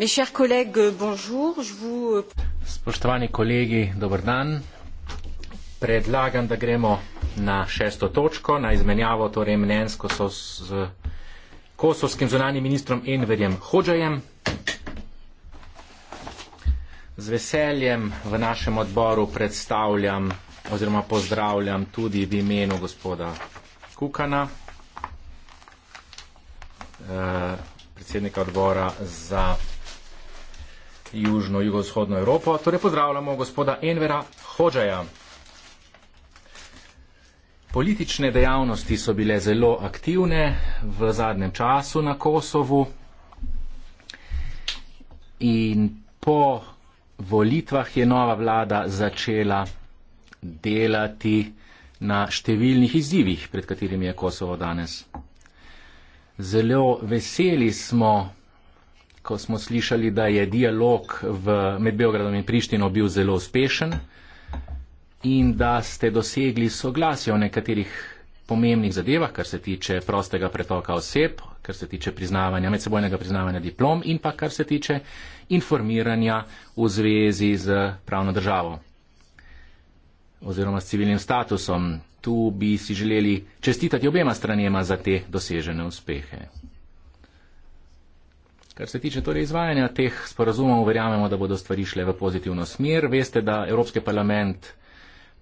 Euh, spoštovani kolegi dober dan predlagam da gremo na šesto točko na izmenjavo torej mnenj s, Kosos, s kosovskim zunanim ministrom enverjem hođajem z veseljem v našem odboru predstavljam oziroma pozdravljam tudi v imenu gospoda kukana eh, predsednika odbora za južno-jugovzhodno Evropo. Torej pozdravljamo gospoda Envera Hođaja. Politične dejavnosti so bile zelo aktivne v zadnjem času na Kosovu in po volitvah je nova vlada začela delati na številnih izzivih, pred katerimi je Kosovo danes. Zelo veseli smo ko smo slišali, da je dialog v, med Beogradom in Prištino bil zelo uspešen in da ste dosegli soglasje o nekaterih pomembnih zadevah, kar se tiče prostega pretoka oseb, kar se tiče priznavanja, medsebojnega priznavanja diplom in pa kar se tiče informiranja v zvezi z pravno državo oziroma s civilnim statusom. Tu bi si želeli čestitati obema stranjema za te dosežene uspehe. Kar se tiče torej izvajanja teh sporazumov, verjamemo, da bodo stvari šle v pozitivno smer. Veste, da Evropski parlament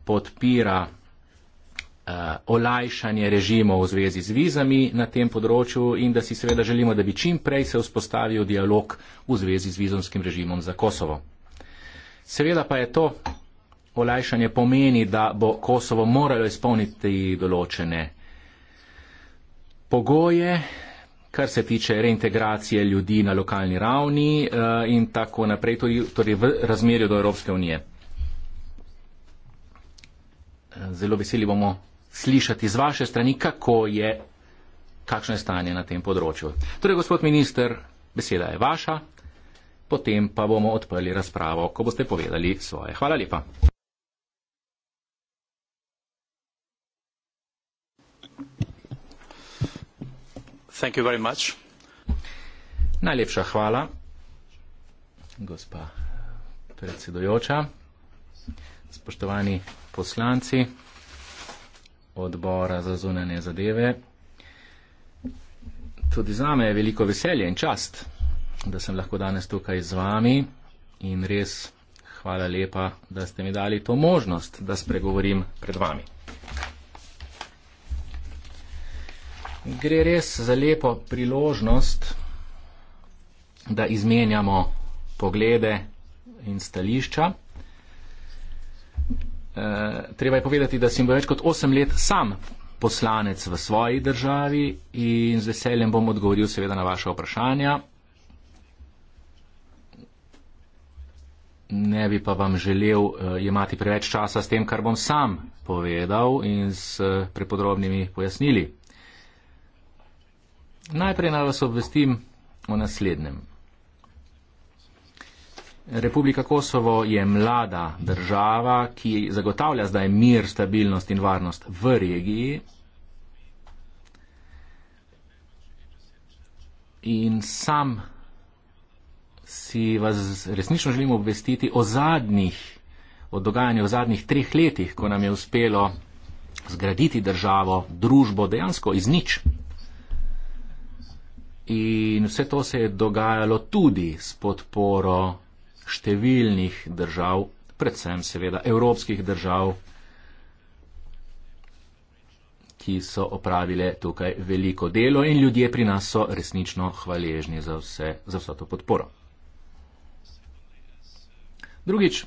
podpira uh, olajšanje režimov v zvezi z vizami na tem področju in da si seveda želimo, da bi čim prej se vzpostavil dialog v zvezi z vizumskim režimom za Kosovo. Seveda pa je to olajšanje pomeni, da bo Kosovo moralo izpolniti določene pogoje, kar se tiče reintegracije ljudi na lokalni ravni eh, in tako naprej, torej v razmerju do Evropske unije. Eh, zelo veseli bomo slišati z vaše strani, kako je, kakšno je stanje na tem področju. Torej, gospod minister, beseda je vaša, potem pa bomo odprli razpravo, ko boste povedali svoje. Hvala lepa. Najlepša hvala, gospa predsedujoča. Spoštovani poslanci odbora za zunanje zadeve. Tudi zame je veliko veselje in čast, da sem lahko danes tukaj z vami in res hvala lepa, da ste mi dali to možnost, da spregovorim pred vami. gre res za lepo priložnost, da izmenjamo poglede in stališča. Eh, treba je povedati, da sem več kot 8 let sam poslanec v svoji državi in z veseljem bom odgovoril seveda na vaše vprašanja. Ne bi pa vam želel imati eh, preveč časa s tem, kar bom sam povedal in s eh, prepodrobnimi pojasnili. Najprej naj vas obvestim o naslednjem. Republika Kosovo je mlada država, ki zagotavlja zdaj mir, stabilnost in varnost v regiji. In sam si vas resnično želim obvestiti o zadnjih, o dogajanju v zadnjih treh letih, ko nam je uspelo zgraditi državo, družbo dejansko iz nič In vse to se je dogajalo tudi s podporo številnih držav, predvsem seveda evropskih držav, ki so opravile tukaj veliko delo in ljudje pri nas so resnično hvaležni za, vse, za vso to podporo. Drugič,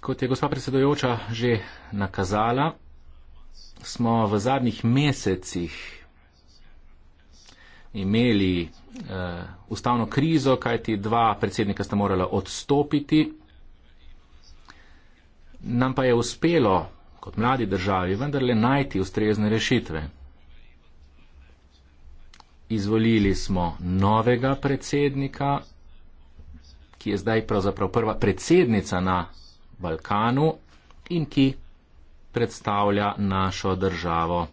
kot je gospa predsedojoča že nakazala, smo v zadnjih mesecih imeli uh, ustavno krizo, kajti dva predsednika sta morala odstopiti. Nam pa je uspelo, kot mladi državi, vendarle najti ustrezne rešitve. Izvolili smo novega predsednika, ki je zdaj pravzaprav prva predsednica na Balkanu in ki predstavlja našo državo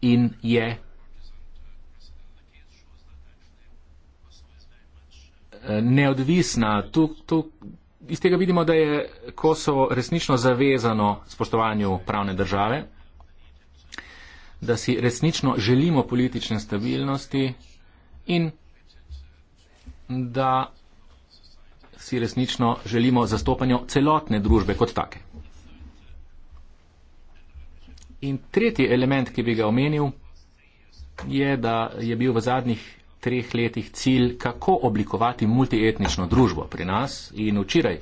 in je neodvisna. Tu, tu iz tega vidimo, da je Kosovo resnično zavezano spoštovanju pravne države, da si resnično želimo politične stabilnosti in da si resnično želimo zastopanje celotne družbe kot take. In tretji element, ki bi ga omenil, je, da je bil v zadnjih treh letih cilj, kako oblikovati multietnično družbo pri nas. In včeraj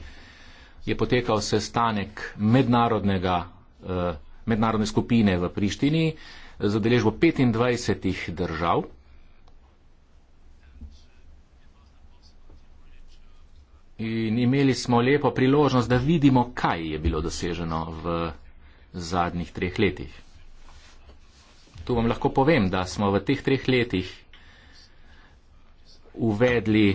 je potekal sestanek mednarodnega, uh, mednarodne skupine v Prištini za deležbo 25 držav. In imeli smo lepo priložnost, da vidimo, kaj je bilo doseženo v zadnjih treh letih. Tu vam lahko povem, da smo v teh treh letih uvedli,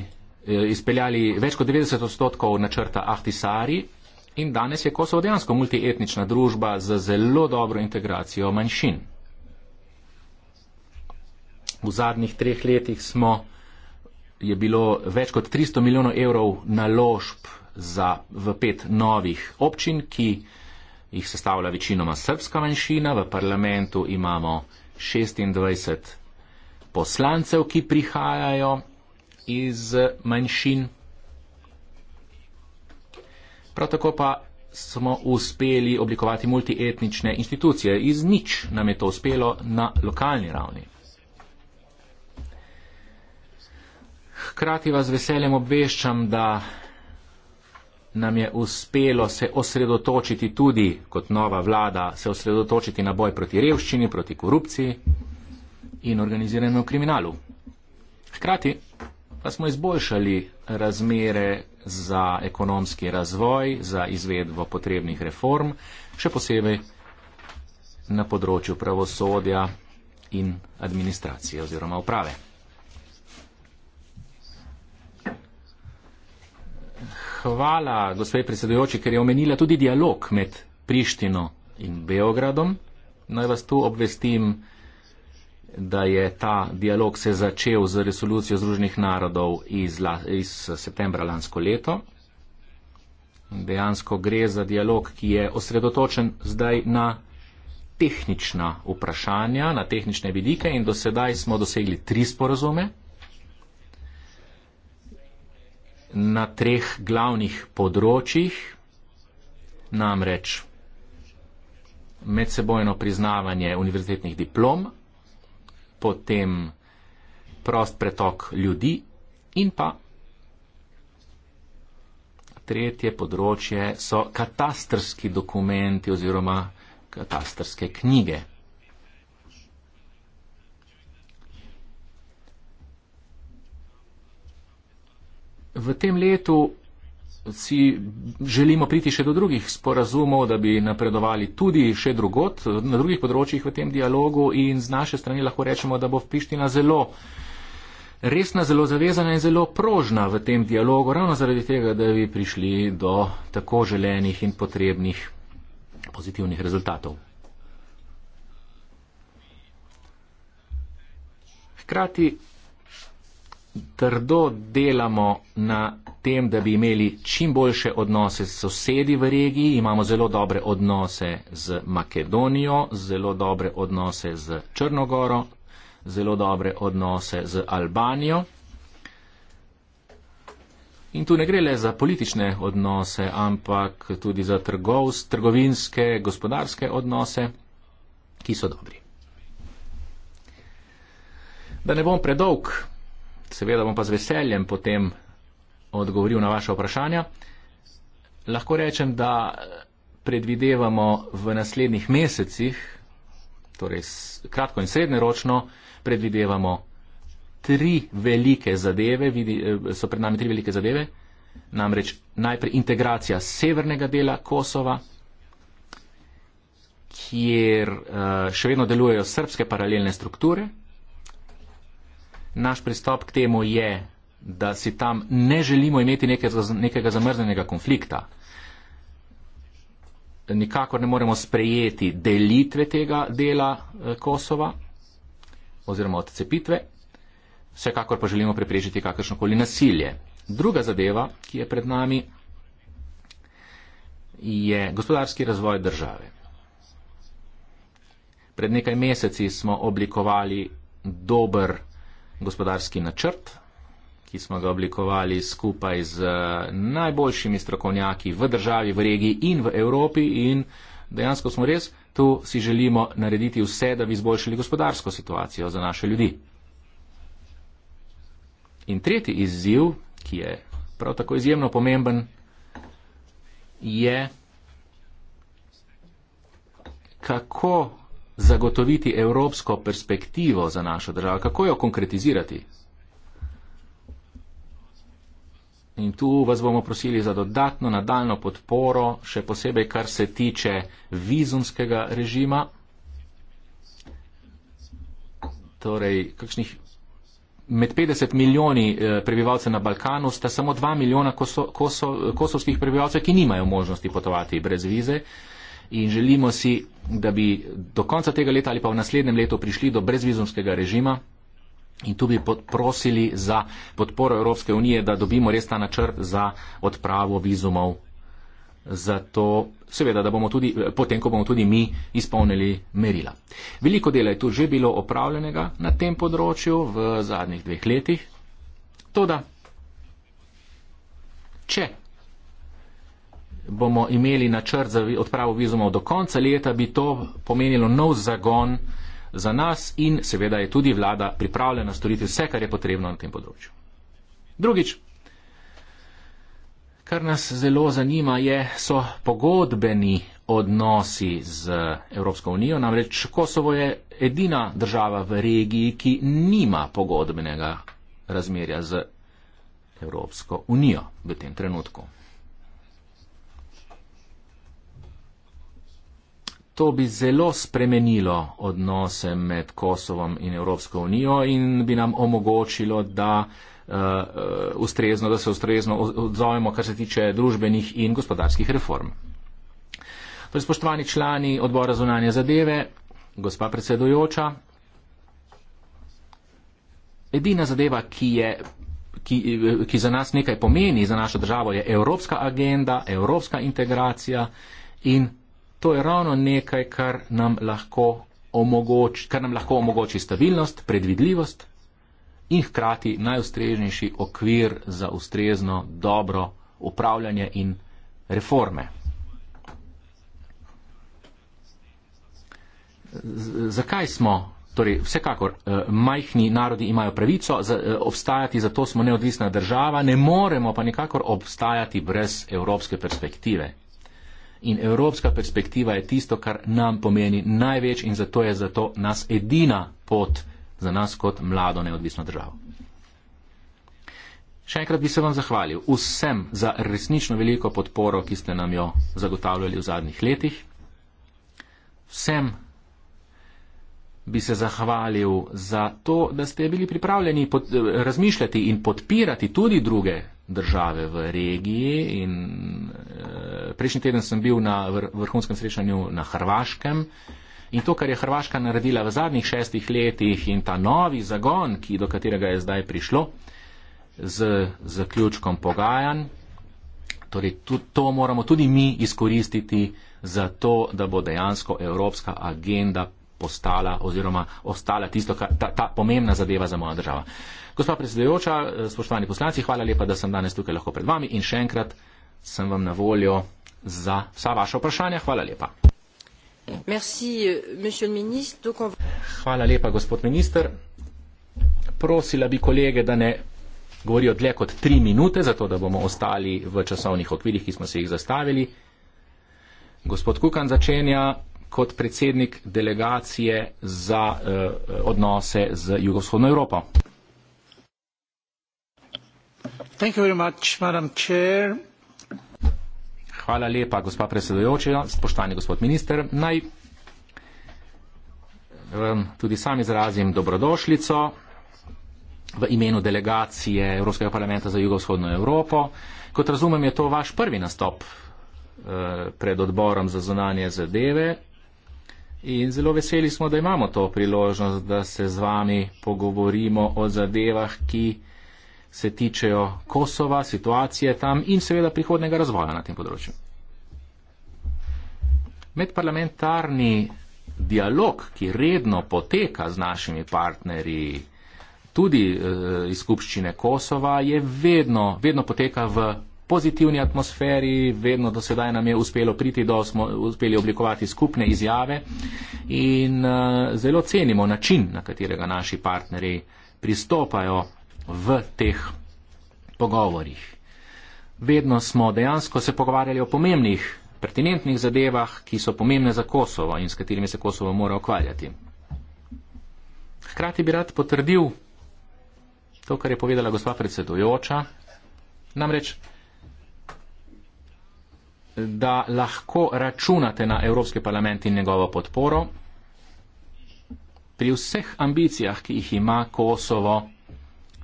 eh, izpeljali več kot 90 odstotkov načrta Ahtisari in danes je Kosovo dejansko multietnična družba z zelo dobro integracijo manjšin. V zadnjih treh letih smo, je bilo več kot 300 milijonov evrov naložb za, v pet novih občin, ki jih sestavlja večinoma srpska manjšina. V parlamentu imamo 26 poslancev, ki prihajajo iz manjšin. Prav tako pa smo uspeli oblikovati multietnične inštitucije. Iz nič nam je to uspelo na lokalni ravni. Hkrati vas veseljem obveščam, da nam je uspelo se osredotočiti tudi kot nova vlada, se osredotočiti na boj proti revščini, proti korupciji in organiziranemu kriminalu. Hkrati Pa smo izboljšali razmere za ekonomski razvoj, za izvedbo potrebnih reform, še posebej na področju pravosodja in administracije oziroma uprave. Hvala, gospe predsedujoči, ker je omenila tudi dialog med Prištino in Beogradom. Naj vas tu obvestim, da da je ta dialog se začel z resolucijo Združenih narodov iz, la, iz septembra lansko leto. Dejansko gre za dialog, ki je osredotočen zdaj na tehnična vprašanja, na tehnične vidike in do sedaj smo dosegli tri sporazume na treh glavnih področjih, namreč medsebojno priznavanje univerzitetnih diplom, potem prost pretok ljudi in pa tretje področje so katastrski dokumenti oziroma katastrske knjige. V tem letu si želimo priti še do drugih sporazumov, da bi napredovali tudi še drugot, na drugih področjih v tem dialogu in z naše strani lahko rečemo, da bo Priština zelo resna, zelo zavezana in zelo prožna v tem dialogu, ravno zaradi tega, da bi prišli do tako želenih in potrebnih pozitivnih rezultatov. Hkrati trdo delamo na tem, da bi imeli čim boljše odnose s sosedi v regiji. Imamo zelo dobre odnose z Makedonijo, zelo dobre odnose z Črnogoro, zelo dobre odnose z Albanijo. In tu ne gre le za politične odnose, ampak tudi za trgovs, trgovinske, gospodarske odnose, ki so dobri. Da ne bom predolg, seveda bom pa z veseljem potem odgovoril na vaše vprašanja. Lahko rečem, da predvidevamo v naslednjih mesecih, torej kratko in srednjeročno, predvidevamo tri velike zadeve, vidi, eh, so pred nami tri velike zadeve, namreč najprej integracija severnega dela Kosova, kjer eh, še vedno delujejo srpske paralelne strukture, naš pristop k temu je, da si tam ne želimo imeti neke, nekega zamrznenega konflikta. Nikakor ne moremo sprejeti delitve tega dela eh, Kosova oziroma odcepitve. Vsekakor pa želimo preprečiti kakršnokoli nasilje. Druga zadeva, ki je pred nami, je gospodarski razvoj države. Pred nekaj meseci smo oblikovali dober gospodarski načrt, ki smo ga oblikovali skupaj z eh, najboljšimi strokovnjaki v državi, v regiji in v Evropi in dejansko smo res tu si želimo narediti vse, da bi izboljšali gospodarsko situacijo za naše ljudi. In tretji izziv, ki je prav tako izjemno pomemben, je kako zagotoviti evropsko perspektivo za našo državo, kako jo konkretizirati. In tu vas bomo prosili za dodatno nadaljno podporo, še posebej kar se tiče vizumskega režima. Torej, kakšnih med 50 milijoni eh, prebivalcev na Balkanu sta samo 2 milijona koso, koso, kosovskih prebivalcev, ki nimajo možnosti potovati brez vize in želimo si, da bi do konca tega leta ali pa v naslednjem letu prišli do brezvizumskega režima. In tu bi prosili za podporo Evropske unije, da dobimo res ta načrt za odpravo vizumov. Zato, seveda, da bomo tudi, potem, ko bomo tudi mi izpolnili merila. Veliko dela je tu že bilo opravljenega na tem področju v zadnjih dveh letih. Toda, če bomo imeli načrt za odpravo vizumov do konca leta, bi to pomenilo nov zagon za nas in seveda je tudi vlada pripravljena storiti vse, kar je potrebno na tem področju. Drugič, kar nas zelo zanima, je, so pogodbeni odnosi z Evropsko unijo. Namreč Kosovo je edina država v regiji, ki nima pogodbenega razmerja z Evropsko unijo v tem trenutku. To bi zelo spremenilo odnose med Kosovom in Evropsko unijo in bi nam omogočilo, da, uh, ustrezno, da se ustrezno odzovemo, kar se tiče družbenih in gospodarskih reform. Torej, spoštovani člani odbora zunanje zadeve, gospa predsedujoča, edina zadeva, ki je. Ki, eh, ki za nas nekaj pomeni, za našo državo, je evropska agenda, evropska integracija in to je ravno nekaj, kar nam lahko omogoči, kar nam lahko omogoči stabilnost, predvidljivost in hkrati najustreznejši okvir za ustrezno dobro upravljanje in reforme. Z zakaj smo? Torej, vsekakor, eh, majhni narodi imajo pravico za, eh, obstajati, zato smo neodvisna država, ne moremo pa nikakor obstajati brez evropske perspektive. In evropska perspektiva je tisto, kar nam pomeni največ in zato je zato nas edina pot za nas kot mlado neodvisno državo. Še enkrat bi se vam zahvalil vsem za resnično veliko podporo, ki ste nam jo zagotavljali v zadnjih letih. Vsem bi se zahvalil za to, da ste bili pripravljeni pod, razmišljati in podpirati tudi druge države v regiji in eh, prejšnji teden sem bil na vrhunskem srečanju na Hrvaškem in to, kar je Hrvaška naredila v zadnjih šestih letih in ta novi zagon, ki, do katerega je zdaj prišlo, z zaključkom pogajanj, torej to moramo tudi mi izkoristiti za to, da bo dejansko evropska agenda postala oziroma ostala tisto, kar, ta, ta pomembna zadeva za moja država. Gospa predsedujoča, eh, spoštovani poslanci, hvala lepa, da sem danes tukaj lahko pred vami in še enkrat sem vam na voljo za vsa vaša vprašanja. Hvala lepa. Merci, euh, ministre, donc on... Hvala lepa, gospod minister. Prosila bi kolege, da ne govorijo dlje kot tri minute, zato da bomo ostali v časovnih okvirih, ki smo se jih zastavili. Gospod Kukan začenja kot predsednik delegacije za uh, odnose z Jugovzhodno Evropo. Thank you very much, madam chair. Hvala lepa, gospa predsedujoča, spoštovani gospod minister. Naj tudi sam izrazim dobrodošljico v imenu delegacije Evropskega parlamenta za jugovzhodno Evropo. Kot razumem, je to vaš prvi nastop eh, pred odborom za zunanje zadeve in zelo veseli smo, da imamo to priložnost, da se z vami pogovorimo o zadevah, ki se tičejo Kosova, situacije tam in seveda prihodnega razvoja na tem področju. Medparlamentarni dialog, ki redno poteka z našimi partnerji, tudi eh, iz skupščine Kosova, je vedno, vedno poteka v pozitivni atmosferi, vedno do sedaj nam je uspelo priti, da smo uspeli oblikovati skupne izjave in eh, zelo cenimo način, na katerega naši partnerji pristopajo v teh pogovorjih. Vedno smo dejansko se pogovarjali o pomembnih, pertinentnih zadevah, ki so pomembne za Kosovo in s katerimi se Kosovo mora ukvarjati. Hkrati bi rad potrdil to, kar je povedala gospa predsedujoča, namreč, da lahko računate na Evropski parlament in njegovo podporo pri vseh ambicijah, ki jih ima Kosovo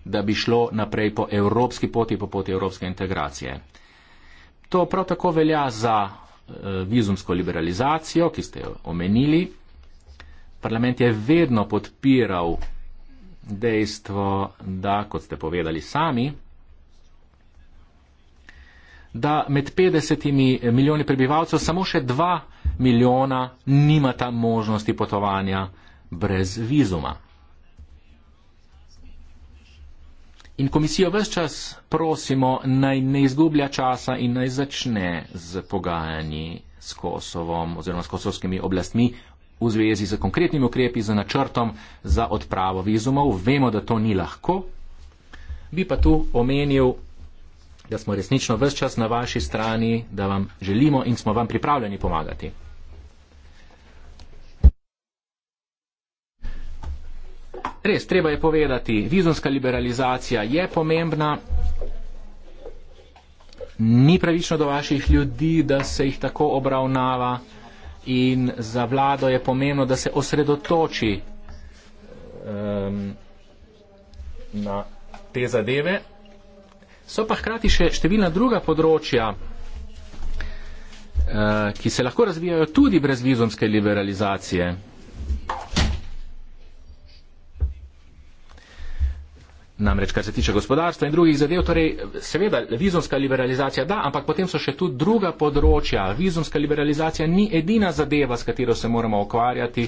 da bi šlo naprej po evropski poti, po poti evropske integracije. To prav tako velja za eh, vizumsko liberalizacijo, ki ste jo omenili. Parlament je vedno podpiral dejstvo, da, kot ste povedali sami, da med 50 milijoni prebivalcev samo še 2 milijona nimata možnosti potovanja brez vizuma. In komisijo vse čas prosimo, naj ne izgublja časa in naj začne z pogajanji s Kosovom oziroma s kosovskimi oblastmi v zvezi z konkretnimi ukrepi, z načrtom za odpravo vizumov. Vemo, da to ni lahko. Bi pa tu omenil, da smo resnično vse čas na vaši strani, da vam želimo in smo vam pripravljeni pomagati. Res, treba je povedati, vizumska liberalizacija je pomembna. Ni pravično do vaših ljudi, da se jih tako obravnava in za vlado je pomembno, da se osredotoči um, na te zadeve. So pa hkrati še številna druga področja, uh, ki se lahko razvijajo tudi brez vizumske liberalizacije. Namreč, kar se tiče gospodarstva in drugih zadev, torej seveda vizumska liberalizacija da, ampak potem so še tu druga področja. Vizumska liberalizacija ni edina zadeva, s katero se moramo okvarjati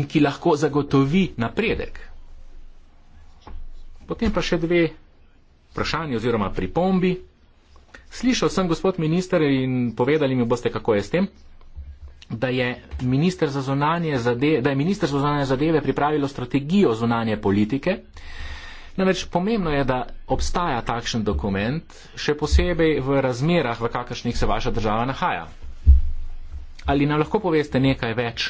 in ki lahko zagotovi napredek. Potem pa še dve vprašanje oziroma pripombi. Slišal sem, gospod minister, in povedali mi boste, kako je s tem, da je minister za zunanje zadeve, da je minister za zunanje zadeve pripravilo strategijo zunanje politike Namreč pomembno je, da obstaja takšen dokument, še posebej v razmerah, v kakršnih se vaša država nahaja. Ali nam lahko poveste nekaj več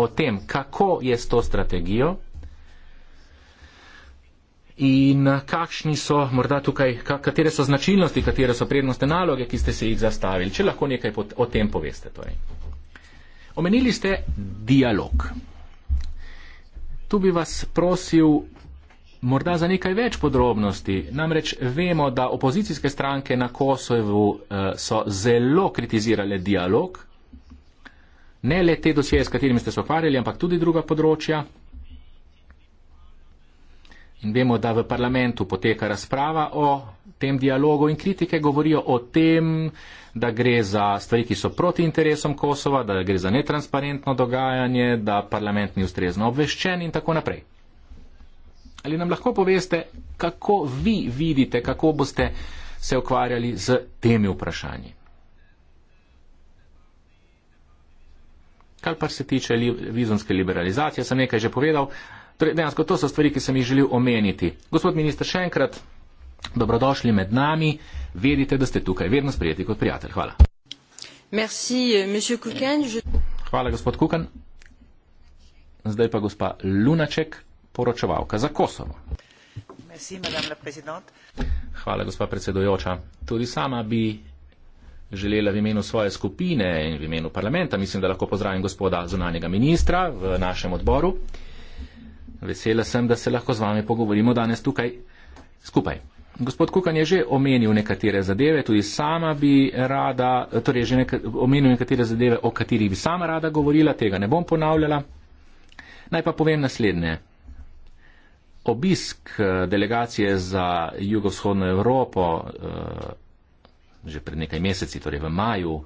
o tem, kako je s to strategijo in kakšni so morda tukaj, katere so značilnosti, katere so prednostne naloge, ki ste se jih zastavili, če lahko nekaj o tem poveste. Torej. Omenili ste dialog. Tu bi vas prosil Morda za nekaj več podrobnosti. Namreč vemo, da opozicijske stranke na Kosovu eh, so zelo kritizirale dialog, ne le te dosjeje, s katerimi ste se ukvarjali, ampak tudi druga področja. In vemo, da v parlamentu poteka razprava o tem dialogu in kritike govorijo o tem, da gre za stvari, ki so proti interesom Kosova, da gre za netransparentno dogajanje, da parlament ni ustrezno obveščen in tako naprej. Ali nam lahko poveste, kako vi vidite, kako boste se ukvarjali z temi vprašanji? Kar pa se tiče li, vizumske liberalizacije, sem nekaj že povedal. Torej, dejansko to so stvari, ki sem jih želel omeniti. Gospod minister, še enkrat, dobrodošli med nami. Vedite, da ste tukaj vedno sprejeti kot prijatelj. Hvala. Merci, euh, Kuken, je... Hvala, gospod Kukan. Zdaj pa gospa Lunaček poročevalka za Kosovo. Hvala, gospa predsedujoča. Tudi sama bi želela v imenu svoje skupine in v imenu parlamenta, mislim, da lahko pozdravim gospoda zunanjega ministra v našem odboru. Vesela sem, da se lahko z vami pogovorimo danes tukaj skupaj. Gospod Kukan je že omenil nekatere zadeve, tudi sama bi rada, torej že nek omenil nekatere zadeve, o katerih bi sama rada govorila, tega ne bom ponavljala. Naj pa povem naslednje obisk eh, delegacije za jugovzhodno Evropo eh, že pred nekaj meseci, torej v maju,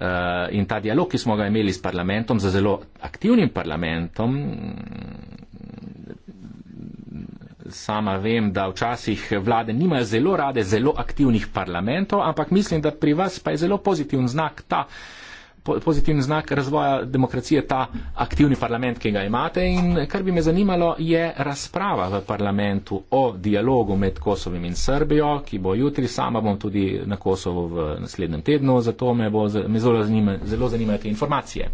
eh, in ta dialog, ki smo ga imeli s parlamentom, z zelo aktivnim parlamentom, sama vem, da včasih vlade nimajo zelo rade zelo aktivnih parlamentov, ampak mislim, da pri vas pa je zelo pozitiven znak ta, pozitiven znak razvoja demokracije ta aktivni parlament, ki ga imate. In kar bi me zanimalo, je razprava v parlamentu o dialogu med Kosovim in Srbijo, ki bo jutri. Sama bom tudi na Kosovo v naslednjem tednu, zato me, bo, me zelo, zanima, zelo zanimajo te informacije.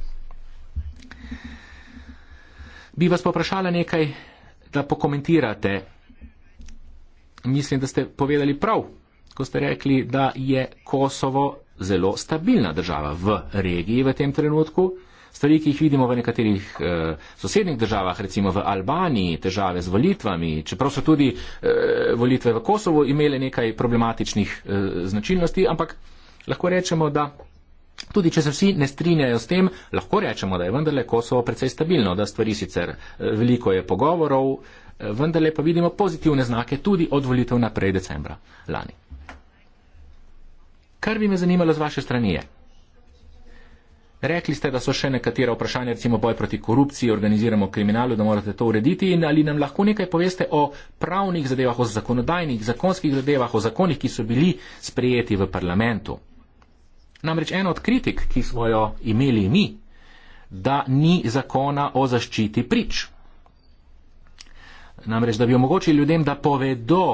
Bi vas poprašala nekaj, da pokomentirate. Mislim, da ste povedali prav, ko ste rekli, da je Kosovo zelo stabilna država v regiji v tem trenutku. Stvari, ki jih vidimo v nekaterih eh, sosednjih državah, recimo v Albaniji, težave z volitvami, čeprav so tudi eh, volitve v Kosovo imele nekaj problematičnih eh, značilnosti, ampak lahko rečemo, da tudi če se vsi ne strinjajo s tem, lahko rečemo, da je vendarle Kosovo precej stabilno, da stvari sicer eh, veliko je pogovorov, eh, vendarle pa vidimo pozitivne znake tudi od volitev naprej decembra lani. Kar bi me zanimalo z vaše strani je. Rekli ste, da so še nekatera vprašanja, recimo boj proti korupciji, organiziramo kriminalu, da morate to urediti in ali nam lahko nekaj poveste o pravnih zadevah, o zakonodajnih, zakonskih zadevah, o zakonih, ki so bili sprejeti v parlamentu. Namreč eno od kritik, ki smo jo imeli mi, da ni zakona o zaščiti prič. Namreč, da bi omogočili ljudem, da povedo,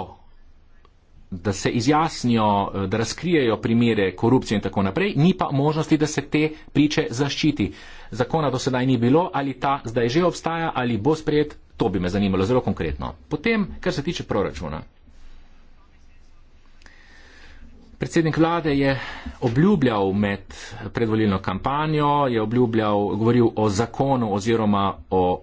da se izjasnijo, eh, da razkrijejo primere korupcije in tako naprej, ni pa možnosti, da se te priče zaščiti. Zakona do sedaj ni bilo, ali ta zdaj že obstaja ali bo sprejet, to bi me zanimalo zelo konkretno. Potem, kar se tiče proračuna. Predsednik vlade je obljubljal med predvolilno kampanjo, je obljubljal, govoril o zakonu oziroma o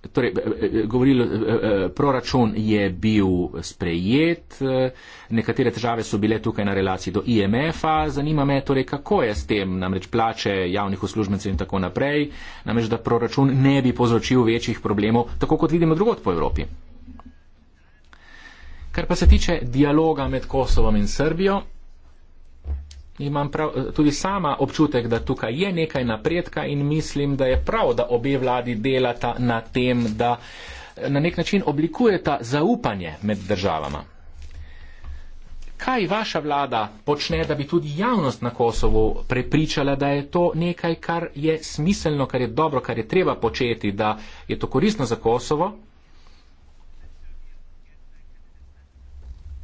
Torej, e, e, e, govorili, proračun je bil sprejet, nekatere težave so bile tukaj na relaciji do IMF-a. Zanima me, torej, kako je s tem, namreč plače javnih uslužbencev in tako naprej, namreč da proračun ne bi povzročil večjih problemov, tako kot vidimo drugot po Evropi. Kar pa se tiče dialoga med Kosovom in Srbijo, imam prav, eh, tudi sama občutek, da tukaj je nekaj napredka in mislim, da je prav, da obe vladi delata na tem, da eh, na nek način oblikujeta zaupanje med državama. Kaj vaša vlada počne, da bi tudi javnost na Kosovu prepričala, da je to nekaj, kar je smiselno, kar je dobro, kar je treba početi, da je to koristno za Kosovo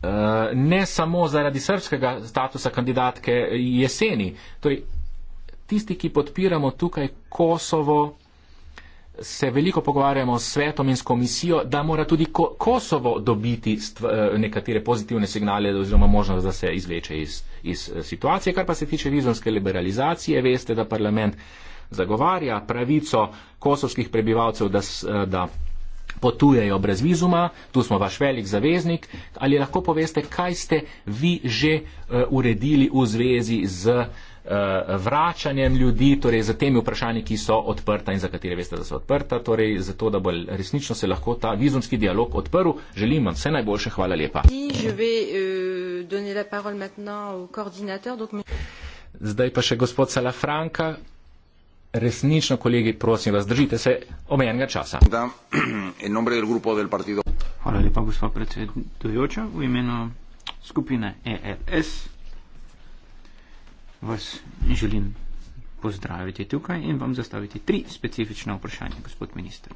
Eh, ne samo zaradi srpskega statusa kandidatke jeseni. To je tisti, ki podpiramo tukaj Kosovo, se veliko pogovarjamo s svetom in s komisijo, da mora tudi Kosovo dobiti eh, nekatere pozitivne signale oziroma možnost, da se izveče iz, iz eh, situacije. Kar pa se tiče vizonske liberalizacije, veste, da parlament zagovarja pravico kosovskih prebivalcev, da. da potujejo brez vizuma, tu smo vaš velik zaveznik, ali lahko poveste, kaj ste vi že uh, uredili v zvezi z eh, vračanjem ljudi, torej za temi vprašanji, ki so odprta in za katere veste, da so odprta, torej zato, da bo resnično se lahko ta vizumski dialog odprl. Želim vam vse najboljše, hvala lepa. Euh, Zdaj pa še gospod Salafranka, resnično, kolegi, prosim vas, držite se omenjenega časa. Hvala lepa, gospod predsedujoča. V imenu skupine ELS vas želim pozdraviti tukaj in vam zastaviti tri specifična vprašanja, gospod minister.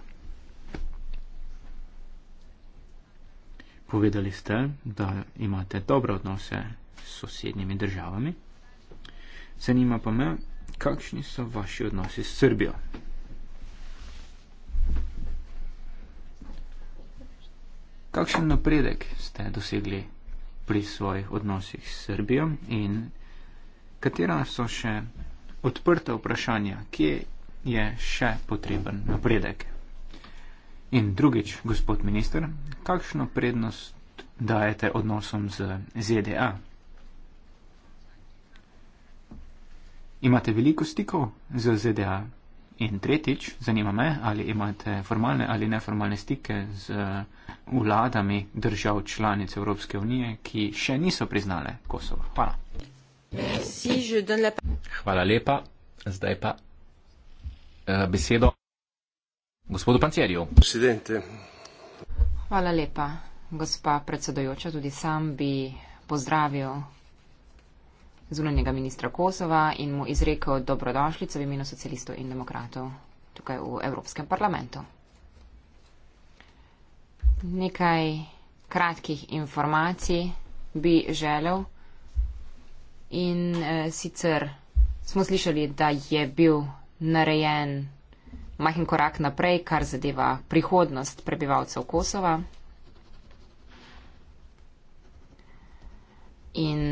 Povedali ste, da imate dobre odnose s sosednjimi državami. Zanima pa me, kakšni so vaši odnosi s Srbijo? Kakšen napredek ste dosegli pri svojih odnosih s Srbijo in katera so še odprta vprašanja, kje je še potreben napredek? In drugič, gospod minister, kakšno prednost dajete odnosom z ZDA? imate veliko stikov z ZDA? In tretjič, zanima me, ali imate formalne ali neformalne stike z vladami držav članic Evropske unije, ki še niso priznale Kosova. Hvala. Hvala lepa. Zdaj pa uh, besedo gospodu Pancerju. Hvala lepa, gospa predsedojoča. Tudi sam bi pozdravil zunanjega ministra Kosova in mu izrekel dobrodošlico v imenu socialistov in demokratov tukaj v Evropskem parlamentu. Nekaj kratkih informacij bi želel in e, sicer smo slišali, da je bil narejen majhen korak naprej, kar zadeva prihodnost prebivalcev Kosova. In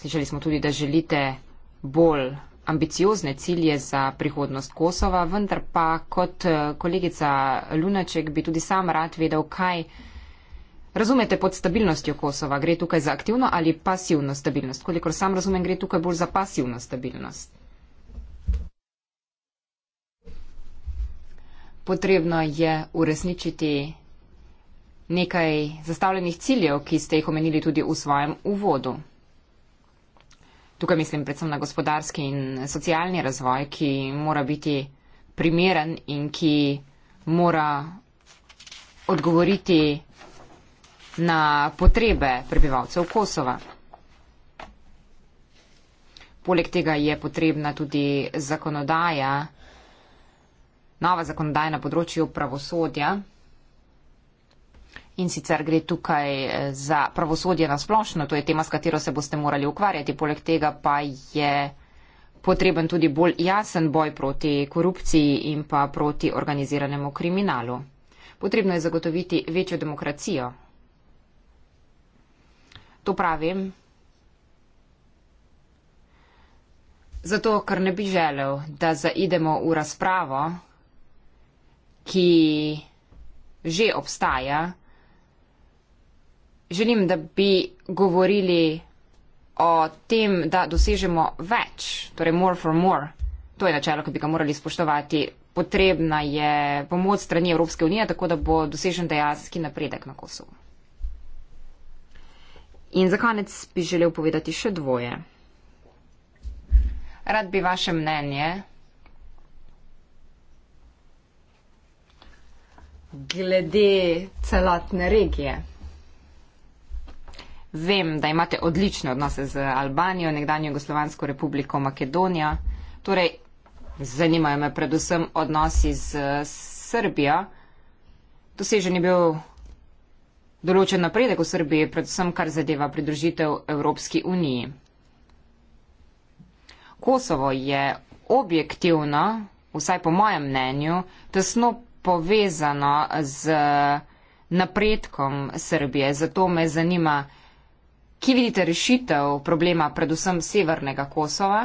Slišali smo tudi, da želite bolj ambiciozne cilje za prihodnost Kosova, vendar pa kot eh, kolegica Lunaček bi tudi sam rad vedel, kaj razumete pod stabilnostjo Kosova. Gre tukaj za aktivno ali pasivno stabilnost? Kolikor sam razumem, gre tukaj bolj za pasivno stabilnost. Potrebno je uresničiti nekaj zastavljenih ciljev, ki ste jih omenili tudi v svojem uvodu. Tukaj mislim predvsem na gospodarski in socialni razvoj, ki mora biti primeren in ki mora odgovoriti na potrebe prebivalcev Kosova. Poleg tega je potrebna tudi zakonodaja, nova zakonodaja na področju pravosodja. In sicer gre tukaj eh, za pravosodje na splošno, to je tema, s katero se boste morali ukvarjati, poleg tega pa je potreben tudi bolj jasen boj proti korupciji in pa proti organiziranemu kriminalu. Potrebno je zagotoviti večjo demokracijo. To pravim. Zato, ker ne bi želel, da zaidemo v razpravo, ki že obstaja, želim, da bi govorili o tem, da dosežemo več, torej more for more. To je načelo, ki bi ga morali spoštovati. Potrebna je pomoč strani Evropske unije, tako da bo dosežen dejanski napredek na Kosovo. In za konec bi želel povedati še dvoje. Rad bi vaše mnenje. Glede celotne regije. Vem, da imate odlične odnose z Albanijo, nekdanjo Jugoslovansko republiko Makedonija. Torej, zanimajo me predvsem odnosi z Srbijo. Dosežen je bil določen napredek v Srbiji, predvsem kar zadeva pridružitev Evropski uniji. Kosovo je objektivno, vsaj po mojem mnenju, tesno povezano z napredkom Srbije. Zato me zanima, Kje vidite rešitev problema predvsem severnega Kosova?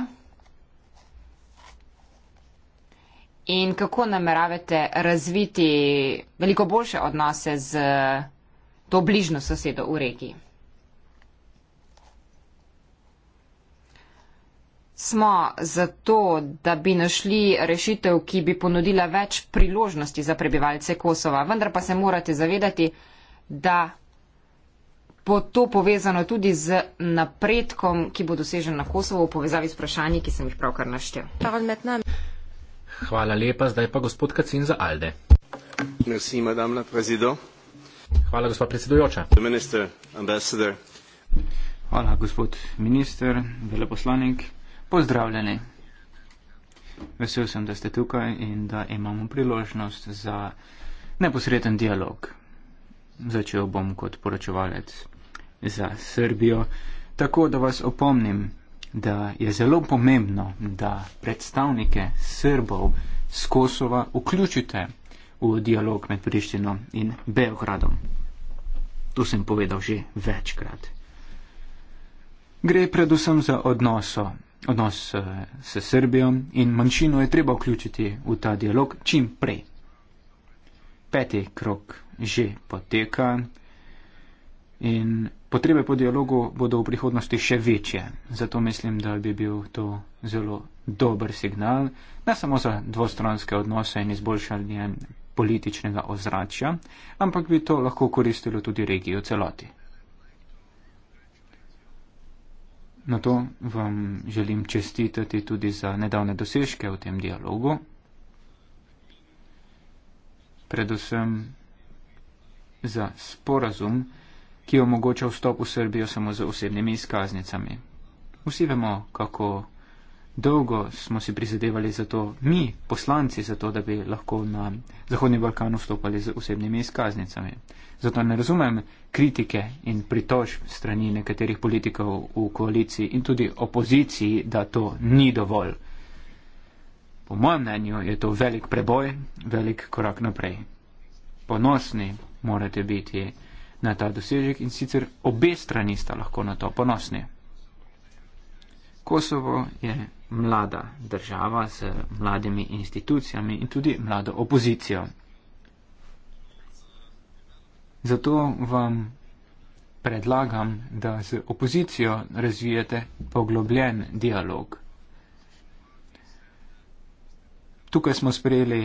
In kako nameravate razviti veliko boljše odnose z to bližno sosedo v regiji? Smo zato, da bi našli rešitev, ki bi ponudila več priložnosti za prebivalce Kosova, vendar pa se morate zavedati, da bo to povezano tudi z napredkom, ki bo dosežen na Kosovo v povezavi s vprašanji, ki sem jih pravkar naštel. Hvala lepa, zdaj pa gospod Kacin za Alde. Merci, Hvala, gospod predsedujoča. Minister, Hvala, gospod minister, veleposlanik. Pozdravljeni. Vesel sem, da ste tukaj in da imamo priložnost za neposreden dialog. Začel bom kot poročevalec za Srbijo. Tako da vas opomnim, da je zelo pomembno, da predstavnike Srbov z Kosova vključite v dialog med Prištino in Beogradom. To sem povedal že večkrat. Gre predvsem za odnoso, odnos eh, s Srbijo in manjšino je treba vključiti v ta dialog čim prej. Peti krok že poteka, In potrebe po dialogu bodo v prihodnosti še večje. Zato mislim, da bi bil to zelo dober signal, ne samo za dvostranske odnose in izboljšanje političnega ozračja, ampak bi to lahko koristilo tudi regiji v celoti. Na to vam želim čestitati tudi za nedavne dosežke v tem dialogu. Predvsem za sporazum, ki omogoča vstop v Srbijo samo z osebnimi izkaznicami. Vsi vemo, kako dolgo smo si prizadevali za to, mi, poslanci, za to, da bi lahko na Zahodni Balkan vstopali z osebnimi izkaznicami. Zato ne razumem kritike in pritožb strani nekaterih politikov v koaliciji in tudi opoziciji, da to ni dovolj. Po mojem mnenju je to velik preboj, velik korak naprej. Ponosni morate biti na ta dosežek in sicer obe strani sta lahko na to ponosni. Kosovo je mlada država z mladimi institucijami in tudi mlado opozicijo. Zato vam predlagam, da z opozicijo razvijete poglobljen dialog. Tukaj smo sprejeli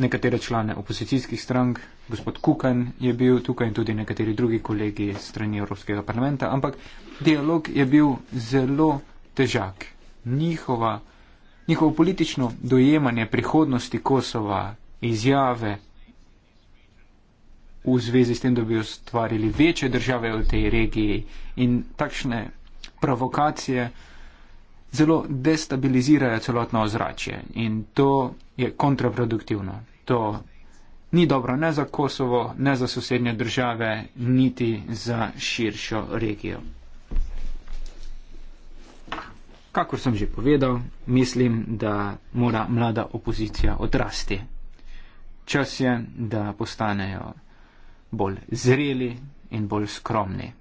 nekatere člane opozicijskih strank, gospod Kukan je bil tukaj in tudi nekateri drugi kolegi strani Evropskega parlamenta, ampak dialog je bil zelo težak. Njihova, njihovo politično dojemanje prihodnosti Kosova, izjave v zvezi s tem, da bi ustvarili večje države v tej regiji in takšne provokacije, zelo destabilizirajo celotno ozračje in to je kontraproduktivno. To ni dobro ne za Kosovo, ne za sosednje države, niti za širšo regijo. Kakor sem že povedal, mislim, da mora mlada opozicija odrasti. Čas je, da postanejo bolj zreli in bolj skromni.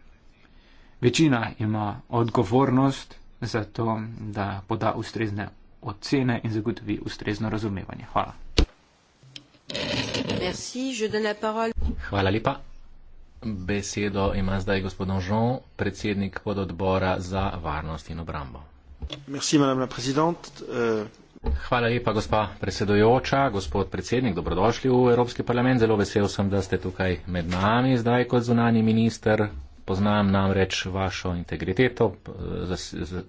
Večina ima odgovornost za to, da poda ustrezne ocene in zagotovi ustrezno razumevanje. Hvala. Merci, Hvala lepa. Besedo ima zdaj gospod Žon, predsednik pododbora za varnost in obrambo. Merci, euh, Hvala lepa, gospa predsedojoča, gospod predsednik, dobrodošli v Evropski parlament. Zelo vesel sem, da ste tukaj med nami zdaj kot zunani minister, Poznam namreč vašo integriteto z, z, z,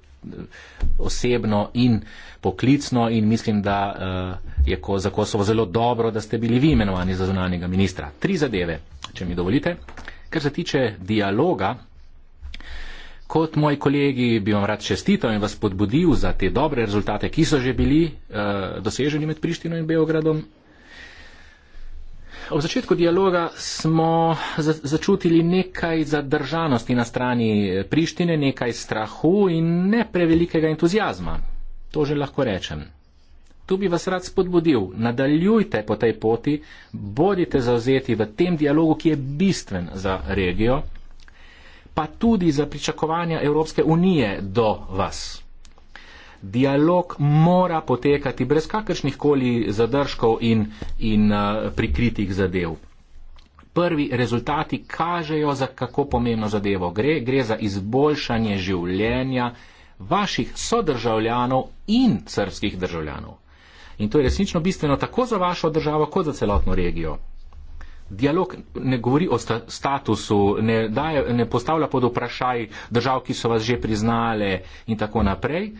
osebno in poklicno in mislim, da uh, je ko, za Kosovo zelo dobro, da ste bili vi imenovani za zunanjega ministra. Tri zadeve, če mi dovolite. Kar se tiče dialoga, kot moji kolegi bi vam rad čestital in vas podbudil za te dobre rezultate, ki so že bili uh, doseženi med Prištino in Beogradom, Ob začetku dialoga smo za začutili nekaj zadržanosti na strani Prištine, nekaj strahu in ne prevelikega entuzijazma. To že lahko rečem. Tu bi vas rad spodbudil, nadaljujte po tej poti, bodite zauzeti v tem dialogu, ki je bistven za regijo, pa tudi za pričakovanja Evropske unije do vas dialog mora potekati brez kakršnih koli zadržkov in, in eh, prikritih zadev. Prvi rezultati kažejo, za kako pomembno zadevo gre. Gre za izboljšanje življenja vaših sodržavljanov in srpskih državljanov. In to je resnično bistveno tako za vašo državo, kot za celotno regijo. Dialog ne govori o sta statusu, ne, daje, ne postavlja pod vprašaj držav, ki so vas že priznale in tako naprej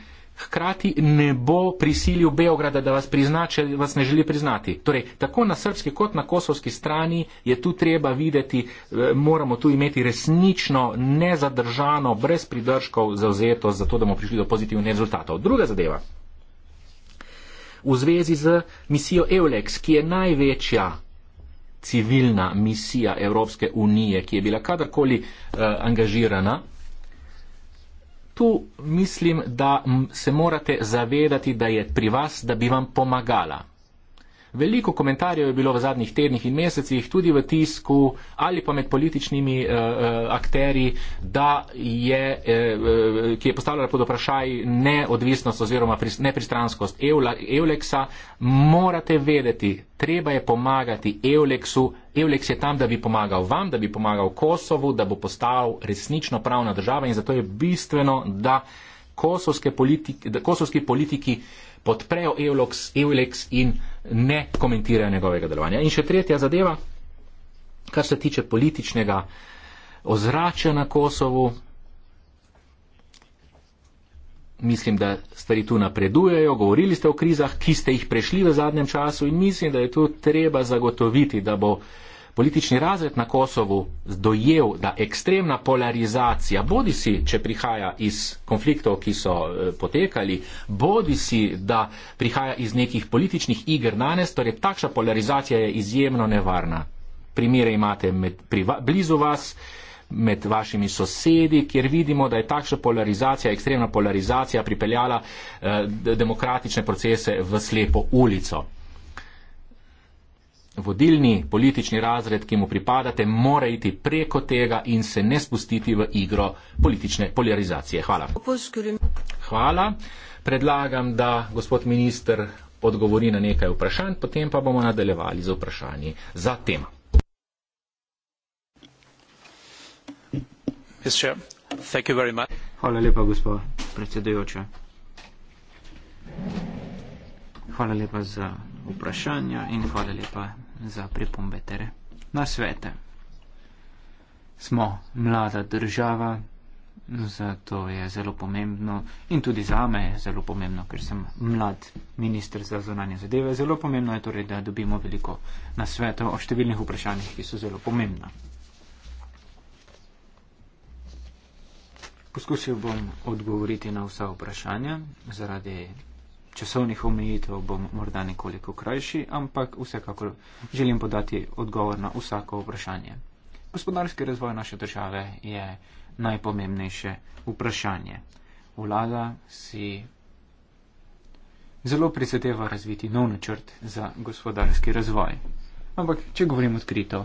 hkrati ne bo prisilil Beograda, da vas prizna, če vas ne želi priznati. Torej, tako na srpski kot na kosovski strani je tu treba videti, eh, moramo tu imeti resnično nezadržano, brez pridržkov zauzeto, zato da bomo prišli do pozitivnih rezultatov. Druga zadeva. V zvezi z misijo Eulex, ki je največja civilna misija Evropske unije, ki je bila kadarkoli uh, angažirana, tu mislim, da se morate zavedati, da je pri vas, da bi vam pomagala. Veliko komentarjev je bilo v zadnjih tednih in mesecih, tudi v tisku ali pa med političnimi uh, eh, eh, akteri, da je, uh, ki je postavljala pod vprašaj neodvisnost oziroma pri, nepristranskost Euleksa. Morate vedeti, treba je pomagati Euleksu. Euleks je tam, da bi pomagal vam, da bi pomagal Kosovu, da bo postal resnično pravna država in zato je bistveno, da, politiki, da kosovski politiki podprejo Euleks in Euleks ne komentirajo njegovega delovanja. In še tretja zadeva, kar se tiče političnega ozračja na Kosovu, mislim, da stvari tu napredujejo, govorili ste o krizah, ki ste jih prešli v zadnjem času in mislim, da je tu treba zagotoviti, da bo politični razred na Kosovu dojel, da ekstremna polarizacija, bodi si, če prihaja iz konfliktov, ki so eh, potekali, bodi si, da prihaja iz nekih političnih igr danes, torej takšna polarizacija je izjemno nevarna. Primere imate med, pri, blizu vas, med vašimi sosedi, kjer vidimo, da je takšna polarizacija, ekstremna polarizacija pripeljala eh, demokratične procese v slepo ulico vodilni politični razred, ki mu pripadate, mora iti preko tega in se ne spustiti v igro politične polarizacije. Hvala. Hvala. Predlagam, da gospod minister odgovori na nekaj vprašanj, potem pa bomo nadaljevali z vprašanji za tem. Hvala lepa, gospod predsedujoča. Hvala lepa za vprašanja in hvala lepa za pripombe ter na svete. Smo mlada država, zato je zelo pomembno in tudi za me je zelo pomembno, ker sem mlad minister za zunanje zadeve. Zelo pomembno je torej, da dobimo veliko na svetu o številnih vprašanjih, ki so zelo pomembna. Poskušal bom odgovoriti na vsa vprašanja zaradi časovnih omejitev bom morda nekoliko krajši, ampak vsekakor želim podati odgovor na vsako vprašanje. Gospodarski razvoj naše države je najpomembnejše vprašanje. Vlada si zelo prizadeva razviti nov načrt za gospodarski razvoj. Ampak, če govorim odkrito,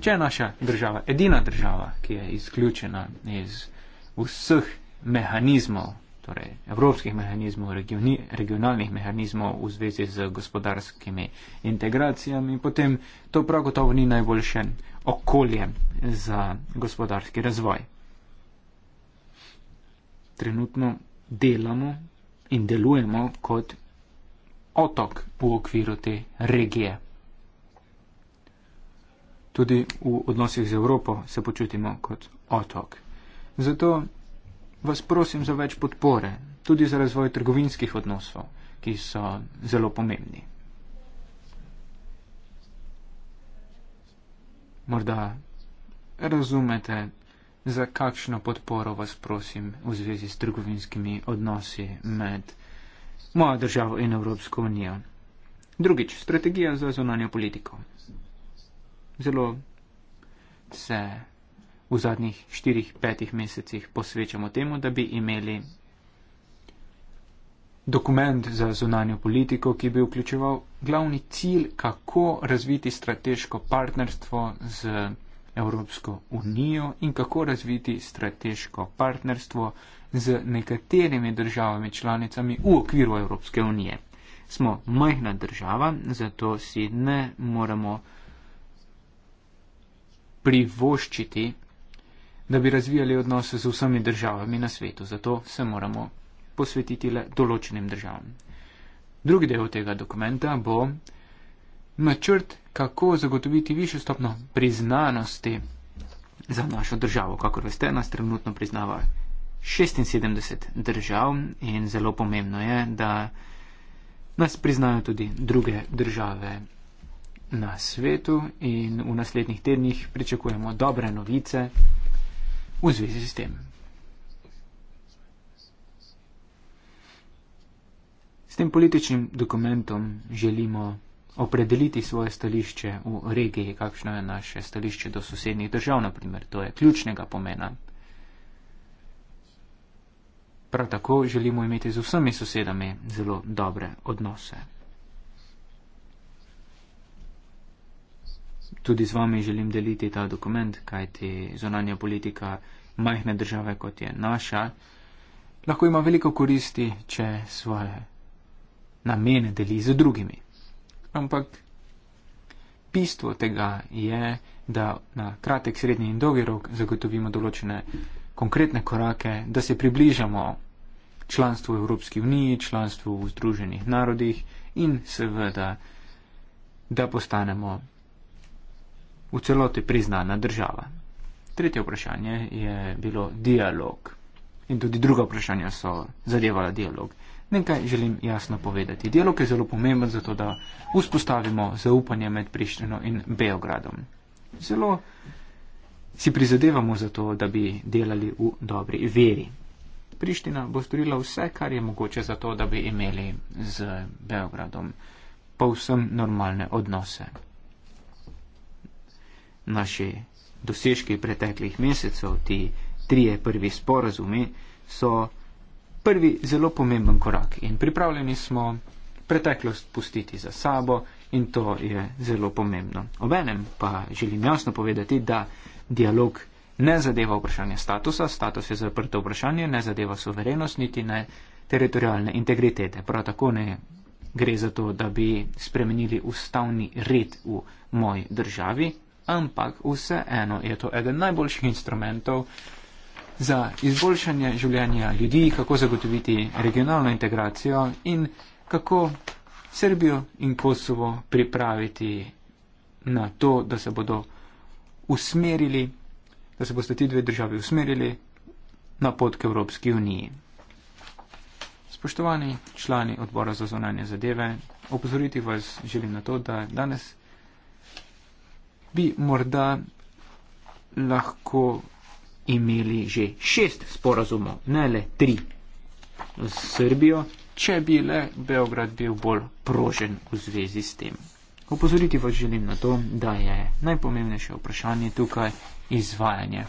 če je naša država edina država, ki je izključena iz vseh mehanizmov torej evropskih mehanizmov, regioni, regionalnih mehanizmov v zvezi z gospodarskimi integracijami, potem to prav gotovo ni najboljše okolje za gospodarski razvoj. Trenutno delamo in delujemo kot otok v okviru te regije. Tudi v odnosih z Evropo se počutimo kot otok. Zato vas prosim za več podpore, tudi za razvoj trgovinskih odnosov, ki so zelo pomembni. Morda razumete, za kakšno podporo vas prosim v zvezi s trgovinskimi odnosi med mojo državo in Evropsko unijo. Drugič, strategija za zunanjo politiko. Zelo se v zadnjih 4-5 mesecih posvečamo temu, da bi imeli dokument za zunanjo politiko, ki bi vključeval glavni cilj, kako razviti strateško partnerstvo z Evropsko unijo in kako razviti strateško partnerstvo z nekaterimi državami članicami v okviru Evropske unije. Smo majhna država, zato si ne moremo privoščiti da bi razvijali odnose z vsemi državami na svetu. Zato se moramo posvetiti le določenim državam. Drugi del tega dokumenta bo načrt, kako zagotoviti višjo stopno priznanosti za našo državo. Kakor veste, nas trenutno priznava 76 držav in zelo pomembno je, da nas priznajo tudi druge države na svetu in v naslednjih tednih pričakujemo dobre novice v zvezi s tem. S tem političnim dokumentom želimo opredeliti svoje stališče v regiji, kakšno je naše stališče do sosednjih držav, naprimer, to je ključnega pomena. Prav tako želimo imeti z vsemi sosedami zelo dobre odnose. tudi z vami želim deliti ta dokument, kajti zonanja politika majhne države, kot je naša, lahko ima veliko koristi, če svoje namene deli z drugimi. Ampak bistvo tega je, da na kratek, srednji in dolgi rok zagotovimo določene konkretne korake, da se približamo članstvu v Evropski uniji, članstvu v Združenih narodih in seveda, da postanemo v celoti priznana država. Tretje vprašanje je bilo dialog. In tudi druga vprašanja so zadevala dialog. Nekaj želim jasno povedati. Dialog je zelo pomemben zato, da vzpostavimo zaupanje med Prištino in Beogradom. Zelo si prizadevamo za to, da bi delali v dobri veri. Priština bo storila vse, kar je mogoče za to, da bi imeli z Beogradom povsem normalne odnose naši dosežki preteklih mesecev, ti trije prvi sporazumi, so prvi zelo pomemben korak in pripravljeni smo preteklost pustiti za sabo in to je zelo pomembno. Obenem pa želim jasno povedati, da dialog ne zadeva vprašanja statusa, status je zaprto vprašanje, ne zadeva soverenost niti ne teritorijalne integritete. Prav tako ne gre za to, da bi spremenili ustavni red v moji državi, ampak vseeno je to eden najboljših instrumentov za izboljšanje življenja ljudi, kako zagotoviti regionalno integracijo in kako Srbijo in Kosovo pripraviti na to, da se bodo usmerili, da se boste ti dve državi usmerili na pot k Evropski uniji. Spoštovani člani odbora za zonanje zadeve, opozoriti vas želim na to, da danes bi morda lahko imeli že šest sporazumov, ne le tri s Srbijo, če bi le Beograd bil bolj prožen v zvezi s tem. Opozoriti vas želim na to, da je najpomembnejše vprašanje tukaj izvajanje.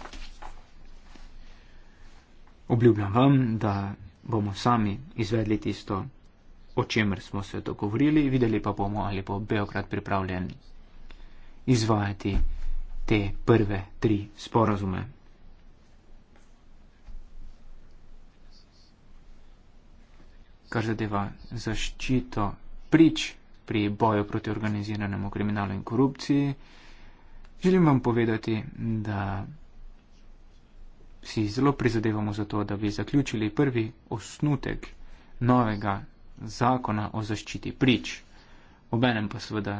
Obljubljam vam, da bomo sami izvedli tisto, o čemer smo se dogovorili, videli pa bomo, ali bo Beograd pripravljen izvajati te prve tri sporazume. Kar zadeva zaščito prič pri boju proti organiziranemu kriminalu in korupciji, želim vam povedati, da si zelo prizadevamo za to, da bi zaključili prvi osnutek novega zakona o zaščiti prič. Obenem pa seveda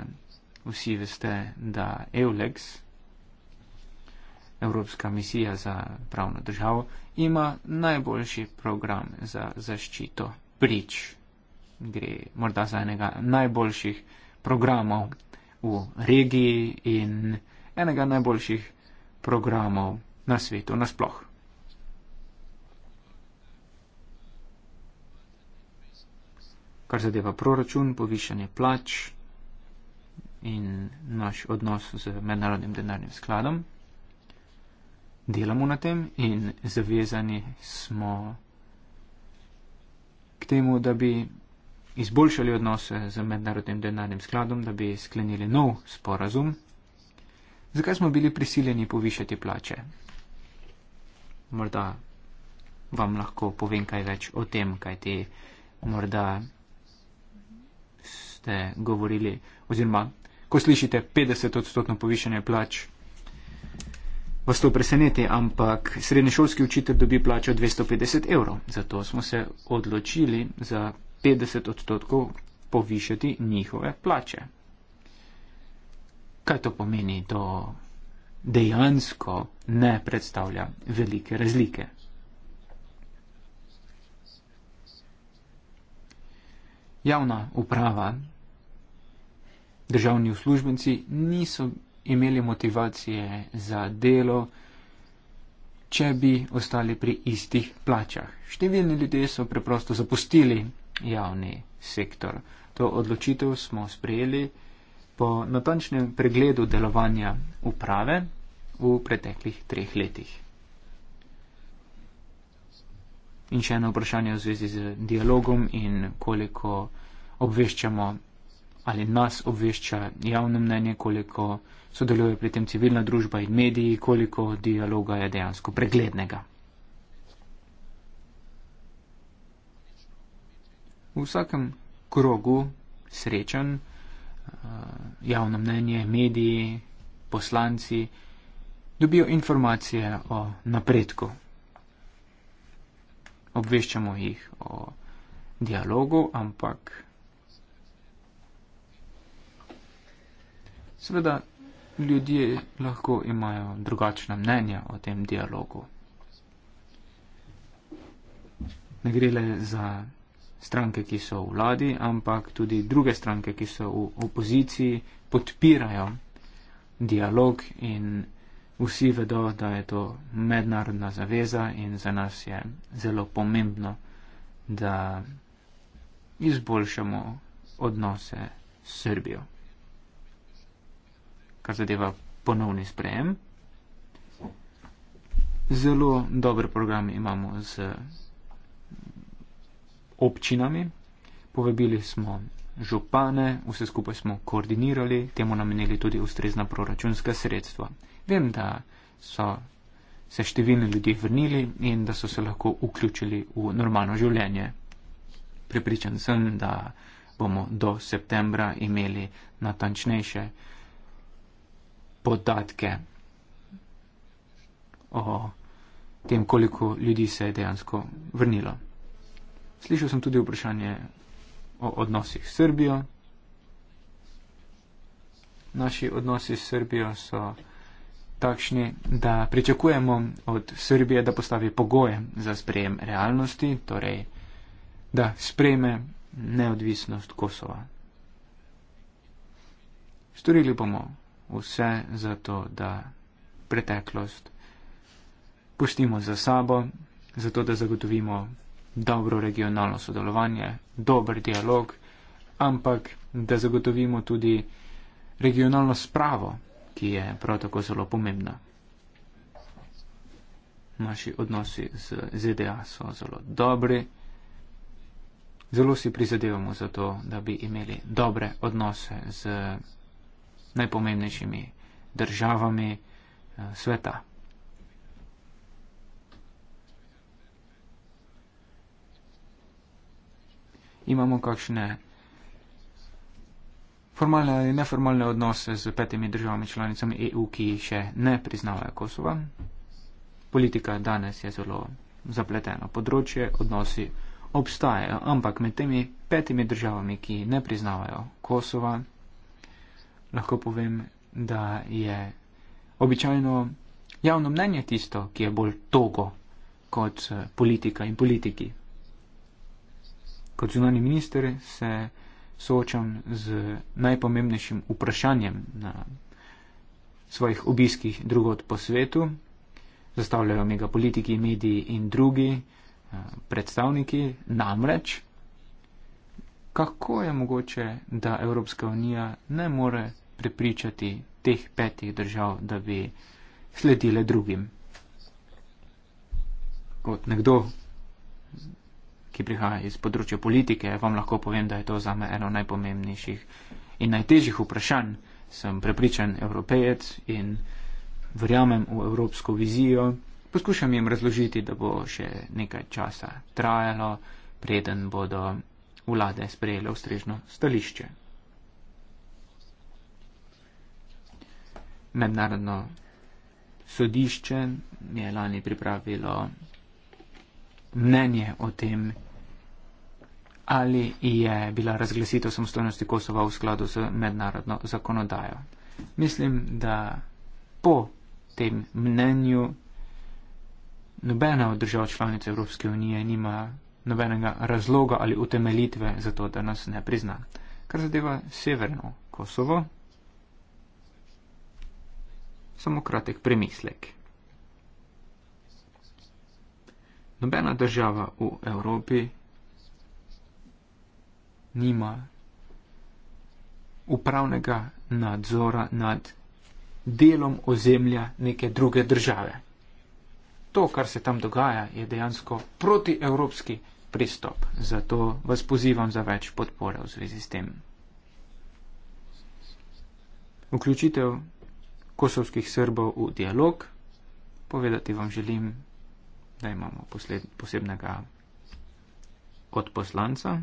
vsi veste, da EULEX, Evropska misija za pravno državo, ima najboljši program za zaščito prič. Gre morda za enega najboljših programov v regiji in enega najboljših programov na svetu nasploh. Kar zadeva proračun, povišanje plač, in naš odnos z mednarodnim denarnim skladom. Delamo na tem in zavezani smo k temu, da bi izboljšali odnose z mednarodnim denarnim skladom, da bi sklenili nov sporazum. Zakaj smo bili prisiljeni povišati plače? Morda vam lahko povem kaj več o tem, kaj ti morda ste govorili oziroma ko slišite 50 odstotno povišanje plač, vas to preseneti, ampak srednješolski učitelj dobi plačo 250 evrov. Zato smo se odločili za 50 odstotkov povišati njihove plače. Kaj to pomeni, to dejansko ne predstavlja velike razlike. Javna uprava državni uslužbenci niso imeli motivacije za delo, če bi ostali pri istih plačah. Številni ljudje so preprosto zapustili javni sektor. To odločitev smo sprejeli po natančnem pregledu delovanja uprave v preteklih treh letih. In še eno vprašanje v zvezi z dialogom in koliko obveščamo ali nas obvešča javno mnenje, koliko sodeluje pri tem civilna družba in mediji, koliko dialoga je dejansko preglednega. V vsakem krogu srečen eh, javno mnenje, mediji, poslanci dobijo informacije o napredku. Obveščamo jih o dialogu, ampak Seveda, ljudje lahko imajo drugačna mnenja o tem dialogu. Ne gre le za stranke, ki so v vladi, ampak tudi druge stranke, ki so v opoziciji, podpirajo dialog in vsi vedo, da je to mednarodna zaveza in za nas je zelo pomembno, da izboljšamo odnose s Srbijo kar zadeva ponovni sprejem. Zelo dober program imamo z občinami. Povabili smo župane, vse skupaj smo koordinirali, temu namenili tudi ustrezna proračunska sredstva. Vem, da so se številni ljudje vrnili in da so se lahko vključili v normalno življenje. Pripričan sem, da bomo do septembra imeli natančnejše podatke o tem, koliko ljudi se je dejansko vrnilo. Slišal sem tudi vprašanje o odnosih s Srbijo. Naši odnosi s Srbijo so takšni, da pričakujemo od Srbije, da postavi pogoje za sprejem realnosti, torej da sprejme neodvisnost Kosova. Storili bomo vse za to, da preteklost pustimo za sabo, zato da zagotovimo dobro regionalno sodelovanje, dober dialog, ampak da zagotovimo tudi regionalno spravo, ki je prav tako zelo pomembna. Naši odnosi z ZDA so zelo dobri. Zelo si prizadevamo za to, da bi imeli dobre odnose z najpomembnejšimi državami eh, sveta. Imamo kakšne formalne ali neformalne odnose z petimi državami članicami EU, ki še ne priznavajo Kosova. Politika danes je zelo zapleteno področje, odnosi obstajajo, ampak med temi petimi državami, ki ne priznavajo Kosova, lahko povem, da je običajno javno mnenje tisto, ki je bolj togo kot eh, politika in politiki. Kot zunani minister se soočam z najpomembnejšim vprašanjem na svojih obiskih drugot po svetu. Zastavljajo mega politiki, mediji in drugi eh, predstavniki namreč, kako je mogoče, da Evropska unija ne more prepričati teh petih držav, da bi sledile drugim. Kot nekdo, ki prihaja iz področja politike, vam lahko povem, da je to zame eno najpomembnejših in najtežjih vprašanj. Sem prepričan evropejec in verjamem v evropsko vizijo. Poskušam jim razložiti, da bo še nekaj časa trajalo, preden bodo vlade sprejele ustrežno stališče. mednarodno sodišče je lani pripravilo mnenje o tem, ali je bila razglasitev samostojnosti Kosova v skladu z mednarodno zakonodajo. Mislim, da po tem mnenju nobena od držav članic Evropske unije nima nobenega razloga ali utemelitve za to, da nas ne prizna. Kar zadeva severno Kosovo, samo kratek premislek. Nobena država v Evropi nima upravnega nadzora nad delom ozemlja neke druge države. To, kar se tam dogaja, je dejansko protievropski pristop. Zato vas pozivam za več podpore v zvezi s tem. Vključitev kosovskih srbov v dialog. Povedati vam želim, da imamo posled, posebnega odposlanca.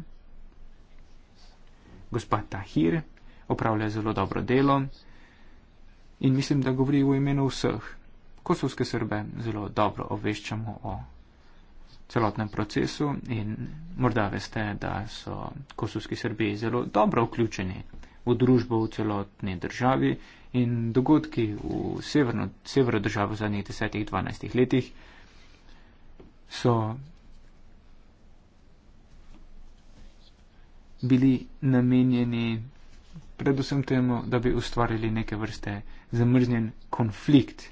Gospa Tahir opravlja zelo dobro delo in mislim, da govori v imenu vseh. Kosovske srbe zelo dobro obveščamo o celotnem procesu in morda veste, da so kosovski srbi zelo dobro vključeni v družbo v celotni državi in dogodki v severno, severo državo v zadnjih desetih, dvanajstih letih so bili namenjeni predvsem temu, da bi ustvarili neke vrste zamrznjen konflikt.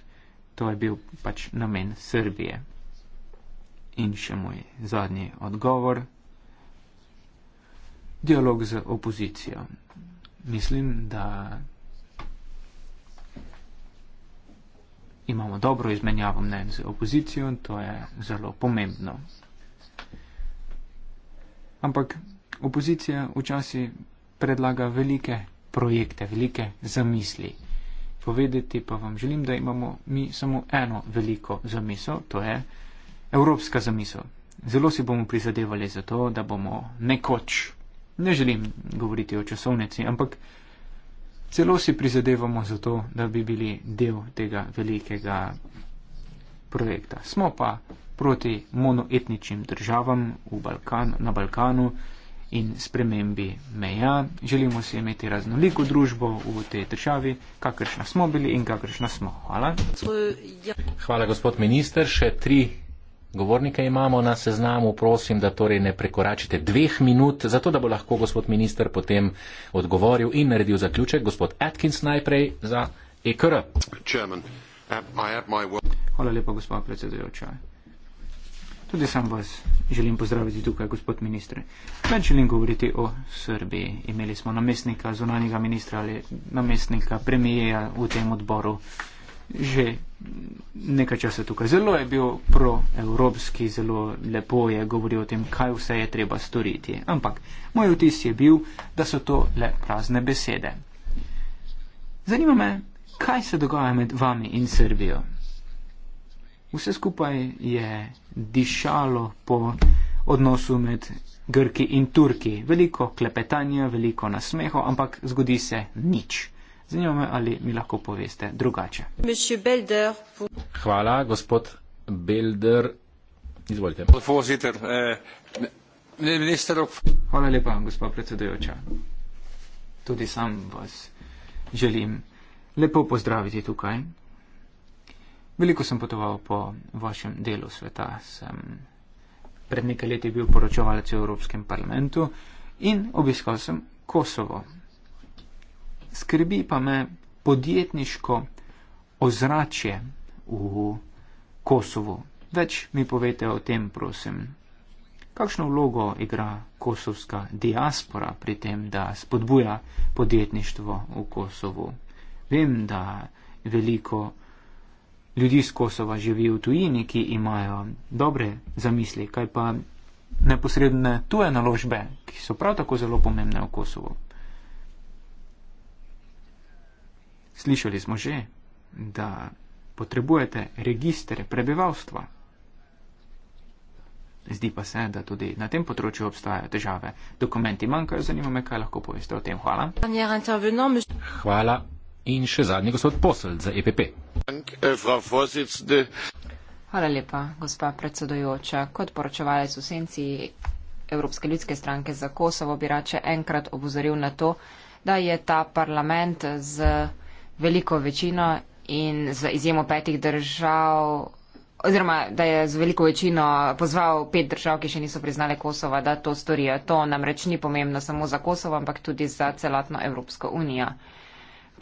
To je bil pač namen Srbije. In še moj zadnji odgovor. Dialog z opozicijo. Mislim, da imamo dobro izmenjavo mnen z opozicijo in to je zelo pomembno. Ampak opozicija včasih predlaga velike projekte, velike zamisli. Povedeti pa vam želim, da imamo mi samo eno veliko zamisel, to je evropska zamisel. Zelo si bomo prizadevali za to, da bomo nekoč, ne želim govoriti o časovnici, ampak celo si prizadevamo za to, da bi bili del tega velikega projekta. Smo pa proti monoetničnim državam Balkan, na Balkanu in spremembi meja. Želimo si imeti raznoliko družbo v tej državi, kakršna smo bili in kakršna smo. Hvala. Hvala, gospod minister. Še tri Govornike imamo na seznamu, prosim, da torej ne prekoračite dveh minut, zato da bo lahko gospod minister potem odgovoril in naredil zaključek. Gospod Atkins najprej za EKR. Uh, Hvala lepa, gospod predsedujoča. Tudi sam vas želim pozdraviti tukaj, gospod ministre. Več želim govoriti o Srbiji. Imeli smo namestnika zunanjega ministra ali namestnika premijeja v tem odboru že nekaj časa tukaj. Zelo je bil proevropski, zelo lepo je govoril o tem, kaj vse je treba storiti. Ampak moj vtis je bil, da so to le prazne besede. Zanima me, kaj se dogaja med vami in Srbijo. Vse skupaj je dišalo po odnosu med Grki in Turki. Veliko klepetanja, veliko nasmeha, ampak zgodi se nič. Zanima me, ali mi lahko poveste drugače. Belder, po... Hvala, gospod Belder. Izvolite. Eh, Hvala lepa, gospa predsedujoča. Tudi sam vas želim lepo pozdraviti tukaj. Veliko sem potoval po vašem delu sveta. Sem pred nekaj leti bil poročevalec v Evropskem parlamentu in obiskal sem Kosovo skrbi pa me podjetniško ozračje v Kosovu. Več mi povete o tem, prosim. Kakšno vlogo igra kosovska diaspora pri tem, da spodbuja podjetništvo v Kosovu? Vem, da veliko ljudi iz Kosova živi v tujini, ki imajo dobre zamisli, kaj pa neposredne tuje naložbe, ki so prav tako zelo pomembne v Kosovu. Slišali smo že, da potrebujete registre prebivalstva. Zdi pa se, da tudi na tem področju obstajajo težave. Dokumenti manjkajo, zanima me, kaj lahko poveste o tem. Hvala. Hvala. In še zadnji gospod posel za EPP. Eh, Hvala lepa, gospa predsedojoča. Kot poročevalec v senci Evropske ljudske stranke za Kosovo bi rače enkrat obozoril na to, da je ta parlament z veliko večino in z izjemo petih držav, oziroma da je z veliko večino pozval pet držav, ki še niso priznale Kosova, da to storijo. To namreč ni pomembno samo za Kosovo, ampak tudi za celotno Evropsko unijo.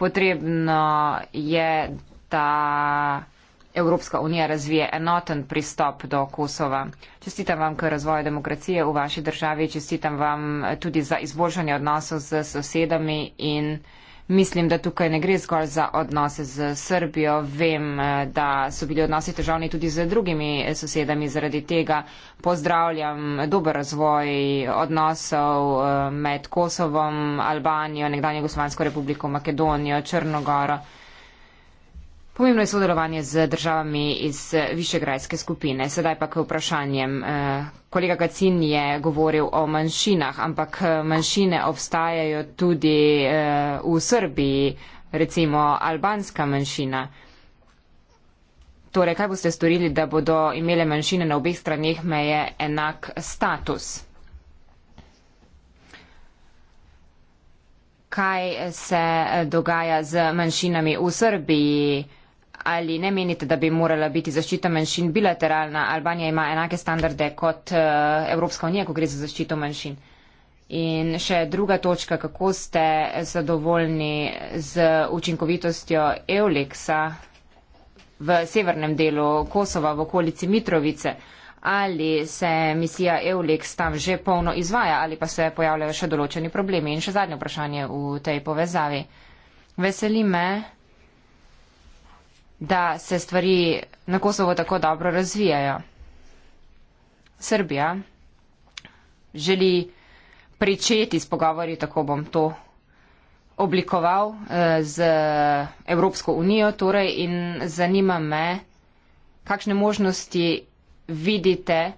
Potrebno je, da Evropska unija razvije enoten pristop do Kosova. Čestitam vam k razvoju demokracije v vaši državi, čestitam vam tudi za izboljšanje odnosov z sosedami in. Mislim, da tukaj ne gre zgolj za odnose z Srbijo. Vem, eh, da so bili odnosi težavni tudi z drugimi eh, sosedami. Zaradi tega pozdravljam dober razvoj odnosov eh, med Kosovom, Albanijo, nekdanje Gospodansko republiko, Makedonijo, Črnogoro. Pomembno je sodelovanje z državami iz eh, Višegrajske skupine. Sedaj pa k vprašanjem. Eh, kolega Kacin je govoril o manjšinah, ampak eh, manjšine obstajajo tudi v Srbiji, recimo albanska manjšina. Torej, kaj boste storili, da bodo imele manjšine na obeh stranih meje enak status? Kaj se dogaja z manjšinami v Srbiji? ali ne menite, da bi morala biti zaščita manjšin bilateralna? Albanija ima enake standarde kot eh, Evropska unija, ko gre za zaščito manjšin. In še druga točka, kako ste zadovoljni z učinkovitostjo Euliksa v severnem delu Kosova, v okolici Mitrovice? Ali se misija Eulix tam že polno izvaja, ali pa se pojavljajo še določeni problemi? In še zadnje vprašanje v tej povezavi. Veseli me, da se stvari na Kosovo tako dobro razvijajo. Srbija želi pričeti s pogovori, tako bom to oblikoval, eh, z Evropsko unijo torej in zanima me, kakšne možnosti vidite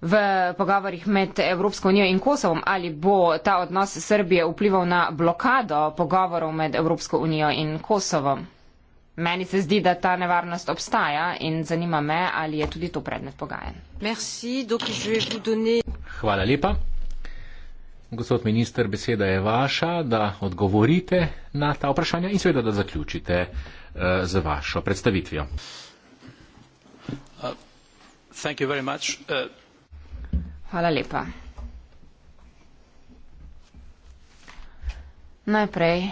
v pogovorih med Evropsko unijo in Kosovom, ali bo ta odnos Srbije vplival na blokado pogovorov med Evropsko unijo in Kosovom. Meni se zdi, da ta nevarnost obstaja in zanima me, ali je tudi to predmet pogajen. Hvala lepa. Gospod minister, beseda je vaša, da odgovorite na ta vprašanja in seveda, da zaključite uh, z vašo predstavitvijo. Uh, uh... Hvala lepa. Najprej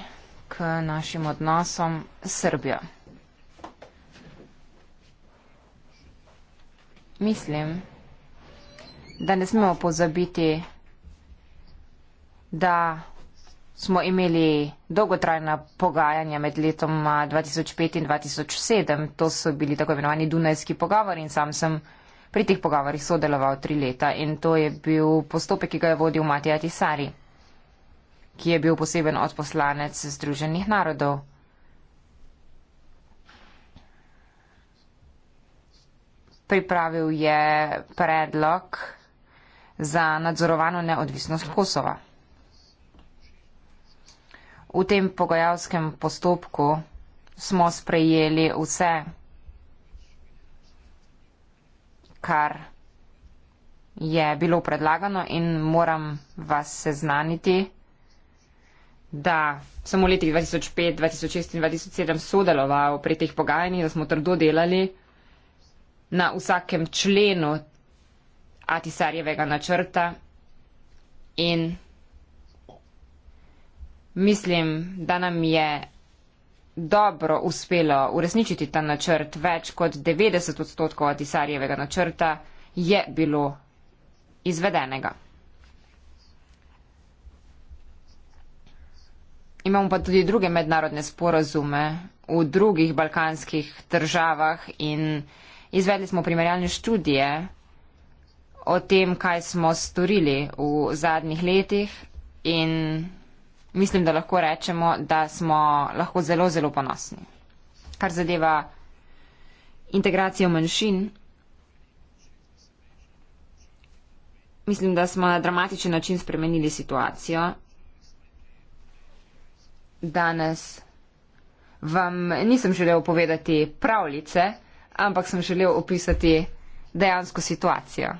k našim odnosom s Srbijo. Mislim, da ne smemo pozabiti, da smo imeli dolgotrajna pogajanja med letoma 2005 in 2007. To so bili tako imenovani Dunajski pogovori in sam sem pri teh pogovorih sodeloval tri leta in to je bil postopek, ki ga je vodil Matija Tisari ki je bil poseben odposlanec Združenih narodov. Pripravil je predlog za nadzorovano neodvisnost Kosova. V tem pogajalskem postopku smo sprejeli vse, kar je bilo predlagano in moram vas seznaniti da samo letih 2005, 2006 in 2007 sodeloval pri teh pogajanjih, da smo trdo delali na vsakem členu Atisarjevega načrta in mislim, da nam je dobro uspelo uresničiti ta načrt. Več kot 90 odstotkov Atisarjevega načrta je bilo izvedenega. Imamo pa tudi druge mednarodne sporazume v drugih balkanskih državah in izvedli smo primerjalne študije o tem, kaj smo storili v zadnjih letih in mislim, da lahko rečemo, da smo lahko zelo, zelo ponosni. Kar zadeva integracijo manjšin, mislim, da smo na dramatičen način spremenili situacijo danes vam nisem želel povedati pravljice, ampak sem želel opisati dejansko situacijo.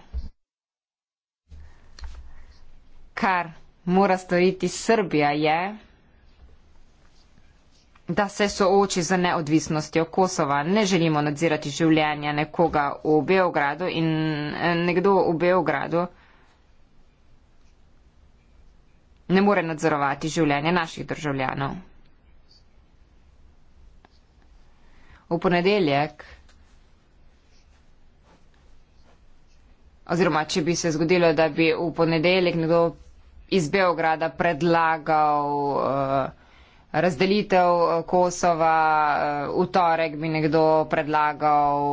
Kar mora storiti Srbija je, da se sooči za neodvisnostjo Kosova. Ne želimo nadzirati življenja nekoga v Beogradu in eh, nekdo v Beogradu ne more nadzorovati življenje naših državljanov. V ponedeljek, oziroma če bi se zgodilo, da bi v ponedeljek nekdo iz Beograda predlagal eh, razdelitev eh, Kosova, eh, v torek bi nekdo predlagal.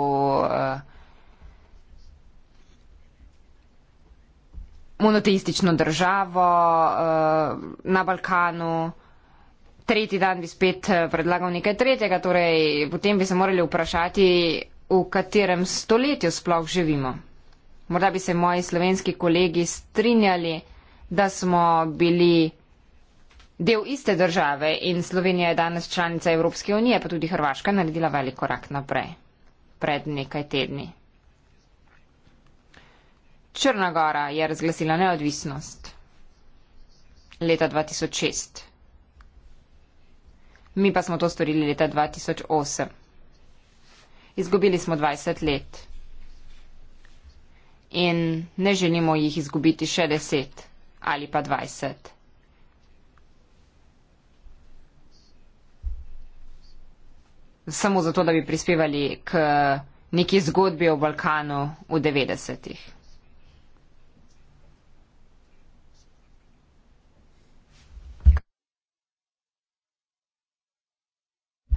monoteistično državo uh, na Balkanu. Tretji dan bi spet eh, predlagal nekaj tretjega, torej potem bi se morali vprašati, v katerem stoletju sploh živimo. Morda bi se moji slovenski kolegi strinjali, da smo bili del iste države in Slovenija je danes članica Evropske unije, pa tudi Hrvaška naredila velik korak naprej pred nekaj tedni. Črnagora je razglasila neodvisnost leta 2006. Mi pa smo to storili leta 2008. Izgubili smo 20 let. In ne želimo jih izgubiti še 10 ali pa 20. Samo zato, da bi prispevali k neki zgodbi o Balkanu v 90-ih.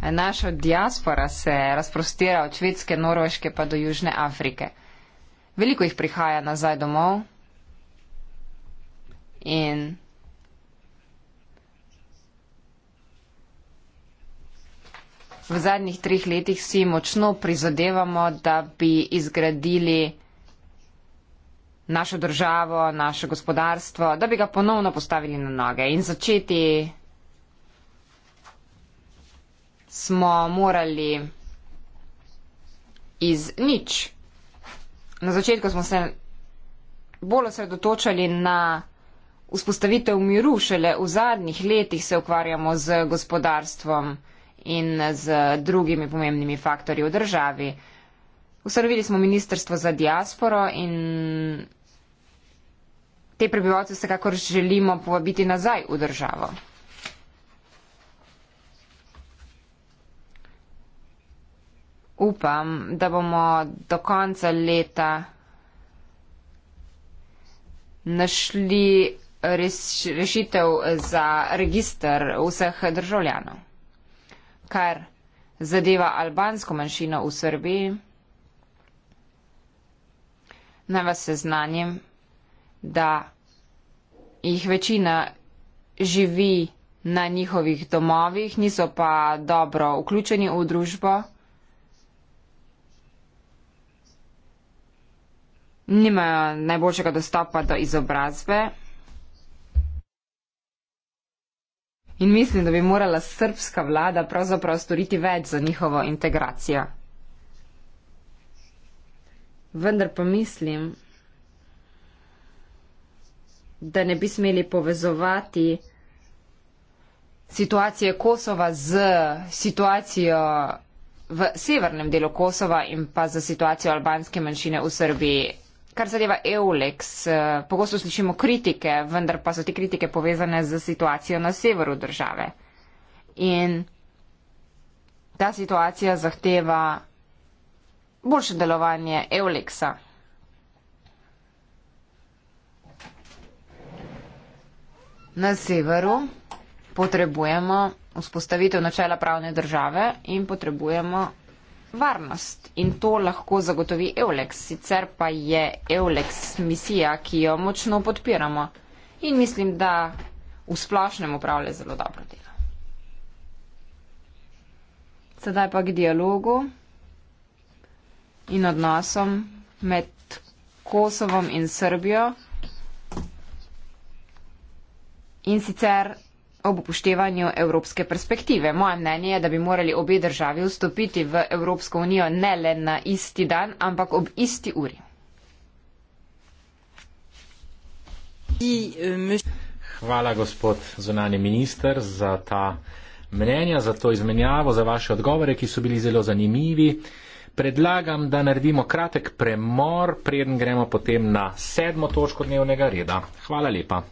Naša diaspora se razprostira od švedske, norveške pa do Južne Afrike. Veliko jih prihaja nazaj domov in v zadnjih treh letih si močno prizadevamo, da bi izgradili našo državo, naše gospodarstvo, da bi ga ponovno postavili na noge in začeti smo morali iz nič. Na začetku smo se bolj osredotočali na vzpostavitev miru, šele v zadnjih letih se ukvarjamo z gospodarstvom in z drugimi pomembnimi faktorji v državi. Ustanovili smo Ministrstvo za diasporo in te prebivalce vsekakor želimo povabiti nazaj v državo. upam, da bomo do konca leta našli rešitev za registr vseh državljanov. Kar zadeva albansko manjšino v Srbiji, naj vas seznanjem, da jih večina živi na njihovih domovih, niso pa dobro vključeni v družbo. nimajo najboljšega dostopa do izobrazbe. In mislim, da bi morala srpska vlada pravzaprav storiti več za njihovo integracijo. Vendar pa mislim, da ne bi smeli povezovati situacije Kosova z situacijo v severnem delu Kosova in pa z situacijo albanske manjšine v Srbiji. Kar zadeva Eulex, eh, pogosto slišimo kritike, vendar pa so te kritike povezane z situacijo na severu države. In ta situacija zahteva boljše delovanje Eulexa. Na severu potrebujemo vzpostavitev načela pravne države in potrebujemo varnost in to lahko zagotovi Eulex, sicer pa je Eulex misija, ki jo močno podpiramo in mislim, da v splošnem upravlja zelo dobro delo. Sedaj pa k dialogu in odnosom med Kosovom in Srbijo. In sicer ob upoštevanju evropske perspektive. Moje mnenje je, da bi morali obe državi vstopiti v Evropsko unijo ne le na isti dan, ampak ob isti uri. Hvala, gospod zunani minister, za ta mnenja, za to izmenjavo, za vaše odgovore, ki so bili zelo zanimivi. Predlagam, da naredimo kratek premor, preden gremo potem na sedmo točko dnevnega reda. Hvala lepa.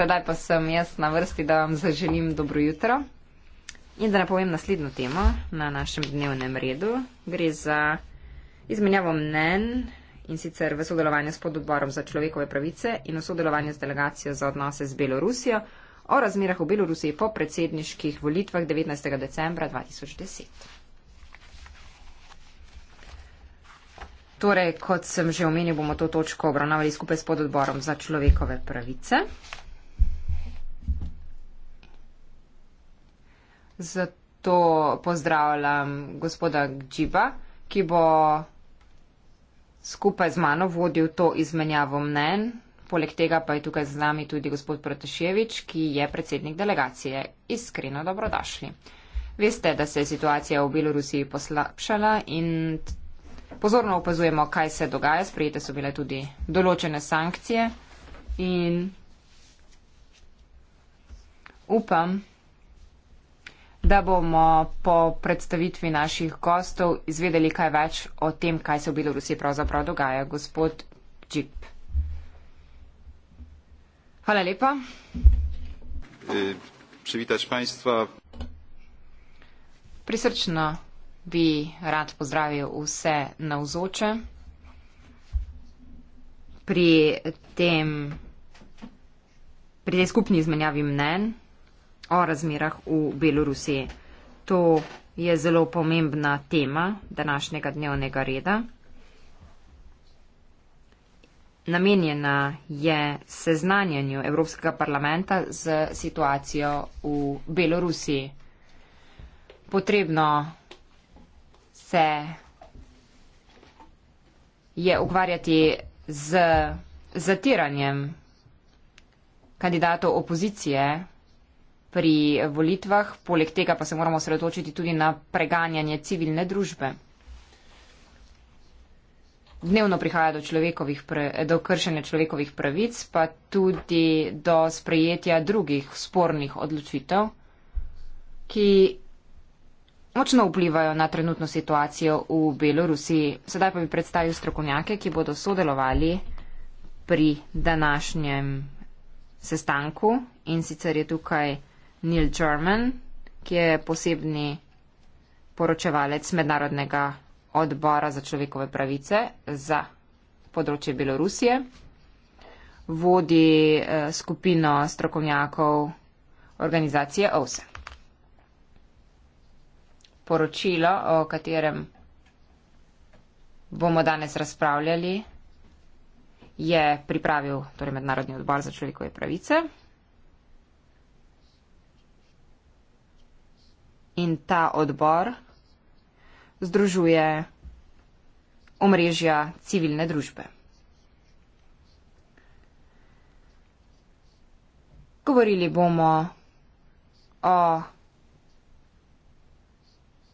Sedaj pa sem jaz na vrsti, da vam zaželim dobro jutro in da napovem naslednjo temo na našem dnevnem redu. Gre za izmenjavo mnen in sicer v sodelovanju s pododborom za človekove pravice in v sodelovanju z delegacijo za odnose z Belorusijo o razmerah v Belorusiji po predsedniških volitvah 19. decembra 2010. Torej, kot sem že omenil, bomo to točko obravnavali skupaj s pododborom za človekove pravice. Zato pozdravljam gospoda Gdžiba, ki bo skupaj z mano vodil to izmenjavo mnen. Poleg tega pa je tukaj z nami tudi gospod Proteševič, ki je predsednik delegacije. Iskreno dobrodošli. Veste, da se je situacija v Belorusiji poslabšala in pozorno opazujemo, kaj se dogaja. Sprejete so bile tudi določene sankcije in upam, da bomo po predstavitvi naših gostov izvedeli kaj več o tem, kaj se v Belorusiji pravzaprav dogaja. Gospod Čip. Hvala lepa. E, Prisrčno bi rad pozdravil vse navzoče pri tem, pri tej skupni izmenjavi mnen o razmerah v Belorusiji. To je zelo pomembna tema današnjega dnevnega reda. Namenjena je seznanjanju Evropskega parlamenta z situacijo v Belorusiji. Potrebno se je ukvarjati z zatiranjem kandidatov opozicije pri volitvah, poleg tega pa se moramo sredotočiti tudi na preganjanje civilne družbe. Dnevno prihaja do, do kršenja človekovih pravic, pa tudi do sprejetja drugih spornih odločitev, ki močno vplivajo na trenutno situacijo v Belorusiji. Sedaj pa bi predstavil strokovnjake, ki bodo sodelovali pri današnjem sestanku in sicer je tukaj Neil German, ki je posebni poročevalec Mednarodnega odbora za človekove pravice za področje Belorusije. Vodi eh, skupino strokovnjakov organizacije OSEF poročilo, o katerem bomo danes razpravljali, je pripravil torej Mednarodni odbor za človekove pravice. In ta odbor združuje omrežja civilne družbe. Govorili bomo o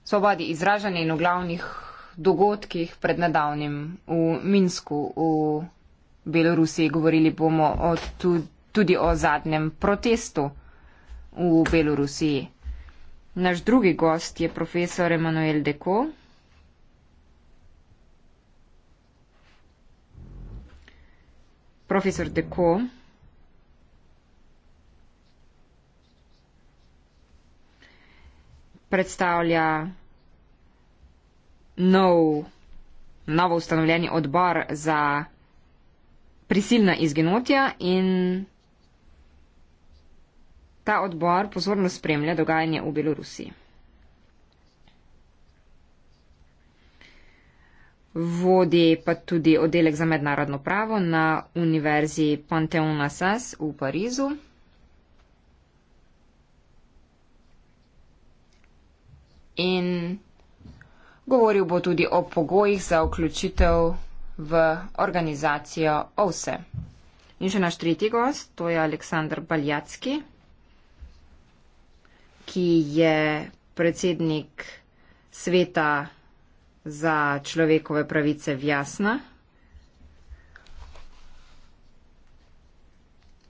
svobodi izražanja in v glavnih dogodkih pred nedavnim v Minsku v Belorusiji. Govorili bomo o tu, tudi o zadnjem protestu v Belorusiji. Naš drugi gost je profesor Emanuel Deko. Profesor Deko. predstavlja nov, novo ustanovljeni odbor za prisilna izginotja in ta odbor pozorno spremlja dogajanje v Belorusiji. Vodi pa tudi oddelek za mednarodno pravo na univerzi Panteon Assas v Parizu. in govoril bo tudi o pogojih za vključitev v organizacijo OVSE. In še naš tretji gost, to je Aleksandr Baljacki, ki je predsednik sveta za človekove pravice v Jasna.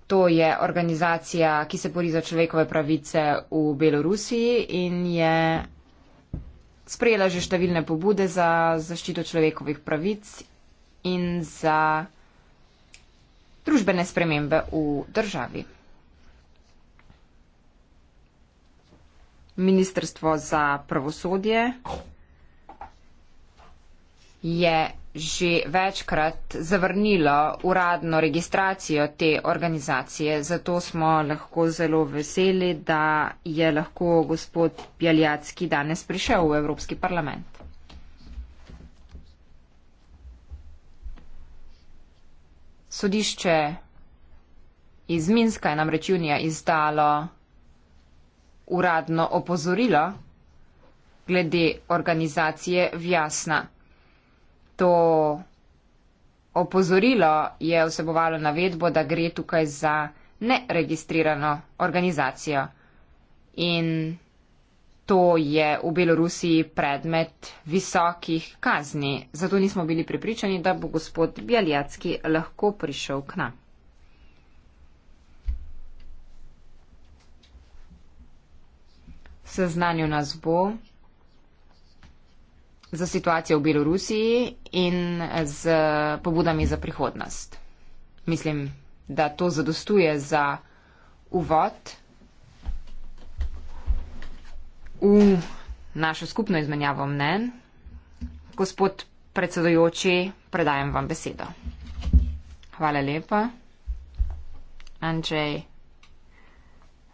To je organizacija, ki se bori za človekove pravice v Belorusiji in je sprejela že številne pobude za zaščito človekovih pravic in za družbene spremembe v državi. Ministrstvo za pravosodje je že večkrat zavrnilo uradno registracijo te organizacije, zato smo lahko zelo veseli, da je lahko gospod Pjaljacki danes prišel v Evropski parlament. Sodišče iz Minska je namreč junija izdalo uradno opozorilo glede organizacije Vjasna to opozorilo je vsebovalo navedbo, da gre tukaj za neregistrirano organizacijo. In to je v Belorusiji predmet visokih kazni, zato nismo bili pripričani, da bo gospod Bjaljacki lahko prišel k nam. Seznanju nas bo za situacijo v Belorusiji in z pobudami za prihodnost. Mislim, da to zadostuje za uvod v našo skupno izmenjavo mnen. Gospod predsedojoči, predajem vam besedo. Hvala lepa. Andrej,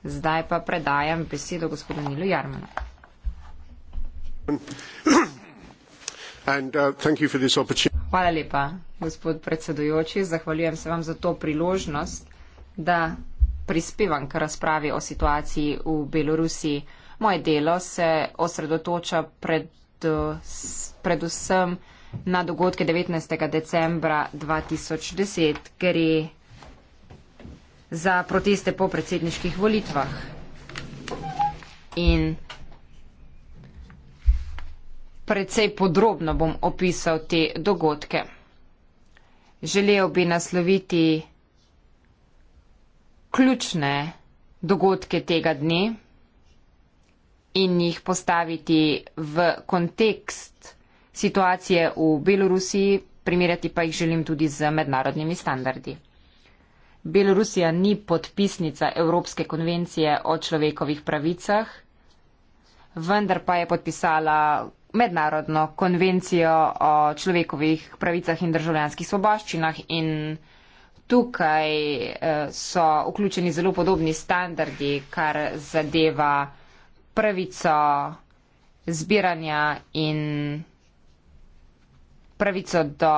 zdaj pa predajam besedo gospodu Nilu Jarmanu. Uh, Hvala lepa, gospod predsedujoči. Zahvaljujem se vam za to priložnost, da prispevam k razpravi o situaciji v Belorusiji. Moje delo se osredotoča pred, predvsem na dogodke 19. decembra 2010, ker je za proteste po predsedniških volitvah. In precej podrobno bom opisal te dogodke. Želel bi nasloviti ključne dogodke tega dne in jih postaviti v kontekst situacije v Belorusiji, primerjati pa jih želim tudi z mednarodnimi standardi. Belorusija ni podpisnica Evropske konvencije o človekovih pravicah, vendar pa je podpisala mednarodno konvencijo o človekovih pravicah in državljanskih svoboščinah in tukaj eh, so vključeni zelo podobni standardi, kar zadeva pravico zbiranja in pravico do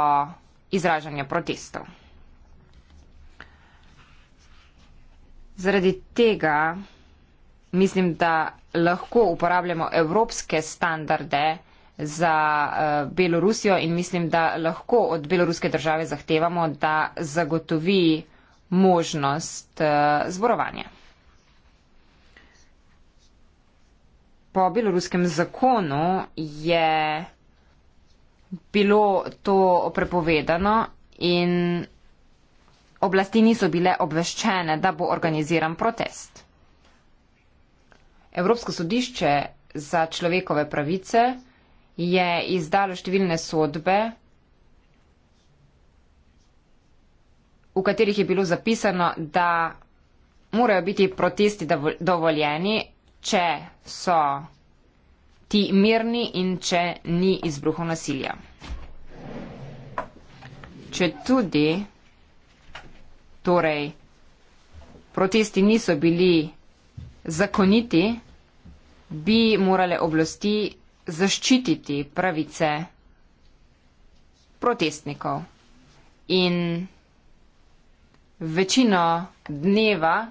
izražanja protestov. Zaradi tega mislim, da lahko uporabljamo evropske standarde za uh, Belorusijo in mislim, da lahko od beloruske države zahtevamo, da zagotovi možnost uh, zborovanja. Po beloruskem zakonu je bilo to prepovedano in oblasti niso bile obveščene, da bo organiziran protest. Evropsko sodišče za človekove pravice je izdalo številne sodbe, v katerih je bilo zapisano, da morajo biti protesti dovoljeni, če so ti mirni in če ni izbruhov nasilja. Če tudi torej, protesti niso bili zakoniti, bi morale oblasti zaščititi pravice protestnikov. In večino dneva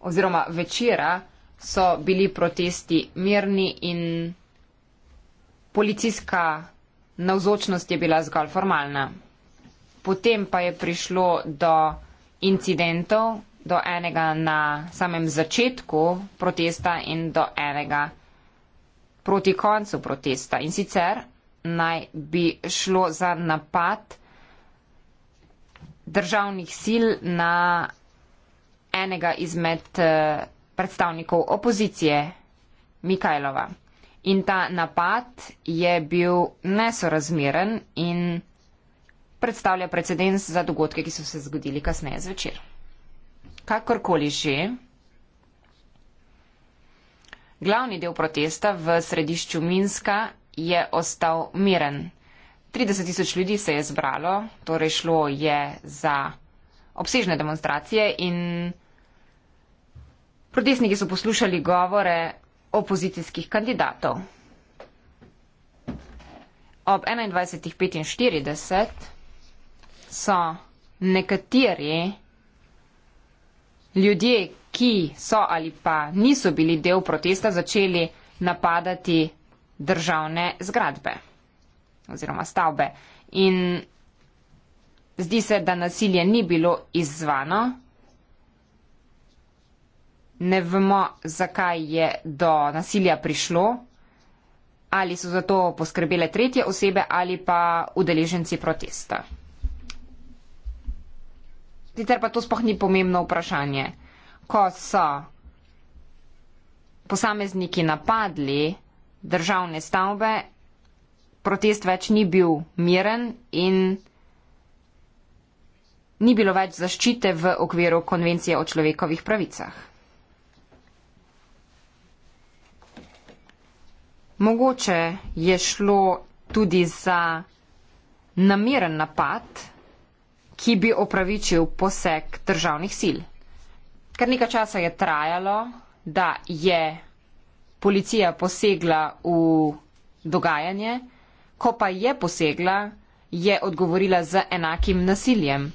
oziroma večera so bili protesti mirni in policijska navzočnost je bila zgolj formalna. Potem pa je prišlo do incidentov do enega na samem začetku protesta in do enega proti koncu protesta. In sicer naj bi šlo za napad državnih sil na enega izmed eh, predstavnikov opozicije, Mikajlova. In ta napad je bil nesorazmeren in predstavlja precedens za dogodke, ki so se zgodili kasneje zvečer. Kakorkoli že, glavni del protesta v središču Minska je ostal miren. 30 tisoč ljudi se je zbralo, torej šlo je za obsežne demonstracije in protestniki so poslušali govore opozicijskih kandidatov. Ob 21.45 so nekateri ljudje, ki so ali pa niso bili del protesta, začeli napadati državne zgradbe oziroma stavbe. In zdi se, da nasilje ni bilo izzvano. Ne vemo, zakaj je do nasilja prišlo, ali so za to poskrbele tretje osebe ali pa udeleženci protesta sicer pa to sploh ni pomembno vprašanje. Ko so posamezniki napadli državne stavbe, protest več ni bil miren in ni bilo več zaščite v okviru konvencije o človekovih pravicah. Mogoče je šlo tudi za namiren napad, ki bi opravičil poseg državnih sil. Kar nekaj časa je trajalo, da je policija posegla v dogajanje, ko pa je posegla, je odgovorila z enakim nasiljem.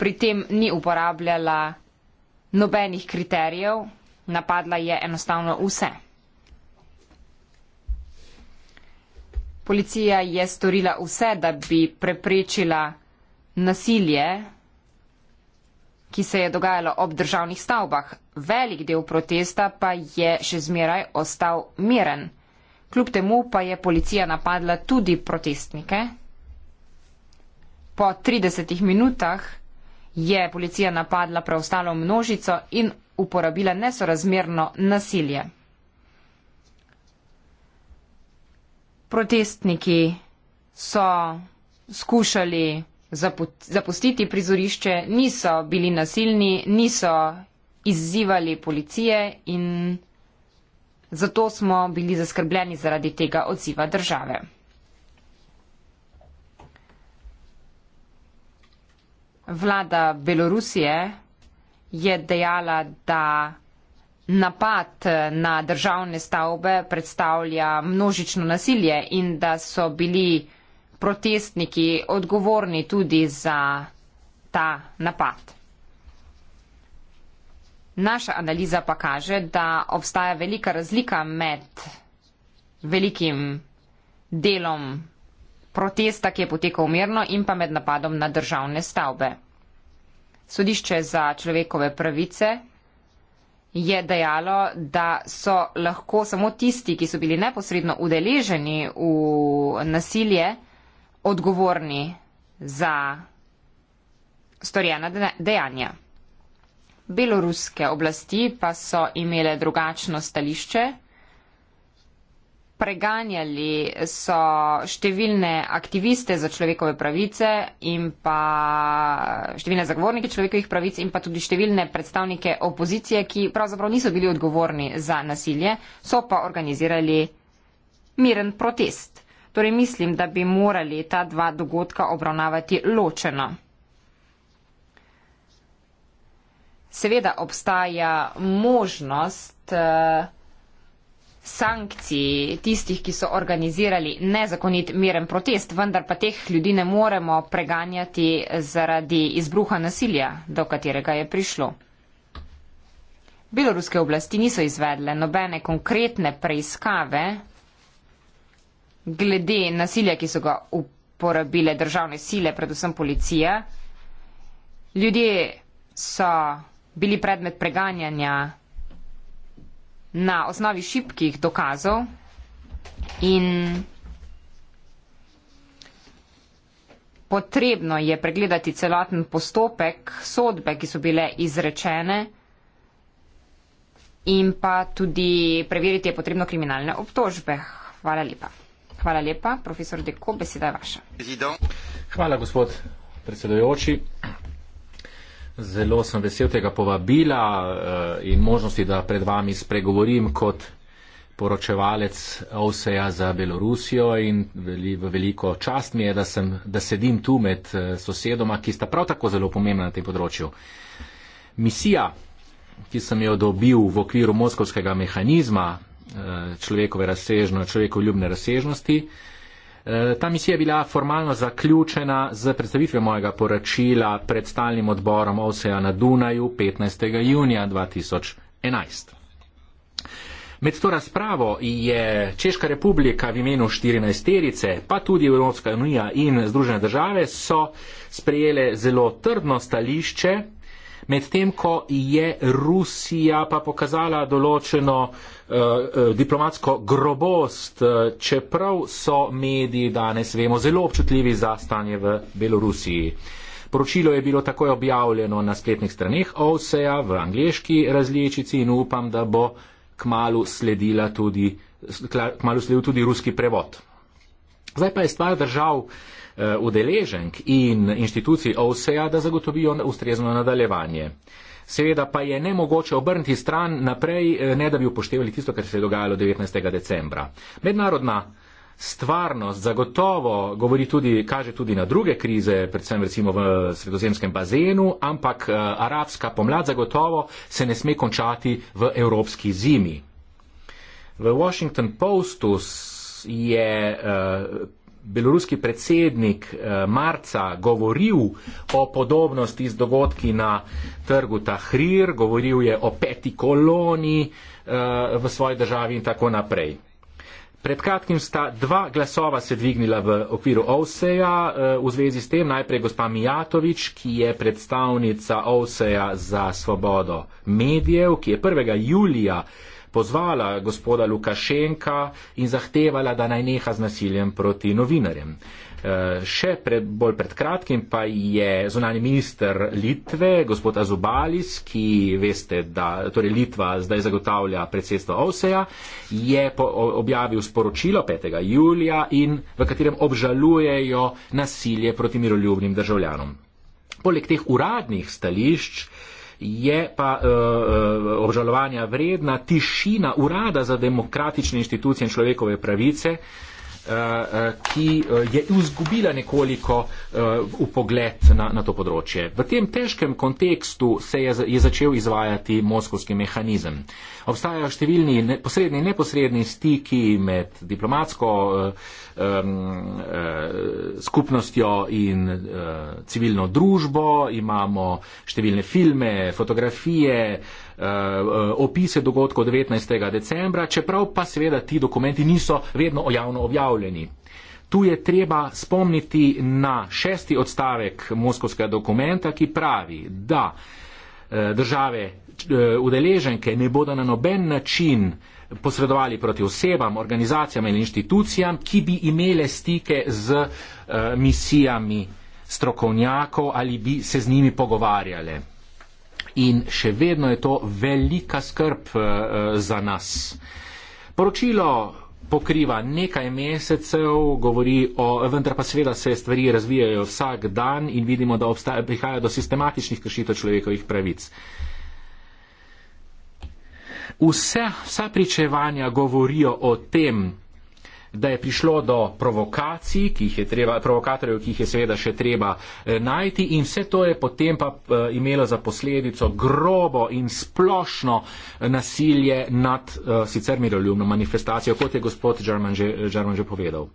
Pri tem ni uporabljala nobenih kriterijev, napadla je enostavno vse. Policija je storila vse, da bi preprečila nasilje, ki se je dogajalo ob državnih stavbah. Velik del protesta pa je še zmeraj ostal miren. Kljub temu pa je policija napadla tudi protestnike. Po 30 minutah je policija napadla preostalo množico in uporabila nesorazmerno nasilje. Protestniki so skušali zapustiti prizorišče, niso bili nasilni, niso izzivali policije in zato smo bili zaskrbljeni zaradi tega odziva države. Vlada Belorusije je dejala, da napad na državne stavbe predstavlja množično nasilje in da so bili protestniki odgovorni tudi za ta napad. Naša analiza pa kaže, da obstaja velika razlika med velikim delom protesta, ki je potekal mirno, in pa med napadom na državne stavbe. Sodišče za človekove pravice je dejalo, da so lahko samo tisti, ki so bili neposredno udeleženi v nasilje, odgovorni za storjena dejanja. Beloruske oblasti pa so imele drugačno stališče. Preganjali so številne aktiviste za človekove pravice in pa številne zagovornike človekovih pravic in pa tudi številne predstavnike opozicije, ki pravzaprav niso bili odgovorni za nasilje, so pa organizirali miren protest. Torej mislim, da bi morali ta dva dogodka obravnavati ločeno. Seveda obstaja možnost eh, sankcij tistih, ki so organizirali nezakonit miren protest, vendar pa teh ljudi ne moremo preganjati zaradi izbruha nasilja, do katerega je prišlo. Beloruske oblasti niso izvedle nobene konkretne preiskave glede nasilja, ki so ga uporabile državne sile, predvsem policija. Ljudje so bili predmet preganjanja na osnovi šibkih dokazov in potrebno je pregledati celoten postopek sodbe, ki so bile izrečene in pa tudi preveriti je potrebno kriminalne obtožbe. Hvala lepa. Hvala lepa. Profesor Deko, beseda je vaša. Hvala, gospod predsedojoči. Zelo sem vesel tega povabila eh, in možnosti, da pred vami spregovorim kot poročevalec OSEA za Belorusijo in v veliko čast mi je, da, sem, da sedim tu med eh, sosedoma, ki sta prav tako zelo pomembna na tem področju. Misija, ki sem jo dobil v okviru moskovskega mehanizma Eh, človekove razsežnosti, človekoljubne razsežnosti. Eh, ta misija je bila formalno zaključena z predstavitvijo mojega poročila pred stalnim odborom OSEA na Dunaju 15. junija 2011. Med to razpravo je Češka republika v imenu 14 terice, pa tudi Evropska unija in Združene države so sprejele zelo trdno stališče, medtem ko je Rusija pa pokazala določeno eh, eh, diplomatsko grobost, eh, čeprav so mediji danes, vemo, zelo občutljivi za stanje v Belorusiji. Poročilo je bilo takoj objavljeno na spletnih straneh OVSE-a v angliški različici in upam, da bo kmalu, tudi, kmalu sledil tudi ruski prevod. Zdaj pa je stvar držav. Eh, udeleženk in inštitucij OVSE-a, da zagotovijo ustrezno nadaljevanje. Seveda pa je nemogoče obrniti stran naprej, eh, ne da bi upoštevali tisto, kar se je dogajalo 19. decembra. Mednarodna stvarnost zagotovo govori tudi, kaže tudi na druge krize, predvsem recimo v sredozemskem bazenu, ampak eh, arabska pomlad zagotovo se ne sme končati v evropski zimi. V Washington Postu je uh, beloruski predsednik eh, marca govoril o podobnosti z dogodki na trgu Tahrir, govoril je o peti koloni eh, v svoji državi in tako naprej. Pred kratkim sta dva glasova se dvignila v okviru OSEA eh, v zvezi s tem. Najprej gospa Mijatovič, ki je predstavnica OSEA za svobodo medijev, ki je 1. julija pozvala gospoda Lukašenka in zahtevala, da naj neha z nasiljem proti novinarjem. Eh, še pred, bolj pred kratkim pa je zunani minister Litve, gospod Azubalis, ki veste, da torej Litva zdaj zagotavlja predsedstvo OVSE-ja, je po, objavil sporočilo 5. julija, in, v katerem obžalujejo nasilje proti miroljubnim državljanom. Poleg teh uradnih stališč uh, je pa uh, obžalovanja vredna tišina Urada za demokratične inštitucije in človekove pravice, uh, Eh, eh, ki eh, je izgubila nekoliko v pogled na, na to področje. V tem težkem kontekstu se je, je začel izvajati moskovski mehanizem. Obstajajo številni posredni in neposredni stiki med diplomatsko skupnostjo in civilno družbo, imamo številne filme, fotografije, Eh, opise dogodkov 19. decembra, čeprav pa seveda ti dokumenti niso vedno javno objavljeni. Tu je treba spomniti na šesti odstavek moskovskega dokumenta, ki pravi, da eh, države eh, udeleženke ne bodo na noben način posredovali proti osebam, organizacijam ali inštitucijam, ki bi imele stike z misijami strokovnjakov ali bi se z njimi pogovarjale in še vedno je to velika skrb eh, eh, za nas. Poročilo pokriva nekaj mesecev, govori o, vendar pa seveda se stvari razvijajo vsak dan in vidimo, da obstaja, prihaja do sistematičnih kršitev človekovih pravic. Vse, vsa pričevanja govorijo o tem, da je prišlo do provokacij, ki jih je treba, provokatorjev, ki jih je seveda še treba eh, najti in vse to je potem pa eh, imelo za posledico grobo in splošno eh, nasilje nad sicer miroljubno manifestacijo, kot je gospod Žarman že, že povedal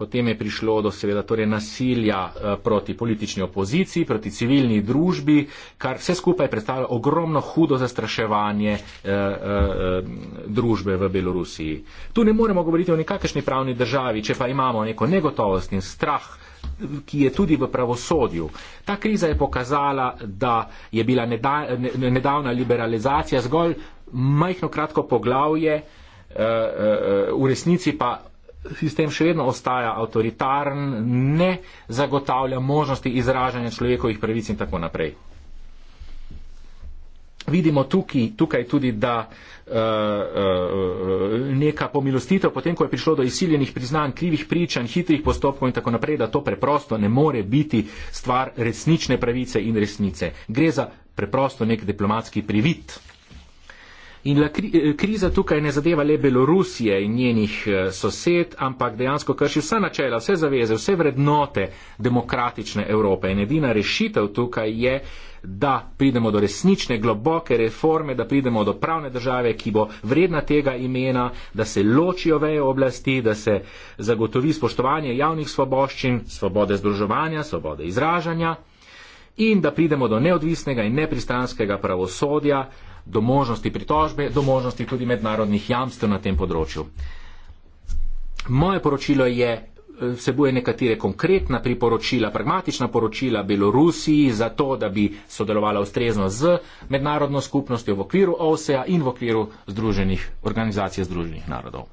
potem je prišlo do seveda torej nasilja eh, proti politični opoziciji, proti civilni družbi, kar vse skupaj predstavlja ogromno hudo zastraševanje eh, eh, eh družbe v Belorusiji. Tu ne moremo govoriti o nekakšni pravni državi, če pa imamo neko negotovost in strah ki je tudi v pravosodju. Ta kriza je pokazala, da je bila nedavna liberalizacija zgolj majhno kratko poglavje, eh, v resnici pa sistem še vedno ostaja avtoritaren, ne zagotavlja možnosti izražanja človekovih pravic in tako naprej. Vidimo tukaj, tukaj tudi, da uh, uh, neka pomilostitev, potem ko je prišlo do izsiljenih priznanj, krivih pričanj, hitrih postopkov in tako naprej, da to preprosto ne more biti stvar resnične pravice in resnice. Gre za preprosto nek diplomatski privit. In kri eh, kriza tukaj ne zadeva le Belorusije in njenih eh, sosed, ampak dejansko krši vsa načela, vse zaveze, vse vrednote demokratične Evrope. In edina rešitev tukaj je, da pridemo do resnične, globoke reforme, da pridemo do pravne države, ki bo vredna tega imena, da se ločijo veje oblasti, da se zagotovi spoštovanje javnih svoboščin, svobode združevanja, svobode izražanja in da pridemo do neodvisnega in nepristranskega pravosodja, do možnosti pritožbe, do možnosti tudi mednarodnih jamstv na tem področju. Moje poročilo je eh, vsebuje nekatere konkretna priporočila, pragmatična poročila Belorusiji za to, da bi sodelovala ustrezno z mednarodno skupnostjo v okviru OSEA in v okviru združenih, organizacije združenih narodov.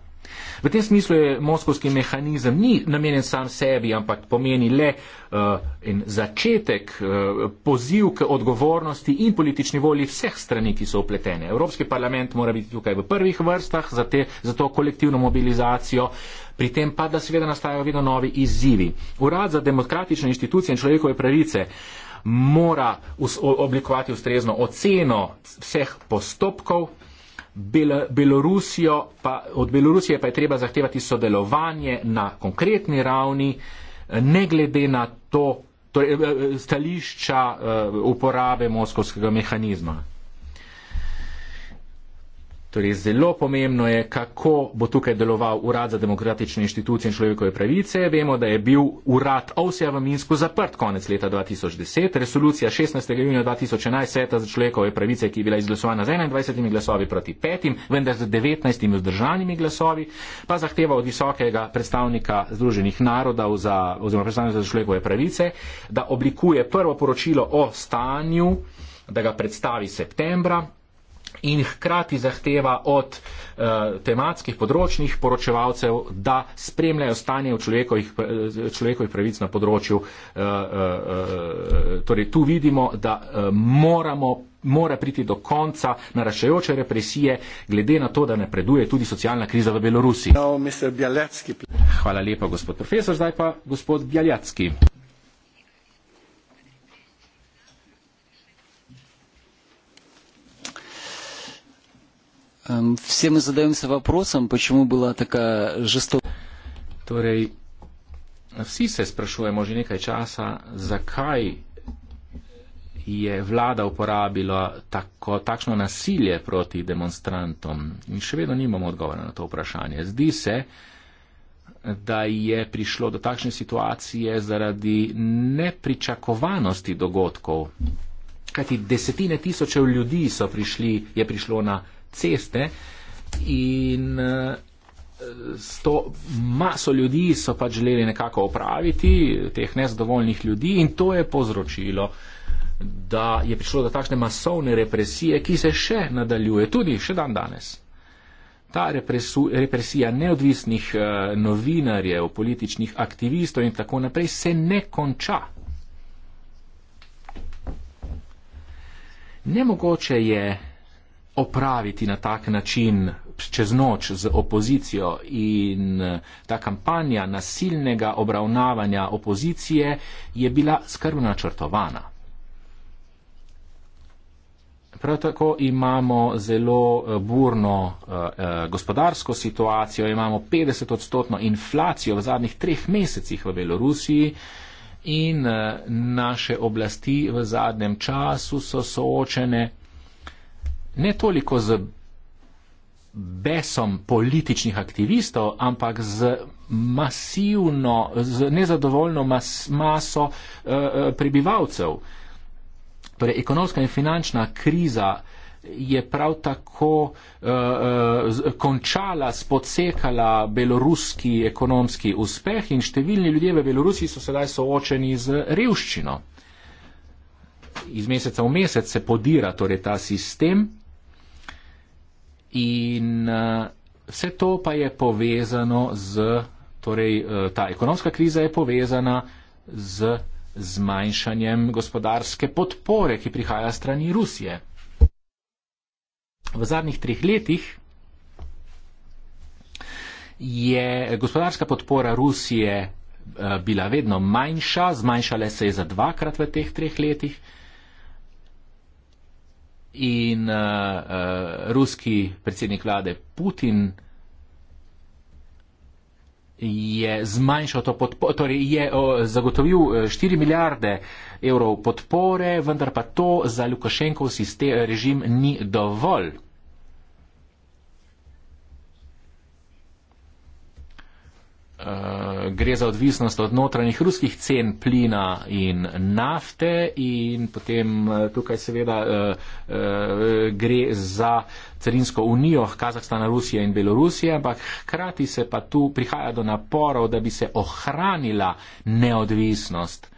V tem smislu je moskovski mehanizem ni namenjen sam sebi, ampak pomeni le uh, začetek, uh, poziv k odgovornosti in politični volji vseh strani, ki so upletene. Evropski parlament mora biti tukaj v prvih vrstah za, te, za to kolektivno mobilizacijo, pri tem pa, da seveda nastajajo vedno novi izzivi. Urad za demokratične inštitucije in človekove pravice mora oblikovati ustrezno oceno vseh postopkov, Belorusijo pa, od Belorusije pa je treba zahtevati sodelovanje na konkretni ravni, ne glede na to, torej, eh, eh, stališča eh, uporabe moskovskega mehanizma. Torej, zelo pomembno je, kako bo tukaj deloval Urad za demokratične inštitucije in človekove pravice. Vemo, da je bil Urad OSEA v Minsku zaprt konec leta 2010. Resolucija 16. junija 2011 Sveta za človekove pravice, ki je bila izglasovana z 21 glasovi proti 5, vendar z 19 vzdržanimi glasovi, pa zahteva od visokega predstavnika Združenih narodov za, oziroma predstavnika za človekove pravice, da oblikuje prvo poročilo o stanju, da ga predstavi septembra in hkrati zahteva od eh, tematskih področnih poročevalcev, da spremljajo stanje v človekovih, eh, človekovih pravic na področju. Eh, eh, eh, torej, tu vidimo, da eh, moramo mora priti do konca naraščajoče represije, glede na to, da napreduje tudi socialna kriza v Belorusiji. No, Hvala lepa, gospod profesor. Zdaj pa gospod Bjaljacki. Все мы задаемся вопросом, почему была такая жестокая... Torej, vsi se sprašujemo že nekaj časa, zakaj je vlada uporabila tako, takšno nasilje proti demonstrantom. In še vedno nimamo odgovora na to vprašanje. Zdi se, da je prišlo do takšne situacije zaradi nepričakovanosti dogodkov. Kajti desetine tisočev ljudi prišli, je prišlo na ceste in eh, s to maso ljudi so pač želeli nekako opraviti, teh nezadovoljnih ljudi in to je povzročilo, da je prišlo do takšne masovne represije, ki se še nadaljuje, tudi še dan danes. Ta represu, represija neodvisnih uh, novinarjev, političnih aktivistov in tako naprej se ne konča. Nemogoče je opraviti na tak način čez noč z opozicijo in eh, ta kampanja nasilnega obravnavanja opozicije je bila skrbno načrtovana. Prav tako imamo zelo eh, burno eh, gospodarsko situacijo, imamo 50 odstotno inflacijo v zadnjih treh mesecih v Belorusiji in naše oblasti v zadnjem času so soočene ne toliko z besom političnih aktivistov, ampak z masivno, z nezadovoljno mas, maso uh, prebivalcev. Torej, ekonomska in finančna kriza je prav tako uh, z, končala, spocekala beloruski ekonomski uspeh in številni ljudje v Belorusiji so sedaj soočeni z revščino. Iz meseca v mesec se podira torej ta sistem In uh, vse to pa je povezano z, torej uh, ta ekonomska kriza je povezana z zmanjšanjem gospodarske podpore, ki prihaja strani Rusije. V zadnjih treh letih je gospodarska podpora Rusije eh, bila vedno manjša, zmanjšala se je za dvakrat v teh treh letih. Uh, in uh, uh, ruski predsednik vlade Putin je zmanjšal to podporo, torej je o, zagotovil 4 uh, milijarde evrov podpore, vendar pa to za Lukašenkov sistem, režim ni dovolj. Eh, gre za odvisnost od notranjih ruskih cen plina in nafte in potem eh, tukaj seveda eh, gre za carinsko unijo Kazahstana, Rusije in Belorusije, ampak hkrati se pa tu prihaja do naporov, da bi se ohranila neodvisnost.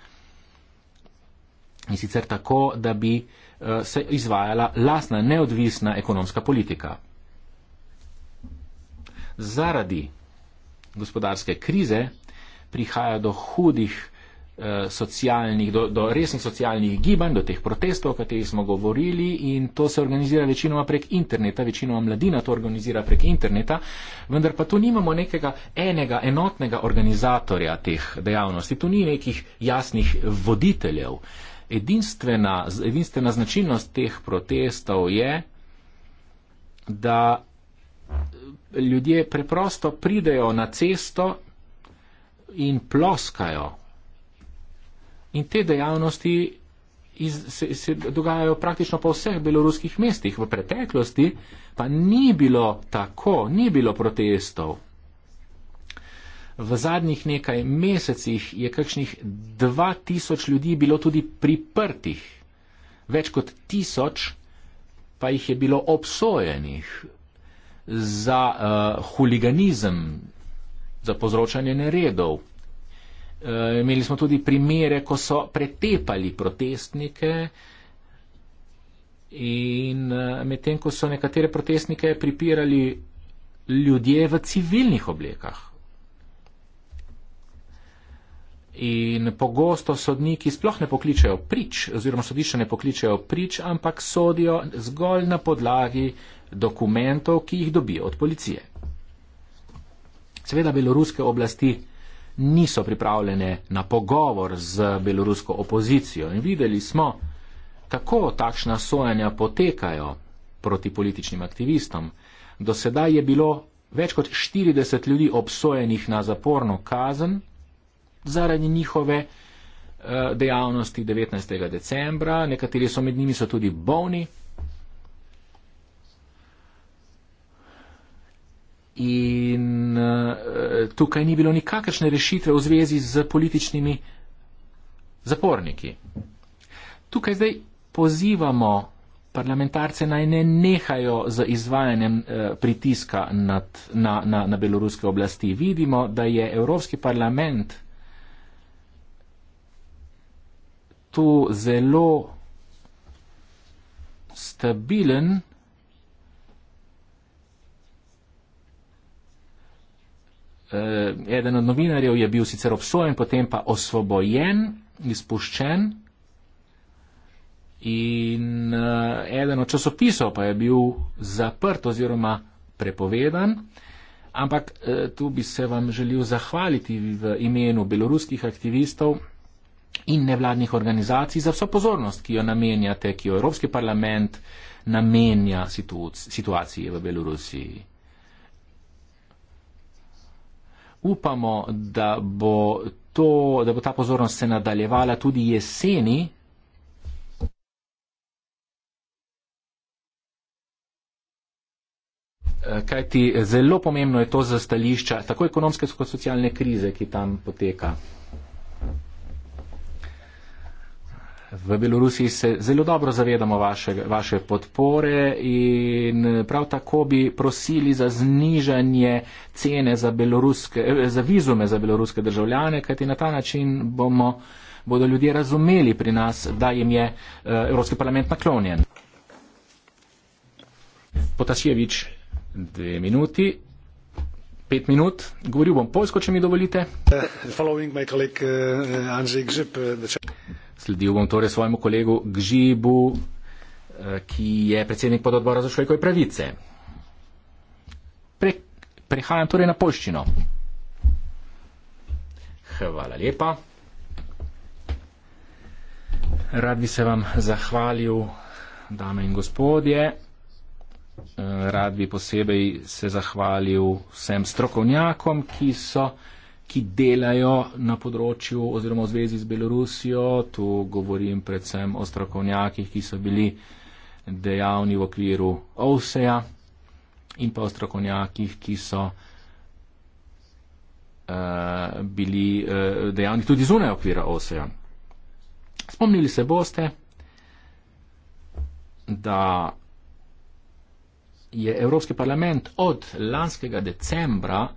In sicer tako, da bi se izvajala lasna neodvisna ekonomska politika. Zaradi gospodarske krize, prihaja do hudih eh, socialnih, do, do resnih socialnih gibanj, do teh protestov, o katerih smo govorili in to se organizira večinoma prek interneta, večinoma mladina to organizira prek interneta, vendar pa tu nimamo nekega enega enotnega organizatorja teh dejavnosti, tu ni nekih jasnih voditeljev. Edinstvena, edinstvena značilnost teh protestov je, da ljudje preprosto pridejo na cesto in ploskajo. In te dejavnosti iz, se, se dogajajo praktično po vseh beloruskih mestih. V preteklosti pa ni bilo tako, ni bilo protestov. V zadnjih nekaj mesecih je kakšnih 2000 ljudi bilo tudi priprtih, več kot 1000 pa jih je bilo obsojenih za uh, huliganizem, za povzročanje neredov. Uh, imeli smo tudi primere, ko so pretepali protestnike in uh, medtem, ko so nekatere protestnike pripirali ljudje v civilnih oblekah. In pogosto sodniki sploh ne pokličejo prič, oziroma sodišče ne pokličejo prič, ampak sodijo zgolj na podlagi dokumentov, ki jih dobijo od policije. Seveda beloruske oblasti niso pripravljene na pogovor z belorusko opozicijo in videli smo, kako takšna sojanja potekajo proti političnim aktivistom. Do sedaj je bilo več kot 40 ljudi obsojenih na zaporno kazen zaradi njihove eh, dejavnosti 19. decembra, nekateri so med njimi so tudi bolni. In eh, tukaj ni bilo nikakršne rešitve v zvezi z političnimi zaporniki. Tukaj zdaj pozivamo parlamentarce naj ne nehajo z izvajanjem eh, pritiska nad, na, na, na beloruske oblasti. Vidimo, da je Evropski parlament tu zelo stabilen eh, Eden od novinarjev je bil sicer obsojen, potem pa osvobojen, izpuščen in eh, eden od časopisov pa je bil zaprt oziroma prepovedan. Ampak eh, tu bi se vam želil zahvaliti v imenu beloruskih aktivistov in nevladnih organizacij za vso pozornost, ki jo namenjate, ki jo Evropski parlament namenja situ situaciji v Belorusiji. Upamo, da bo, to, da bo ta pozornost se nadaljevala tudi jeseni. Eh, Kaj ti zelo pomembno je to za stališča tako ekonomske kot socialne krize, ki tam poteka? V Belorusiji se zelo dobro zavedamo vaše, vaše podpore in prav tako bi prosili za znižanje cene za, eh, za vizume za beloruske državljane, kajti na ta način bomo, bodo ljudje razumeli pri nas, da jim je eh, Evropski parlament naklonjen. Potasjevič, dve minuti. Pet minut, govoril bom polsko, če mi dovolite. Uh, Sledil bom torej svojemu kolegu Gžibu, eh, ki je predsednik pododbora za človekove pravice. Pre, prehajam torej na polščino. Hvala lepa. Rad bi se vam zahvalil, dame in gospodje. Eh, rad bi posebej se zahvalil vsem strokovnjakom, ki so ki delajo na področju oziroma v zvezi z Belorusijo. Tu govorim predvsem o strokovnjakih, ki so bili dejavni v okviru OVSE-ja in pa o strokovnjakih, ki so uh, bili uh, dejavni tudi zunaj okvira OVSE-ja. Spomnili se boste, da je Evropski parlament od lanskega decembra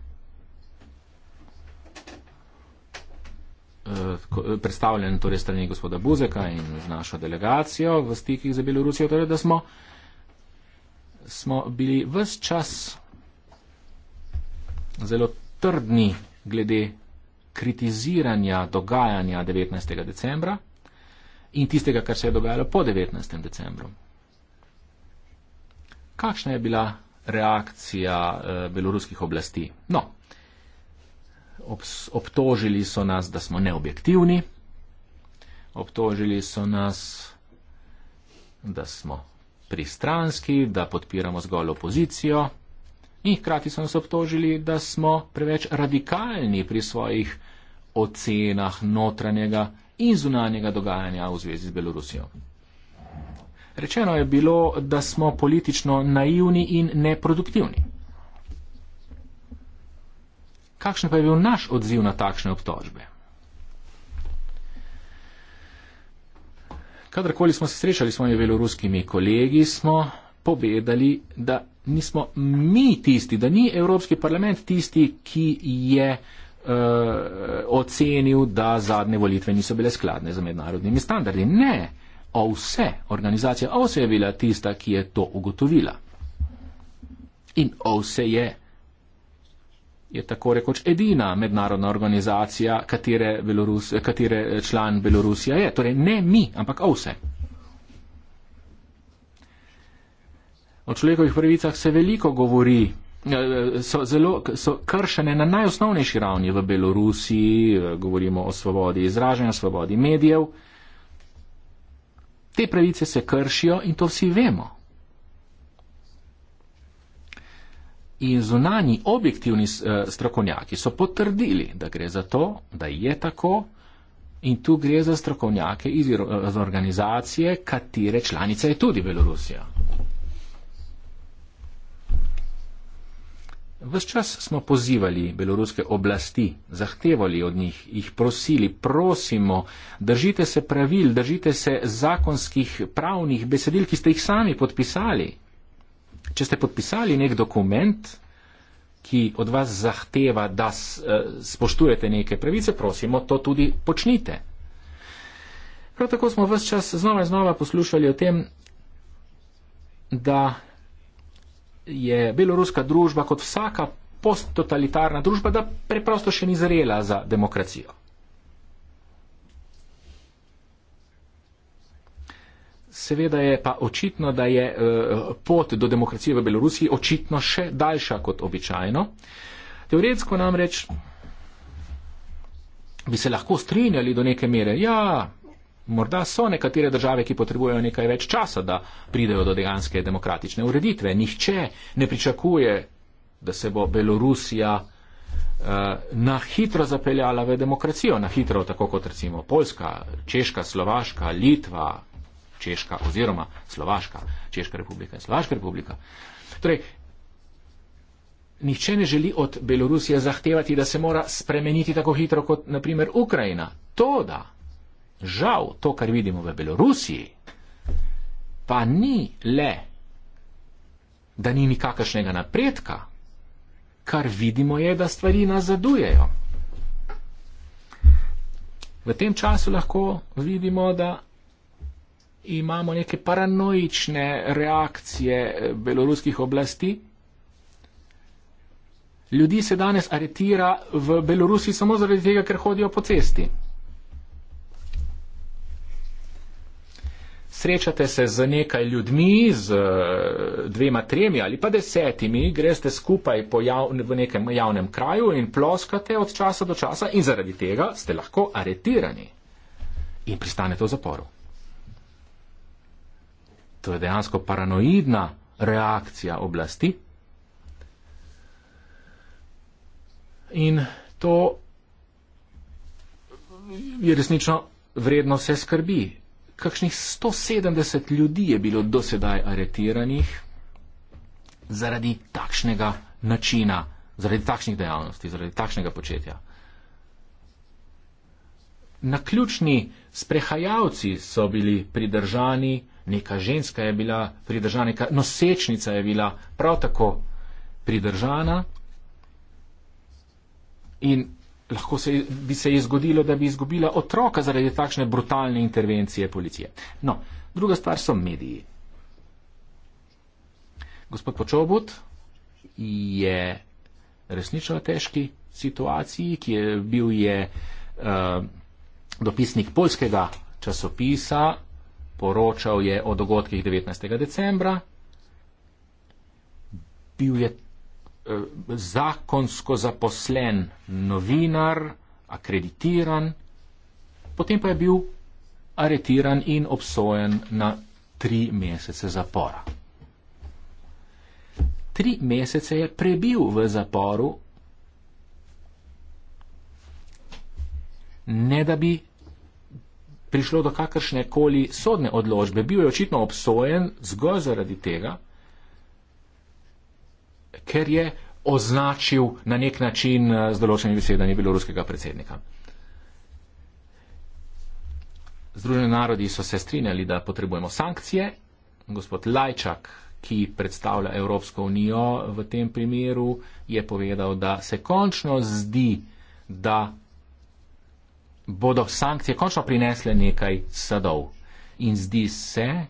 Eh, predstavljen torej strani gospoda Buzeka in z našo delegacijo v stikih za Belorusijo, torej da smo, smo bili vse čas zelo trdni glede kritiziranja dogajanja 19. decembra in tistega, kar se je dogajalo po 19. decembru. Kakšna je bila reakcija uh, beloruskih oblasti? No, obtožili so nas, da smo neobjektivni, obtožili so nas, da smo pristranski, da podpiramo zgolj opozicijo in hkrati so nas obtožili, da smo preveč radikalni pri svojih ocenah notranjega in zunanjega dogajanja v zvezi z Belorusijo. Rečeno je bilo, da smo politično naivni in neproduktivni kakšen pa je bil naš odziv na takšne obtožbe? Kadarkoli smo se srečali s svojimi beloruskimi kolegi, smo povedali, da nismo mi tisti, da ni Evropski parlament tisti, ki je uh, ocenil, da zadnje volitve niso bile skladne z mednarodnimi standardi. Ne, OVSE, organizacija OVSE je bila tista, ki je to ugotovila. In OVSE je je tako rekoč edina mednarodna organizacija, katere, Belorus, katere eh, član Belorusija je. Torej ne mi, ampak OVSE. O človekovih pravicah se veliko govori, eh, eh, so, zelo, so kršene na najosnovnejši ravni v Belorusiji, govorimo o svobodi izražanja, svobodi medijev. Te pravice se kršijo in to vsi vemo. in zunani objektivni eh, strokovnjaki so potrdili, da gre za to, da je tako. In tu gre za strokovnjake eh, iz organizacije, katere članica je tudi Belorusija. Ves čas smo pozivali beloruske oblasti, zahtevali od njih, jih prosili, prosimo, držite se pravil, držite se zakonskih pravnih besedil, ki ste jih sami podpisali če ste podpisali nek dokument, ki od vas zahteva, da eh, spoštujete neke pravice, prosimo, to tudi počnite. Prav tako smo vse čas znova in znova poslušali o tem, da je beloruska družba kot vsaka posttotalitarna družba, da preprosto še ni zrela za demokracijo. Seveda je pa očitno, da je eh, pot do demokracije v Belorusiji očitno še daljša kot običajno. Teoretsko namreč bi se lahko strinjali do neke mere. Ja, morda so nekatere države, ki potrebujejo nekaj več časa, da pridejo do dejanske demokratične ureditve. Nihče ne pričakuje, da se bo Belorusija eh, na hitro zapeljala v demokracijo, na hitro, tako kot recimo Poljska, Češka, Slovaška, Litva, Češka oziroma Slovaška, Češka republika in Slovaška republika. Torej, nihče ne želi od Belorusije zahtevati, da se mora spremeniti tako hitro kot naprimer Ukrajina. To, da žal to, kar vidimo v Belorusiji, pa ni le, da ni nikakršnega napredka, kar vidimo je, da stvari nazadujejo. V tem času lahko vidimo, da imamo neke paranoične reakcije eh, beloruskih oblasti. Ljudi se danes aretira v Belorusi samo zaradi tega, ker hodijo po cesti. Srečate se z nekaj ljudmi, z eh, dvema, tremi ali pa desetimi, greste skupaj jav, v nekem javnem kraju in ploskate od časa do časa in zaradi tega ste lahko aretirani in pristanete v zaporu to je dejansko paranoidna reakcija oblasti. In to je resnično vredno vse skrbi. Kakšnih 170 ljudi je bilo dosedaj aretiranih zaradi takšnega načina, zaradi takšnih dejavnosti, zaradi takšnega početja. Na ključni sprehajalci so bili pridržani neka ženska je bila pridržana, neka nosečnica je bila prav tako pridržana. In lahko se, bi se zgodilo, da bi izgubila otroka zaradi takšne brutalne intervencije policije. No, druga stvar so mediji. Gospod Počobut je resnično težki situaciji, ki je bil je uh, dopisnik polskega časopisa poročal je o dogodkih 19. decembra, bil je eh, zakonsko zaposlen novinar, akreditiran, potem pa je bil aretiran in obsojen na tri mesece zapora. Tri mesece je prebil v zaporu, ne da bi prišlo do kakršne koli sodne odločbe. Bil je očitno obsojen zgolj zaradi tega, ker je označil na nek način eh, z določenimi besedami beloruskega predsednika. Združeni narodi so se strinjali, da potrebujemo sankcije. Gospod Lajčak, ki predstavlja Evropsko unijo v tem primeru, je povedal, da se končno zdi, da bodo sankcije končno prinesle nekaj sadov. In zdi se,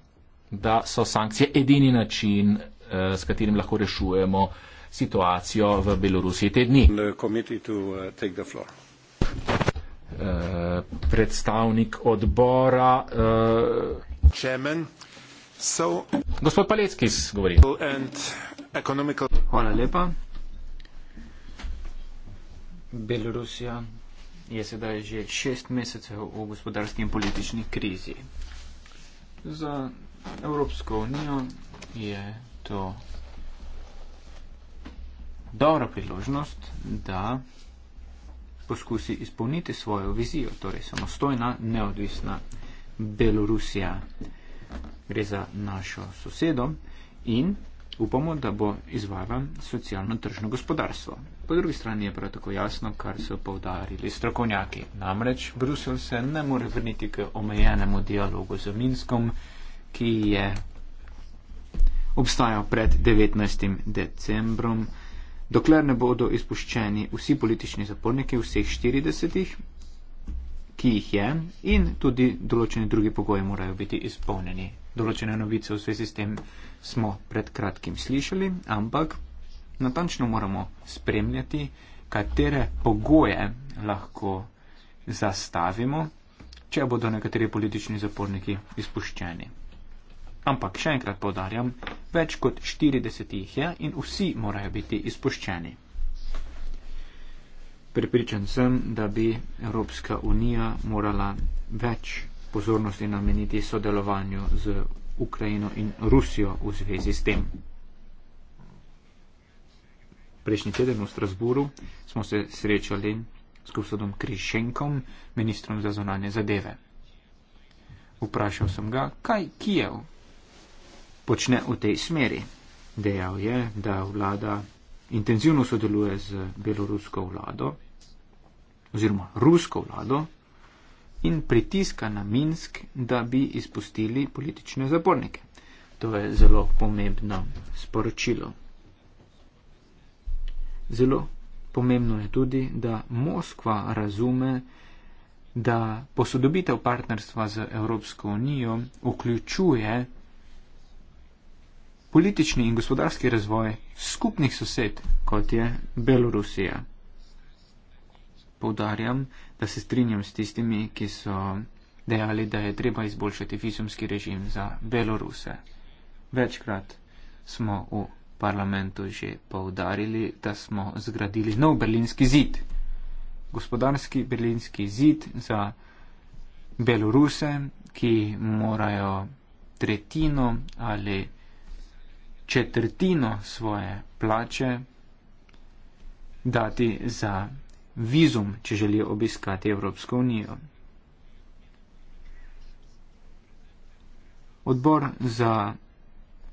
da so sankcije edini način, uh, s katerim lahko rešujemo situacijo v Belorusiji te dni. Uh, eh, predstavnik odbora. Uh, so, gospod Palecki govori. Hvala lepa. Belorusija je sedaj že šest mesecev v gospodarski in politični krizi. Za Evropsko unijo je to dobra priložnost, da poskusi izpolniti svojo vizijo, torej samostojna, neodvisna Belorusija. Gre za našo sosedo in upamo, da bo izvajan socialno tržno gospodarstvo. Po drugi strani je prav tako jasno, kar so povdarili strokovnjaki. Namreč Brusel se ne more vrniti k omejenemu dialogu z Minskom, ki je obstajal pred 19. decembrom, dokler ne bodo izpuščeni vsi politični zaporniki vseh 40 ki jih je in tudi določeni drugi pogoji morajo biti izpolnjeni določene novice v svezi s tem smo pred kratkim slišali, ampak natančno moramo spremljati, katere pogoje lahko zastavimo, če bodo nekateri politični zaporniki izpuščeni. Ampak še enkrat povdarjam, več kot 40 jih je in vsi morajo biti izpuščeni. Pripričan sem, da bi Evropska unija morala več pozornosti nameniti sodelovanju z Ukrajino in Rusijo v zvezi s tem. Prejšnji teden v Strasburu smo se srečali s gospodom Krišenkom, ministrom za zonanje zadeve. Vprašal sem ga, kaj Kijev počne v tej smeri. Dejal je, da vlada intenzivno sodeluje z belorusko vlado oziroma rusko vlado, in pritiska na Minsk, da bi izpustili politične zapornike. To je zelo pomembno sporočilo. Zelo pomembno je tudi, da Moskva razume, da posodobitev partnerstva z Evropsko unijo vključuje politični in gospodarski razvoj skupnih sosed, kot je Belorusija poudarjam, da se strinjam s tistimi, ki so dejali, da je treba izboljšati visumski režim za Beloruse. Večkrat smo v parlamentu že poudarili, da smo zgradili nov berlinski zid. Gospodarski berlinski zid za Beloruse, ki morajo tretjino ali četrtino svoje plače dati za vizum, če želi obiskati Evropsko unijo. Odbor za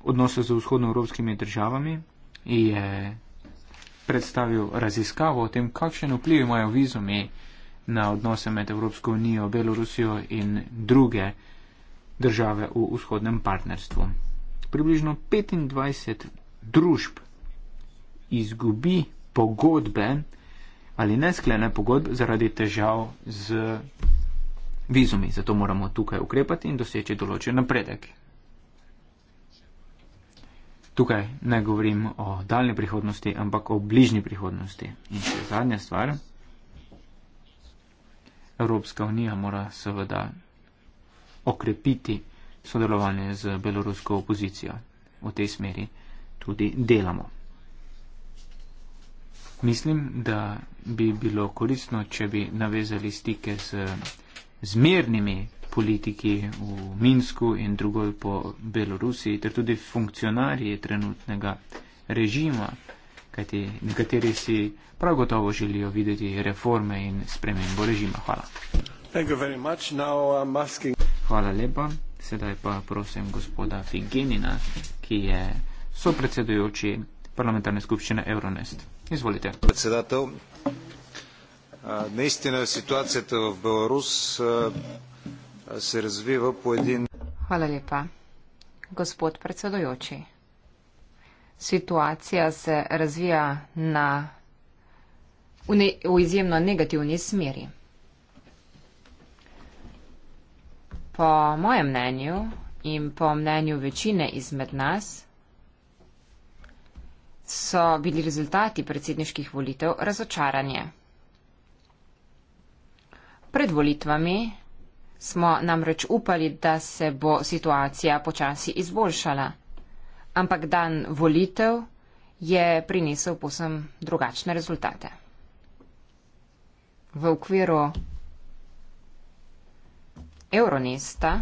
odnose z vzhodnoevropskimi državami je predstavil raziskavo o tem, kakšen vpliv imajo vizumi na odnose med Evropsko unijo, Belorusijo in druge države v vzhodnem partnerstvu. Približno 25 družb izgubi pogodbe, ali ne sklene pogodb zaradi težav z vizumi. Zato moramo tukaj ukrepati in doseči določen napredek. Tukaj ne govorim o daljni prihodnosti, ampak o bližnji prihodnosti. In še zadnja stvar. Evropska unija mora seveda okrepiti sodelovanje z belorusko opozicijo. V tej smeri tudi delamo. Mislim, da bi bilo koristno, če bi navezali stike z zmernimi politiki v Minsku in drugoj po Belorusiji, ter tudi funkcionarji trenutnega režima, kajti nekateri si prav gotovo želijo videti reforme in spremembo režima. Hvala. Uh, Hvala lepa. Sedaj pa prosim gospoda Figenina, ki je sopredsedujoči parlamentarne skupštine Euronest. Izvolite. Predsedatel, neistina situacija v Belarus se razviva po edin. Hvala lepa. Gospod predsedujoči, situacija se razvija na, v, ne, v izjemno negativni smeri. Po mojem mnenju in po mnenju večine izmed nas, so bili rezultati predsedniških volitev razočaranje. Pred volitvami smo namreč upali, da se bo situacija počasi izboljšala, ampak dan volitev je prinesel posem drugačne rezultate. V okviru Euronesta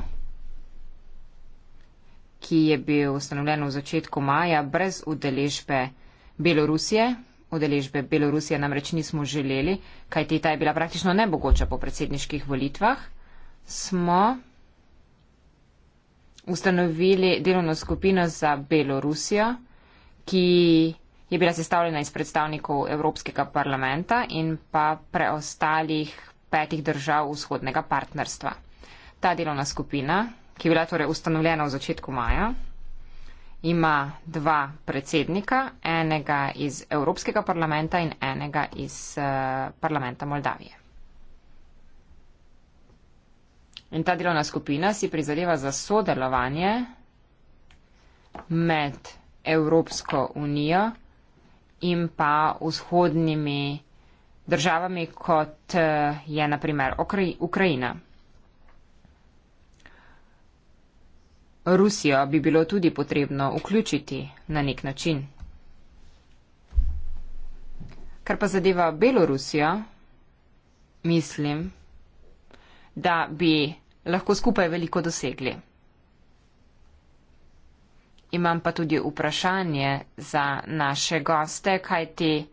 ki je bil ustanovljen v začetku maja brez udeležbe Belorusije. Udeležbe Belorusije namreč nismo želeli, kajti ta je bila praktično nemogoča po predsedniških volitvah. Smo ustanovili delovno skupino za Belorusijo, ki je bila sestavljena iz predstavnikov Evropskega parlamenta in pa preostalih petih držav vzhodnega partnerstva. Ta delovna skupina ki je bila torej ustanovljena v začetku maja, ima dva predsednika, enega iz Evropskega parlamenta in enega iz eh, parlamenta Moldavije. In ta delovna skupina si prizadeva za sodelovanje med Evropsko unijo in pa vzhodnimi državami, kot eh, je naprimer Ukrajina. Rusijo bi bilo tudi potrebno vključiti na nek način. Kar pa zadeva Belorusijo, mislim, da bi lahko skupaj veliko dosegli. Imam pa tudi vprašanje za naše goste, kajti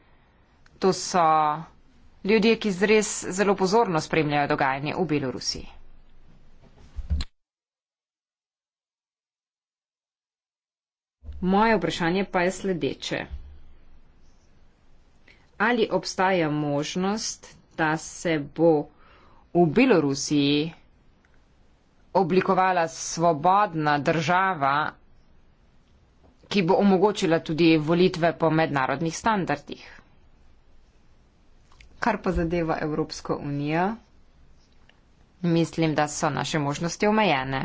to so ljudje, ki zres zelo pozorno spremljajo dogajanje v Belorusiji. Moje vprašanje pa je sledeče. Ali obstaja možnost, da se bo v Belorusiji oblikovala svobodna država, ki bo omogočila tudi volitve po mednarodnih standardih? Kar pa zadeva Evropsko unijo, mislim, da so naše možnosti omejene.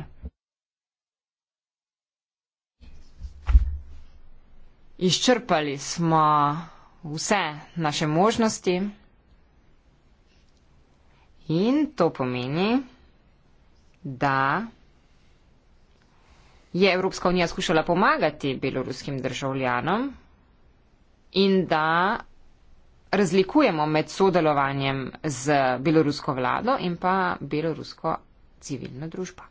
izčrpali smo vse naše možnosti in to pomeni, da je Evropska unija skušala pomagati beloruskim državljanom in da razlikujemo med sodelovanjem z belorusko vlado in pa belorusko civilno družbo.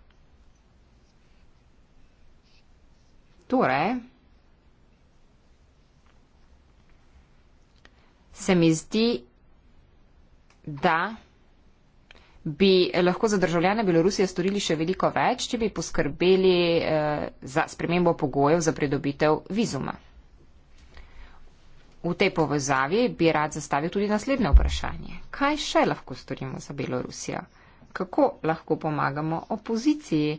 Torej, se mi zdi, da bi lahko za državljane Belorusije storili še veliko več, če bi poskrbeli eh, za spremembo pogojev za pridobitev vizuma. V tej povezavi bi rad zastavil tudi naslednje vprašanje. Kaj še lahko storimo za Belorusijo? Kako lahko pomagamo opoziciji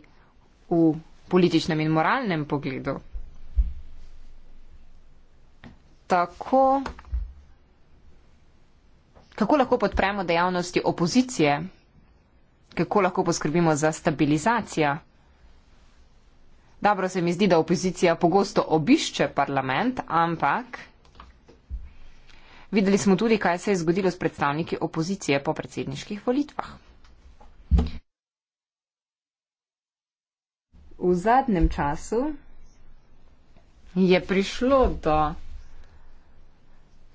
v političnem in moralnem pogledu? Tako Kako lahko podpremo dejavnosti opozicije? Kako lahko poskrbimo za stabilizacijo? Dobro se mi zdi, da opozicija pogosto obišče parlament, ampak videli smo tudi, kaj se je zgodilo s predstavniki opozicije po predsedniških volitvah. V zadnjem času je prišlo do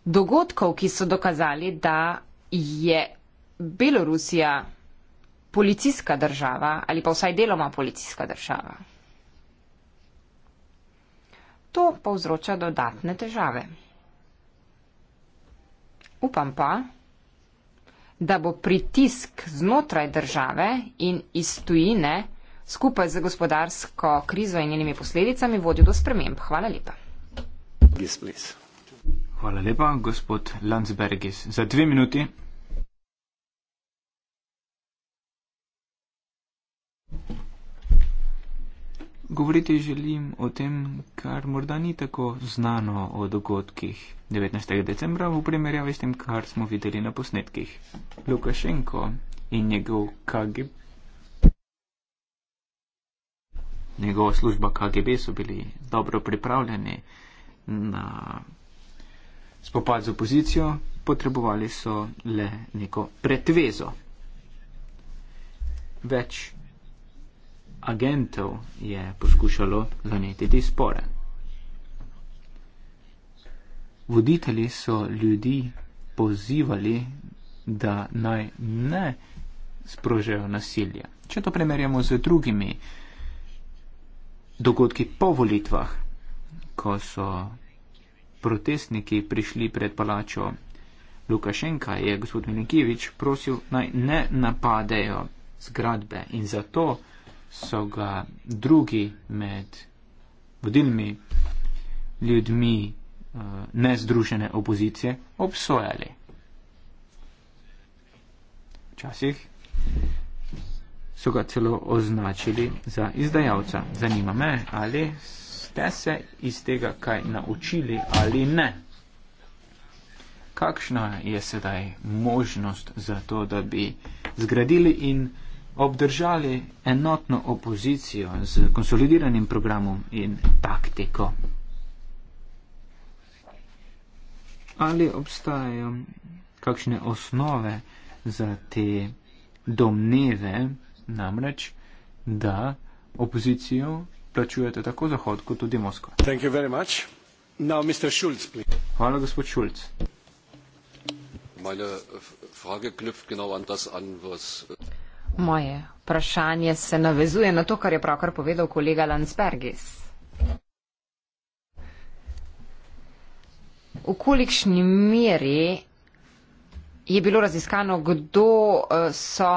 dogodkov, ki so dokazali, da je Belorusija policijska država ali pa vsaj deloma policijska država. To povzroča dodatne težave. Upam pa, da bo pritisk znotraj države in iz tujine skupaj z gospodarsko krizo in njenimi posledicami vodil do sprememb. Hvala lepa. Yes, please. Hvala lepa, gospod Landsbergis. Za dve minuti. Govoriti želim o tem, kar morda ni tako znano o dogodkih 19. decembra v primerjavi s tem, kar smo videli na posnetkih. Lukašenko in njegov KGB. Njegova služba KGB so bili dobro pripravljeni na spopad z opozicijo, potrebovali so le neko pretvezo. Več agentov je poskušalo zanetiti spore. Voditelji so ljudi pozivali, da naj ne sprožajo nasilja. Če to primerjamo z drugimi dogodki po volitvah, ko so protestniki prišli pred palačo Lukašenka, je gospod Milinkjevič prosil naj ne napadejo zgradbe in zato so ga drugi med vodilnimi ljudmi eh, nezdružene opozicije obsojali. Včasih so ga celo označili za izdajalca. Zanima me, ali ste se iz tega kaj naučili ali ne? Kakšna je sedaj možnost za to, da bi zgradili in obdržali enotno opozicijo z konsolidiranim programom in taktiko? Ali obstajajo kakšne osnove za te domneve, namreč, da opozicijo plačujete tako Zahod kot tudi Moskva. Now, Schulz, Hvala, gospod Šulc. Moje vprašanje se navezuje na to, kar je pravkar povedal kolega Landsbergis. V kolikšni meri je bilo raziskano, kdo eh, so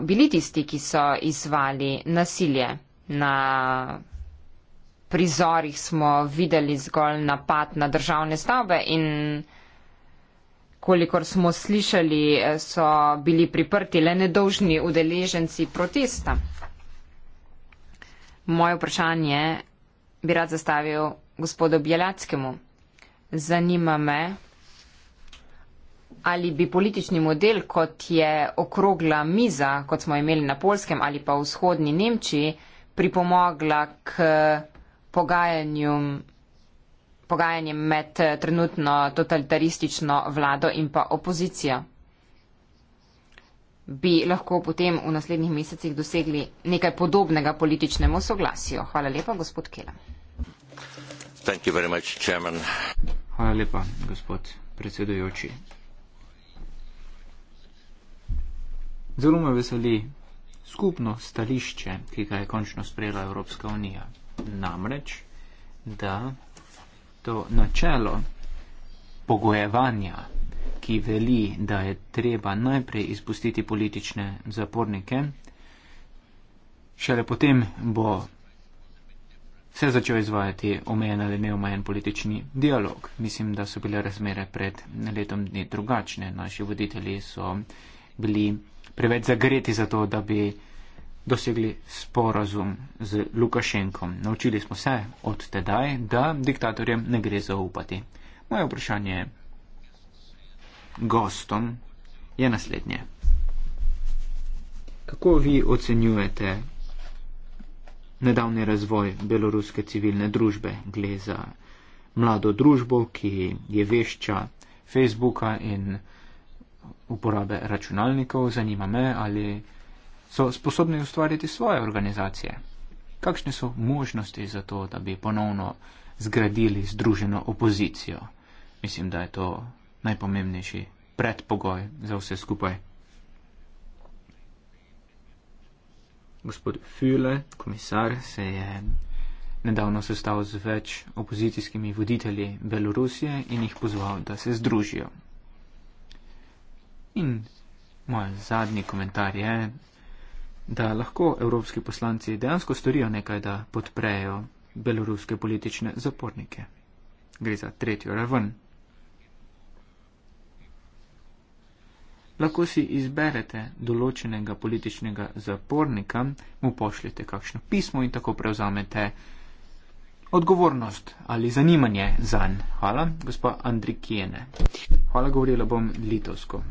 bili tisti, ki so izvali nasilje na prizorih smo videli zgolj napad na državne stavbe in kolikor smo slišali, so bili priprti le nedolžni udeleženci protesta. Moje vprašanje bi rad zastavil gospodu Bjelackemu. Zanima me, ali bi politični model, kot je okrogla miza, kot smo imeli na Polskem ali pa v vzhodni Nemčiji, pripomogla k pogajanju, pogajanjem med eh, trenutno totalitaristično vlado in pa opozicijo? Bi lahko potem v naslednjih mesecih dosegli nekaj podobnega političnemu soglasju? Hvala lepa, gospod Kela. Much, Hvala lepa, gospod predsedujoči. Zelo me veseli skupno stališče, ki ga je končno sprejela Evropska unija namreč, da to načelo pogojevanja, ki veli, da je treba najprej izpustiti politične zapornike, šele potem bo se začel izvajati omejen ali neomejen politični dialog. Mislim, da so bile razmere pred letom dni drugačne. Naši voditelji so bili preveč zagreti za to, da bi dosegli sporazum z Lukašenkom. Naučili smo se od tedaj, da diktatorjem ne gre zaupati. Moje vprašanje gostom je naslednje. Kako vi ocenjujete nedavni razvoj beloruske civilne družbe, gre za mlado družbo, ki je vešča Facebooka in uporabe računalnikov? Zanima me, ali so sposobni ustvariti svoje organizacije. Kakšne so možnosti za to, da bi ponovno zgradili združeno opozicijo? Mislim, da je to najpomembnejši predpogoj za vse skupaj. Gospod Füle, komisar, se je nedavno sestal z več opozicijskimi voditelji Belorusije in jih pozval, da se združijo. In moj zadnji komentar je, da lahko evropski poslanci dejansko storijo nekaj, da podprejo beloruske politične zapornike. Gre za tretjo raven. Lahko si izberete določenega političnega zapornika, mu pošljete kakšno pismo in tako prevzamete odgovornost ali zanimanje za njo. Hvala, gospa Andrikijene. Hvala, govorila bom litovsko.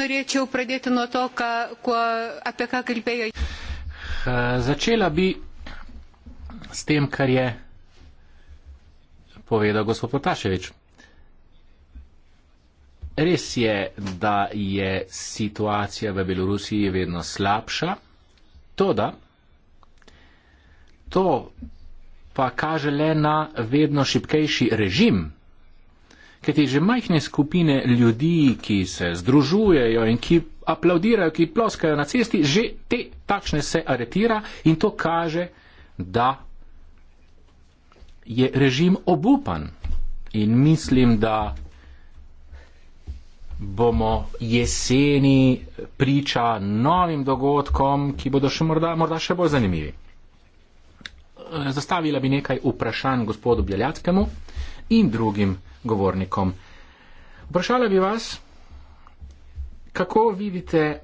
Norečil predete na to, apie ką kalbėjo. Začela bi s tem, kar je povedal gospod Potaševič. Res je, da je situacija v Belorusiji vedno slabša, to da to pa kaže le na vedno šipkejši režim. Ker ti že majhne skupine ljudi, ki se združujejo in ki aplaudirajo, ki ploskajo na cesti, že te takšne se aretira in to kaže, da je režim obupan. In mislim, da bomo jeseni priča novim dogodkom, ki bodo še morda, morda še bolj zanimivi zastavila bi nekaj vprašanj gospodu Bjeljackemu in drugim govornikom. Vprašala bi vas, kako vidite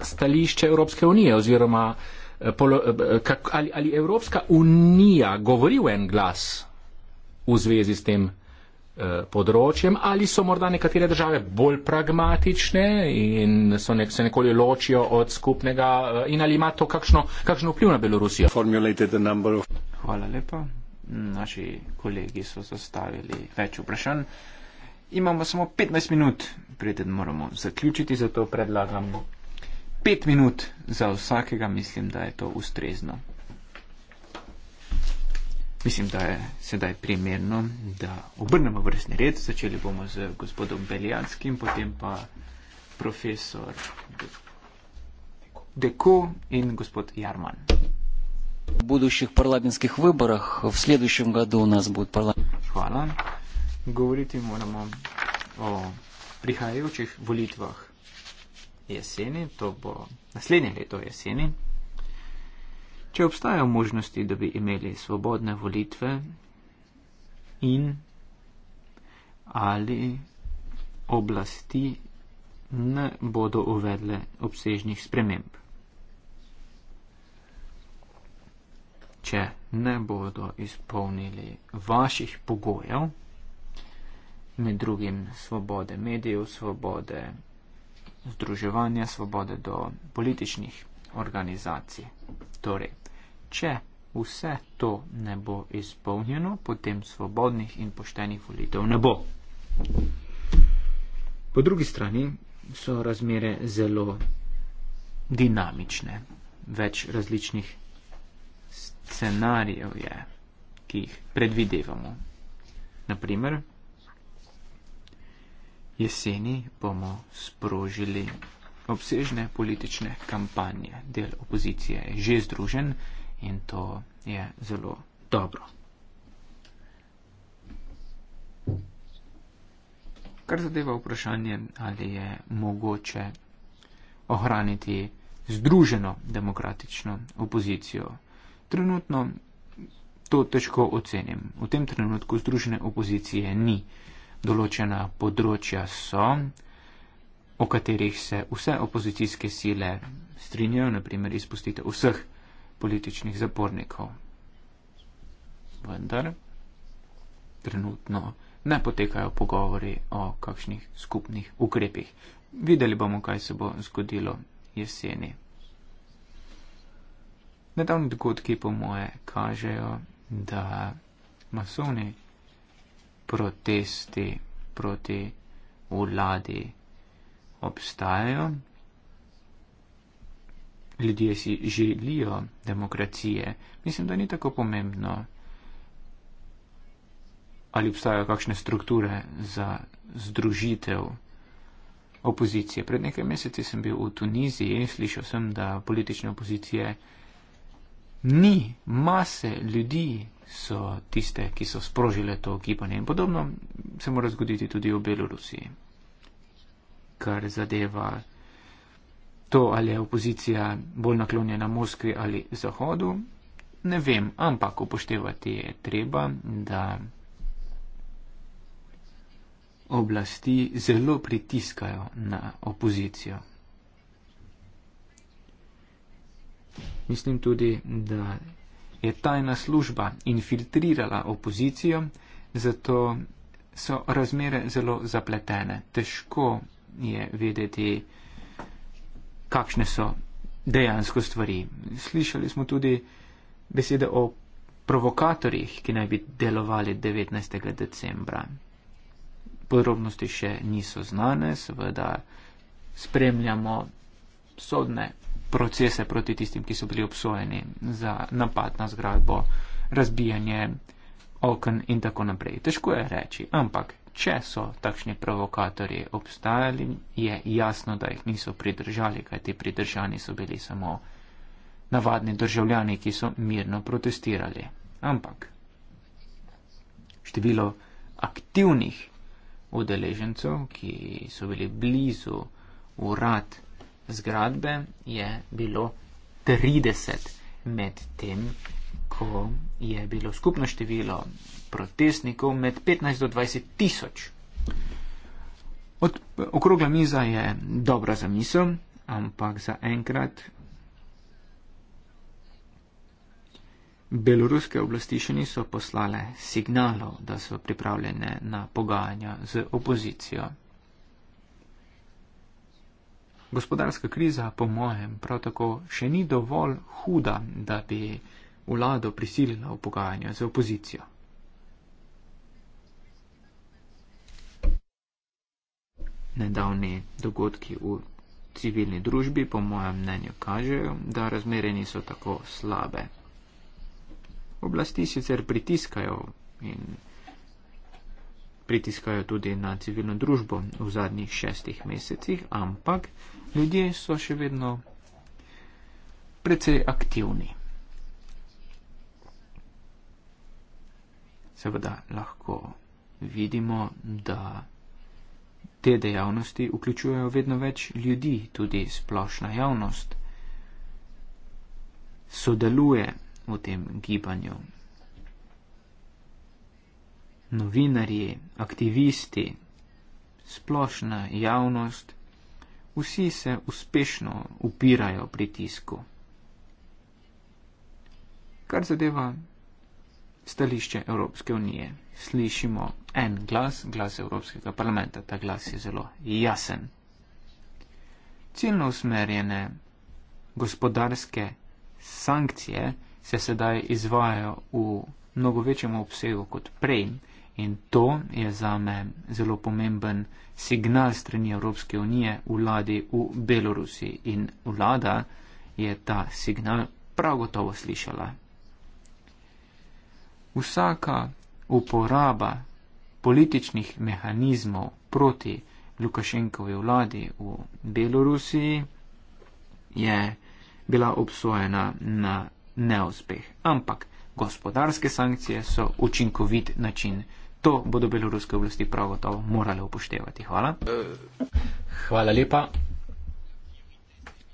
stališče Evropske unije oziroma eh, polo, eh, kak, ali, ali Evropska unija govori v en glas v zvezi s tem Eh, področjem ali so morda nekatere države bolj pragmatične in ne, se nekoli ločijo od skupnega eh, in ali ima to kakšno, kakšno vpliv na Belorusijo. Hvala lepa. Naši kolegi so zastavili več vprašanj. Imamo samo 15 minut, preden moramo zaključiti, zato predlagam 5 minut za vsakega, mislim, da je to ustrezno. Mislim, da je sedaj primerno, da obrnemo vrstni red. Začeli bomo z gospodom Beljanskim, potem pa profesor Deko in gospod Jarman. V bodočih parlamentskih volitvah v naslednjem letu nas bo parlament. Hvala. Govoriti moramo o prihajajočih volitvah jeseni, to bo naslednje leto jeseni. Če obstajajo možnosti, da bi imeli svobodne volitve in ali oblasti ne bodo uvedle obsežnih sprememb. Če ne bodo izpolnili vaših pogojev, med drugim svobode medijev, svobode združevanja, svobode do političnih organizacij, torej če vse to ne bo izpolnjeno, potem svobodnih in poštenih volitev ne bo. Po drugi strani so razmere zelo dinamične. Več različnih scenarijev je, ki jih predvidevamo. Naprimer, jeseni bomo sprožili obsežne politične kampanje. Del opozicije je že združen in to je zelo dobro. Kar zadeva vprašanje, ali je mogoče ohraniti združeno demokratično opozicijo. Trenutno to težko ocenim. V tem trenutku združene opozicije ni. Določena področja so, o katerih se vse opozicijske sile strinjajo, naprimer izpustite vseh političnih zapornikov. Vendar trenutno ne potekajo pogovori o kakšnih skupnih ukrepih. Videli bomo, kaj se bo zgodilo jeseni. Nedavni dogodki, po moje, kažejo, da masovni protesti proti vladi obstajajo, ljudje si želijo demokracije, mislim, da ni tako pomembno, ali obstajajo kakšne strukture za združitev opozicije. Pred nekaj meseci sem bil v Tuniziji in slišal sem, da politične opozicije ni, mase ljudi so tiste, ki so sprožile to gibanje in podobno se mora zgoditi tudi v Belorusiji, kar zadeva to, ali je opozicija bolj naklonjena Moskvi ali Zahodu, ne vem, ampak upoštevati je treba, da oblasti zelo pritiskajo na opozicijo. Mislim tudi, da je tajna služba infiltrirala opozicijo, zato so razmere zelo zapletene. Težko je vedeti, kakšne so dejansko stvari. Slišali smo tudi besede o provokatorjih, ki naj bi delovali 19. decembra. Podrobnosti še niso znane, seveda spremljamo sodne procese proti tistim, ki so bili obsojeni za napad na zgradbo, razbijanje okn in tako naprej. Težko je reči, ampak Če so takšni provokatorji obstajali, je jasno, da jih niso pridržali, kajti pridržani so bili samo navadni državljani, ki so mirno protestirali. Ampak število aktivnih udeležencev, ki so bili blizu urad zgradbe, je bilo 30 med tem, ko je bilo skupno število protestnikov med 15 do 20 tisoč. Od, okrogla miza je dobra za misel, ampak za enkrat beloruske oblasti še niso poslale signalov, da so pripravljene na pogajanja z opozicijo. Gospodarska kriza, po mojem, prav tako še ni dovolj huda, da bi vlado prisilila v pogajanja z opozicijo. nedavni dogodki v civilni družbi, po mojem mnenju, kažejo, da razmere niso tako slabe. Oblasti sicer pritiskajo in pritiskajo tudi na civilno družbo v zadnjih šestih mesecih, ampak ljudje so še vedno precej aktivni. Seveda lahko vidimo, da Te dejavnosti vključujejo vedno več ljudi, tudi splošna javnost sodeluje v tem gibanju. Novinarji, aktivisti, splošna javnost, vsi se uspešno upirajo pritisku. Kar zadeva stališče Evropske unije. Slišimo en glas, glas Evropskega parlamenta. Ta glas je zelo jasen. Ciljno usmerjene gospodarske sankcije se sedaj izvajajo v mnogo večjem obsegu kot prej in to je za me zelo pomemben signal strani Evropske unije vladi v Belorusiji in vlada je ta signal prav gotovo slišala. Vsaka uporaba političnih mehanizmov proti Lukašenkovi vladi v Belorusiji je bila obsojena na neuspeh. Ampak gospodarske sankcije so učinkovit način. To bodo beloruske oblasti prav gotovo morale upoštevati. Hvala. Hvala lepa.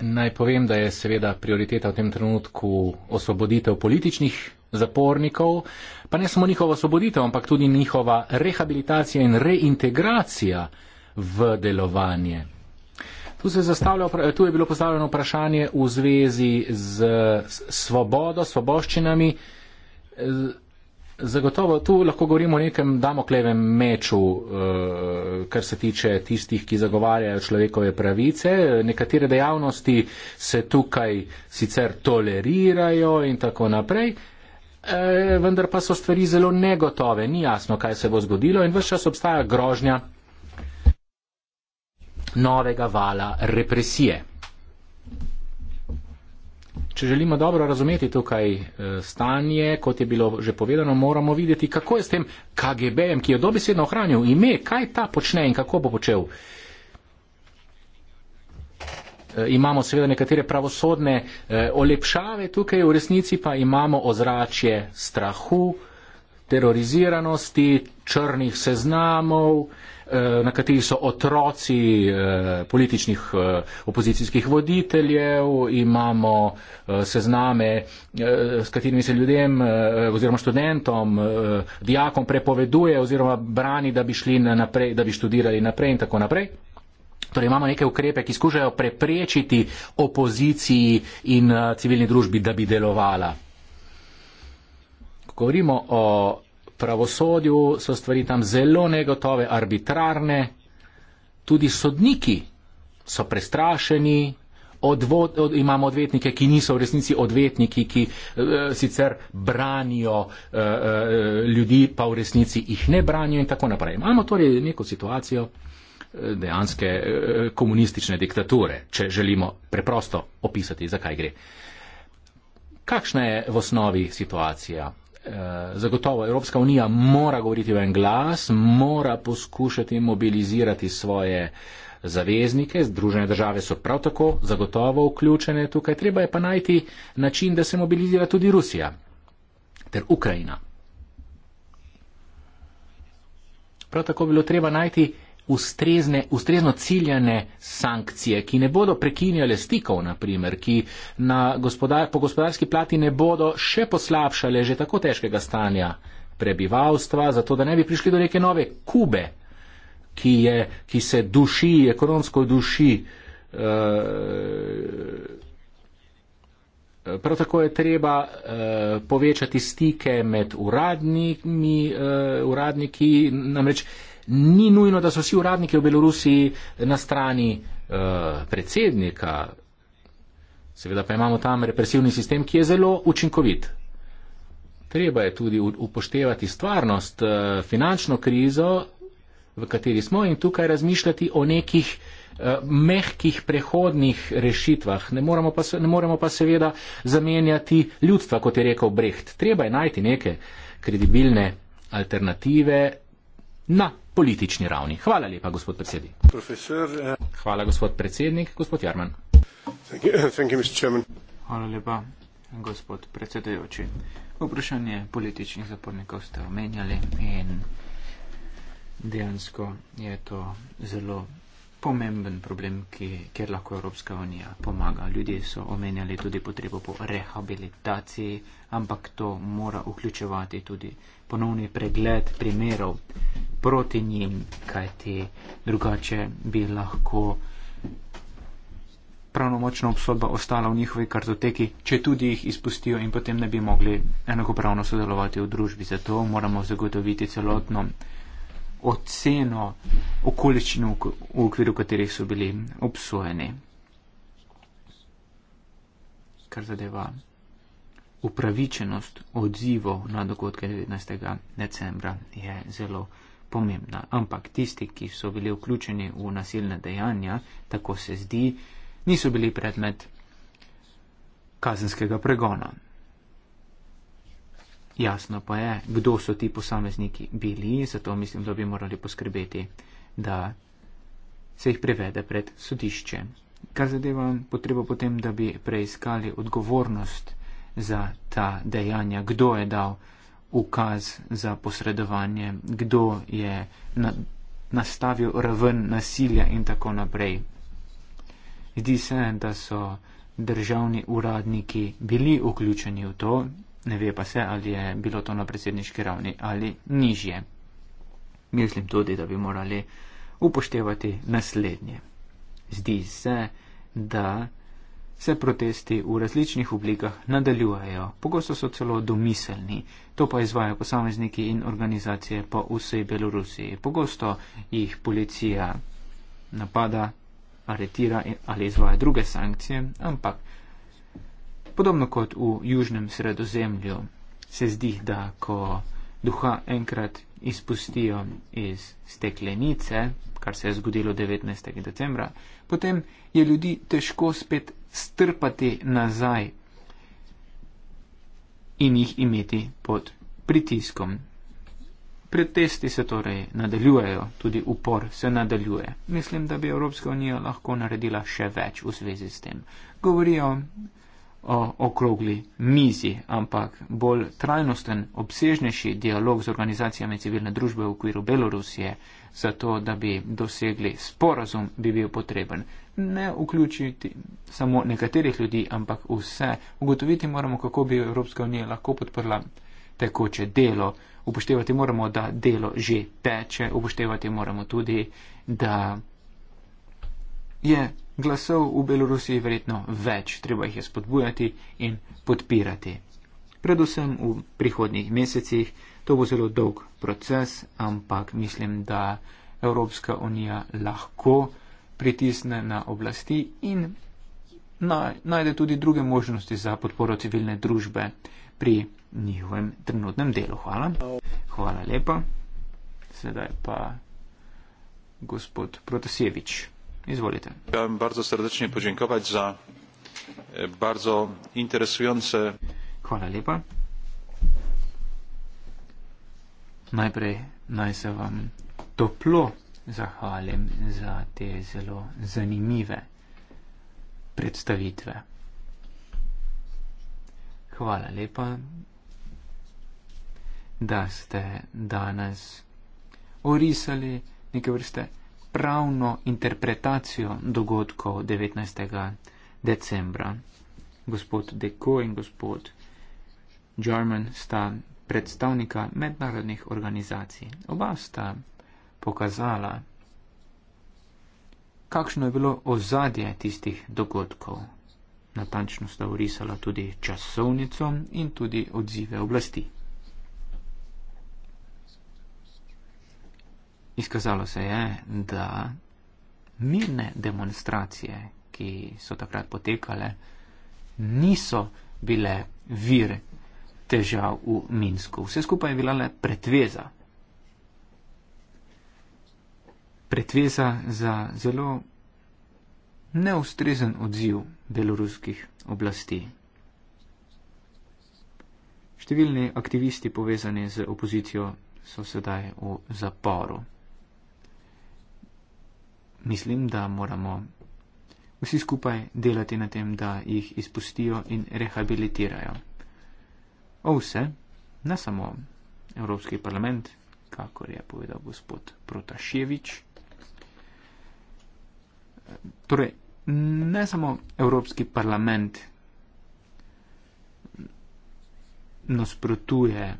Naj povem, da je seveda prioriteta v tem trenutku osvoboditev političnih zapornikov, pa ne samo njihova osvoboditev, ampak tudi njihova rehabilitacija in reintegracija v delovanje. Tu, tu je bilo postavljeno vprašanje v zvezi z svobodo, svoboščinami. Zagotovo tu lahko govorimo o nekem damoklevem meču, eh, kar se tiče tistih, ki zagovarjajo človekove pravice. Nekatere dejavnosti se tukaj sicer tolerirajo in tako naprej, E, vendar pa so stvari zelo negotove, ni jasno, kaj se bo zgodilo in vse čas obstaja grožnja novega vala represije. Če želimo dobro razumeti tukaj e, stanje, kot je bilo že povedano, moramo videti, kako je s tem KGB-jem, ki je dobesedno ohranil ime, kaj ta počne in kako bo počel. Uh, Eh, imamo seveda nekatere pravosodne eh, olepšave tukaj, v resnici pa imamo ozračje strahu, teroriziranosti, črnih seznamov, eh, na katerih so otroci političnih opozicijskih voditeljev, imamo sezname, s katerimi se ljudem oziroma študentom, dijakom prepoveduje oziroma brani, da bi, šli naprej, da bi študirali naprej in tako naprej. Torej imamo neke ukrepe, ki skušajo preprečiti opoziciji in eh, civilni družbi, da bi delovala. Ko govorimo o pravosodju, so stvari tam zelo negotove, arbitrarne. Tudi sodniki so prestrašeni. Odvod, od, imamo odvetnike, ki niso v resnici odvetniki, ki e, sicer branijo e, e, ljudi, pa v resnici jih ne branijo in tako naprej. Imamo torej neko situacijo, dejanske eh, komunistične diktature, če želimo preprosto opisati, zakaj gre. Kakšna je v osnovi situacija? Eh, zagotovo Evropska unija mora govoriti v en glas, mora poskušati mobilizirati svoje zaveznike, združene države so prav tako zagotovo vključene tukaj, treba je pa najti način, da se mobilizira tudi Rusija ter Ukrajina. Prav tako bilo treba najti ustrezne, ustrezno ciljane sankcije, ki ne bodo prekinjale stikov, naprimer, ki na gospodar, po gospodarski plati ne bodo še poslabšale že tako težkega stanja prebivalstva, zato da ne bi prišli do neke nove kube, ki, je, ki se duši, ekonomsko duši. Eh, prav tako je treba eh, povečati stike med eh, uradniki, namreč ni nujno, da so vsi uradniki v Belorusiji na strani eh, predsednika. Seveda pa imamo tam represivni sistem, ki je zelo učinkovit. Treba je tudi upoštevati stvarnost, eh, finančno krizo, v kateri smo in tukaj razmišljati o nekih eh, mehkih prehodnih rešitvah. Ne moremo, pa, ne moremo pa seveda zamenjati ljudstva, kot je rekel Brecht. Treba je najti neke kredibilne alternative na politični ravni. Hvala lepa, gospod predsednik. Profesor, uh... Hvala, gospod predsednik. Gospod Jarman. Thank you, eh, thank you, Hvala lepa, gospod predsedujoči. Vprašanje političnih zapornikov ste omenjali in dejansko je to zelo pomemben problem, ki, kjer lahko Evropska unija pomaga. Ljudje so omenjali tudi potrebo po rehabilitaciji, ampak to mora vključevati tudi ponovni pregled primerov proti njim, kajti drugače bi lahko pravnomočna obsodba ostala v njihovi kartoteki, če tudi jih izpustijo in potem ne bi mogli enakopravno sodelovati v družbi. Zato moramo zagotoviti celotno oceno okoliščin v okviru katerih so bili obsojeni. Kar zadeva upravičenost odzivov na dogodke 19. decembra je zelo pomembna. Ampak tisti, ki so bili vključeni v nasilne dejanja, tako se zdi, niso bili predmet kazenskega pregona. Jasno pa je, kdo so ti posamezniki bili, zato mislim, da bi morali poskrbeti, da se jih prevede pred sodišče. Kar zadeva potrebo potem, da bi preiskali odgovornost za ta dejanja, kdo je dal ukaz za posredovanje, kdo je na, nastavil raven nasilja in tako naprej. Zdi se, da so državni uradniki bili vključeni v to, ne ve pa se, ali je bilo to na predsedniški ravni ali nižje. Mislim tudi, da bi morali upoštevati naslednje. Zdi se, da se protesti v različnih oblikah nadaljujejo, pogosto so celo domiselni, to pa izvajo posamezniki in organizacije po vsej Belorusiji. Pogosto jih policija napada, aretira ali izvaja druge sankcije, ampak podobno kot v južnem sredozemlju se zdi, da ko duha enkrat izpustijo iz steklenice, kar se je zgodilo 19. decembra, potem je ljudi težko spet strpati nazaj in jih imeti pod pritiskom. Pretesti se torej nadaljujejo, tudi upor se nadaljuje. Mislim, da bi Evropska unija lahko naredila še več v zvezi s tem. Govorijo o okrogli mizi, ampak bolj trajnosten, obsežnejši dialog z organizacijami civilne družbe v okviru Belorusije, zato da bi dosegli sporazum, bi bil potreben ne vključiti samo nekaterih ljudi, ampak vse. Ugotoviti moramo, kako bi Evropska unija lahko podprla tekoče delo. Upoštevati moramo, da delo že teče, upoštevati moramo tudi, da je glasov v Belorusiji verjetno več, treba jih je spodbujati in podpirati. Predvsem v prihodnjih mesecih, to bo zelo dolg proces, ampak mislim, da Evropska unija lahko pritisne na oblasti in najde tudi druge možnosti za podporo civilne družbe pri njihovem trenutnem delu. Hvala. Hvala lepa. Sedaj pa gospod Protasevič. Izvolite. Ja, bardzo srdečne počinkovati za e, bardzo interesujoče. Hvala lepa. Najprej naj se vam toplo zahvalim za te zelo zanimive predstavitve. Hvala lepa, da ste danes orisali neke vrste pravno interpretacijo dogodkov 19. decembra. Gospod Deko in gospod German sta predstavnika mednarodnih organizacij. Oba sta pokazala. Kakšno je bilo ozadje tistih dogodkov? Natančno sta urisala tudi časovnico in tudi odzive oblasti. Izkazalo se je, da mirne demonstracije, ki so takrat potekale, niso bile vir težav v Minsku. Vse skupaj je bila le pretveza. pretveza za zelo neustrezen odziv beloruskih oblasti. Številni aktivisti povezani z opozicijo so sedaj v zaporu. Mislim, da moramo vsi skupaj delati na tem, da jih izpustijo in rehabilitirajo. O vse, ne samo Evropski parlament, kakor je povedal gospod Protaševič torej, ne samo Evropski parlament nasprotuje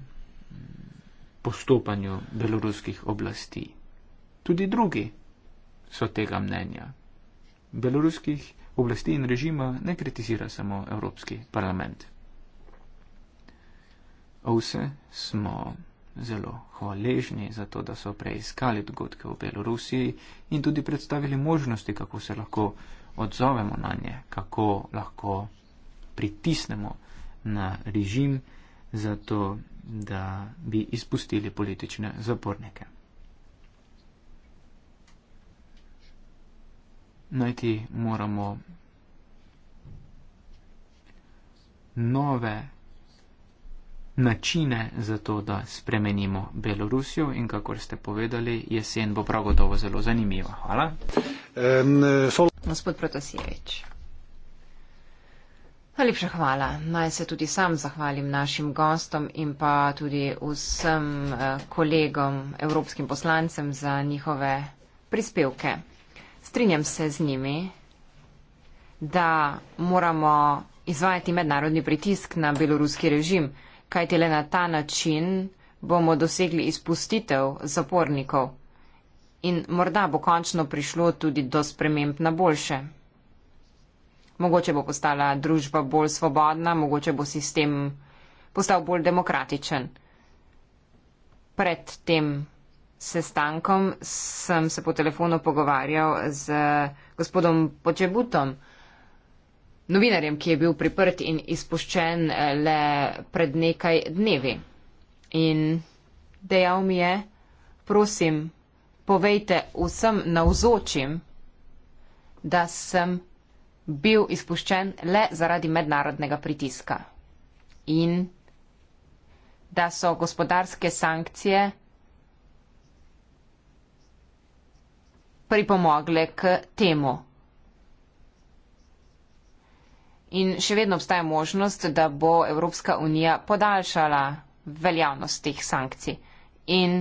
postopanju beloruskih oblasti, tudi drugi so tega mnenja. Beloruskih oblasti in režima ne kritizira samo Evropski parlament. Ose smo zelo hvaležni za to, da so preiskali dogodke v Belorusiji in tudi predstavili možnosti, kako se lahko odzovemo na nje, kako lahko pritisnemo na režim, zato da bi izpustili politične zapornike. Najti moramo nove načine za to, da spremenimo Belorusijo in kakor ste povedali, jesen bo prav gotovo zelo zanimiva. Hvala. Gospod Protosjevič. Najlepša hvala. Naj se tudi sam zahvalim našim gostom in pa tudi vsem eh, kolegom, evropskim poslancem za njihove prispevke. Strinjam se z njimi, da moramo izvajati mednarodni pritisk na beloruski režim kajti le na ta način bomo dosegli izpustitev zapornikov in morda bo končno prišlo tudi do sprememb na boljše. Mogoče bo postala družba bolj svobodna, mogoče bo sistem postal bolj demokratičen. Pred tem sestankom sem se po telefonu pogovarjal z gospodom Počebutom, novinarjem, ki je bil priprt in izpuščen eh, le pred nekaj dnevi. In dejal mi je, prosim, povejte vsem navzočim, da sem bil izpuščen le zaradi mednarodnega pritiska in da so gospodarske sankcije pripomogle k temu in še vedno obstaja možnost, da bo Evropska unija podaljšala veljavnost teh sankcij. In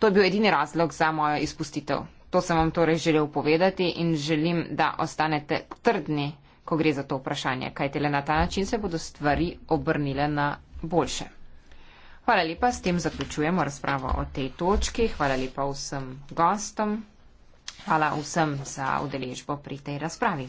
to je bil edini razlog za mojo izpustitev. To sem vam torej želel povedati in želim, da ostanete trdni, ko gre za to vprašanje, kajte le na ta način se bodo stvari obrnile na boljše. Hvala lepa, s tem zaključujemo razpravo o tej točki. Hvala lepa vsem gostom. Hvala vsem za udeležbo pri tej razpravi.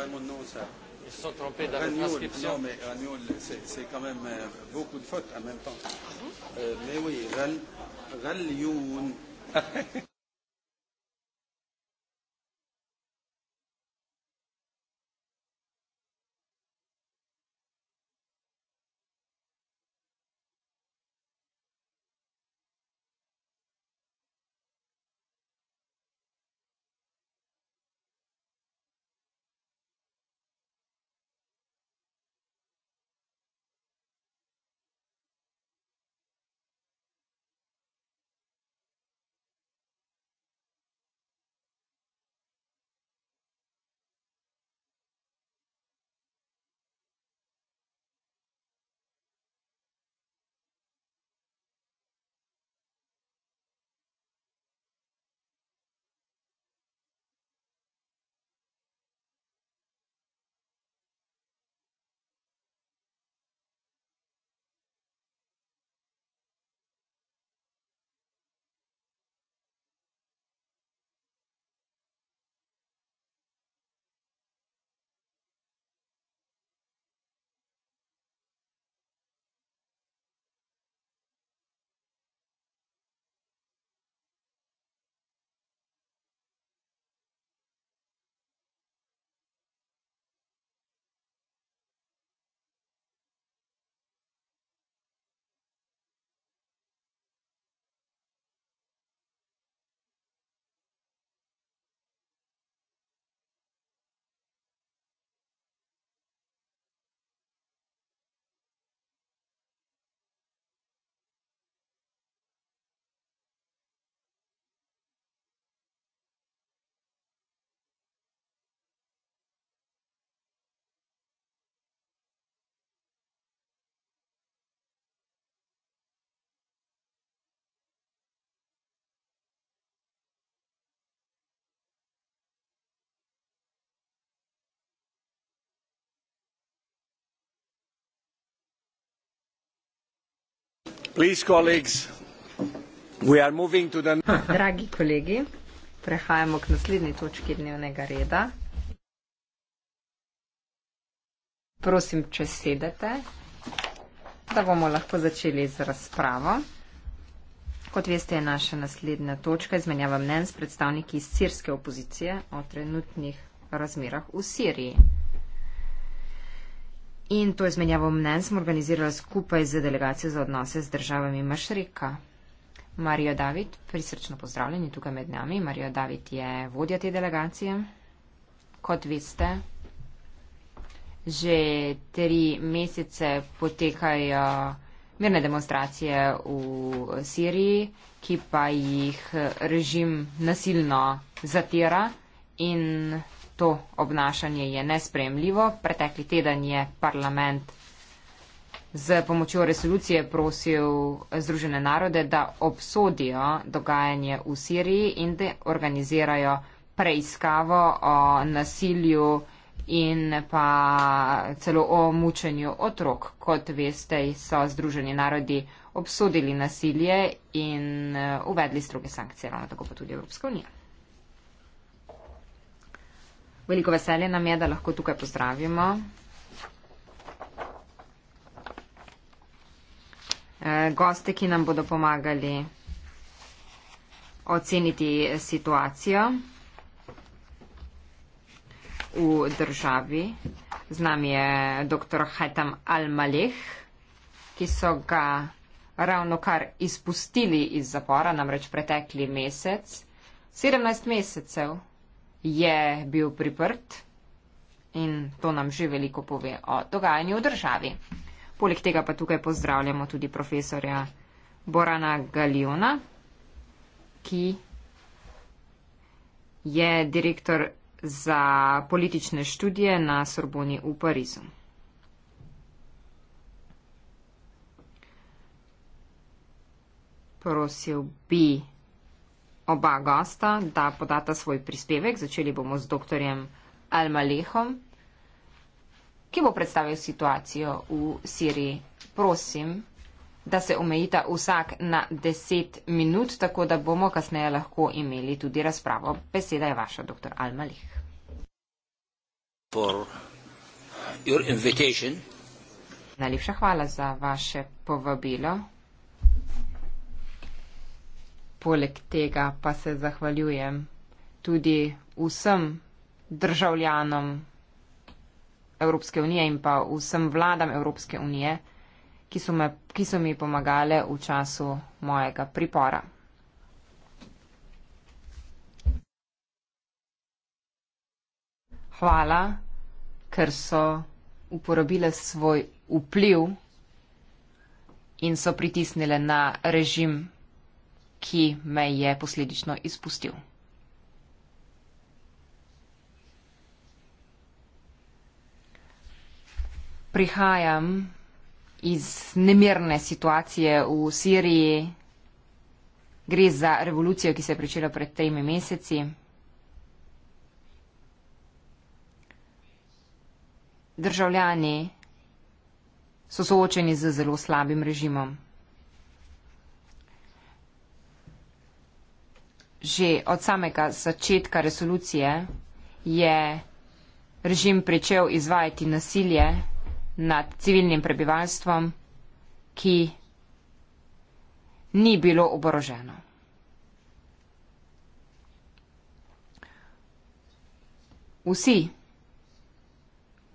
No, quand même au nom ça. Ils se sont trompés dans Ragnoul, la transcription. Non, mais Ragnoul, c'est quand même beaucoup de fautes en même temps. Euh, mais oui, Ragnoul. Dragi kolegi, prehajamo k naslednji točki dnevnega reda. Prosim, če sedete, da bomo lahko začeli z razpravo. Kot veste, je naša naslednja točka izmenjava mnen s predstavniki iz sirske opozicije o trenutnih razmerah v Siriji. In to izmenjavo mnen smo organizirali skupaj z delegacijo za odnose z državami Mašreka. Marijo David, prisrčno pozdravljeni tukaj med nami. Marijo David je vodja te delegacije. Kot veste, že tri mesece potekajo mirne demonstracije v Siriji, ki pa jih režim nasilno zatira in To obnašanje je nespremljivo. Pretekli teden je parlament z pomočjo resolucije prosil Združene narode, da obsodijo dogajanje v Siriji in da organizirajo preiskavo o nasilju in pa celo o mučenju otrok. Kot veste, so Združeni narodi obsodili nasilje in eh, uvedli stroge sankcije, ravno tako pa tudi Evropska unija. Veliko veselje nam je, da lahko tukaj pozdravimo. Eh, goste, ki nam bodo pomagali oceniti situacijo v državi. Z nami je dr. Hajtam Al-Maleh, ki so ga ravno kar izpustili iz zapora, namreč pretekli mesec, 17 mesecev je bil priprt in to nam že veliko pove o dogajanju v državi. Poleg tega pa tukaj pozdravljamo tudi profesorja Borana Galjona, ki je direktor za politične študije na Sorboni v Parizu. Prosil bi oba gosta, da podata svoj prispevek. Začeli bomo z doktorjem Almalehom, ki bo predstavil situacijo v Siriji. Prosim, da se omejita vsak na deset minut, tako da bomo kasneje lahko imeli tudi razpravo. Beseda je vaša, doktor Almaleh. Najlepša hvala za vaše povabilo poleg tega pa se zahvaljujem tudi vsem državljanom Evropske unije in pa vsem vladam Evropske unije, ki so, me, ki so mi pomagale v času mojega pripora. Hvala, ker so uporabile svoj vpliv in so pritisnile na režim ki me je posledično izpustil. Prihajam iz nemirne situacije v Siriji. Gre za revolucijo, ki se je pričela pred tremi meseci. Državljani so soočeni z zelo slabim režimom. že od samega začetka resolucije je režim pričel izvajati nasilje nad civilnim prebivalstvom, ki ni bilo oboroženo. Vsi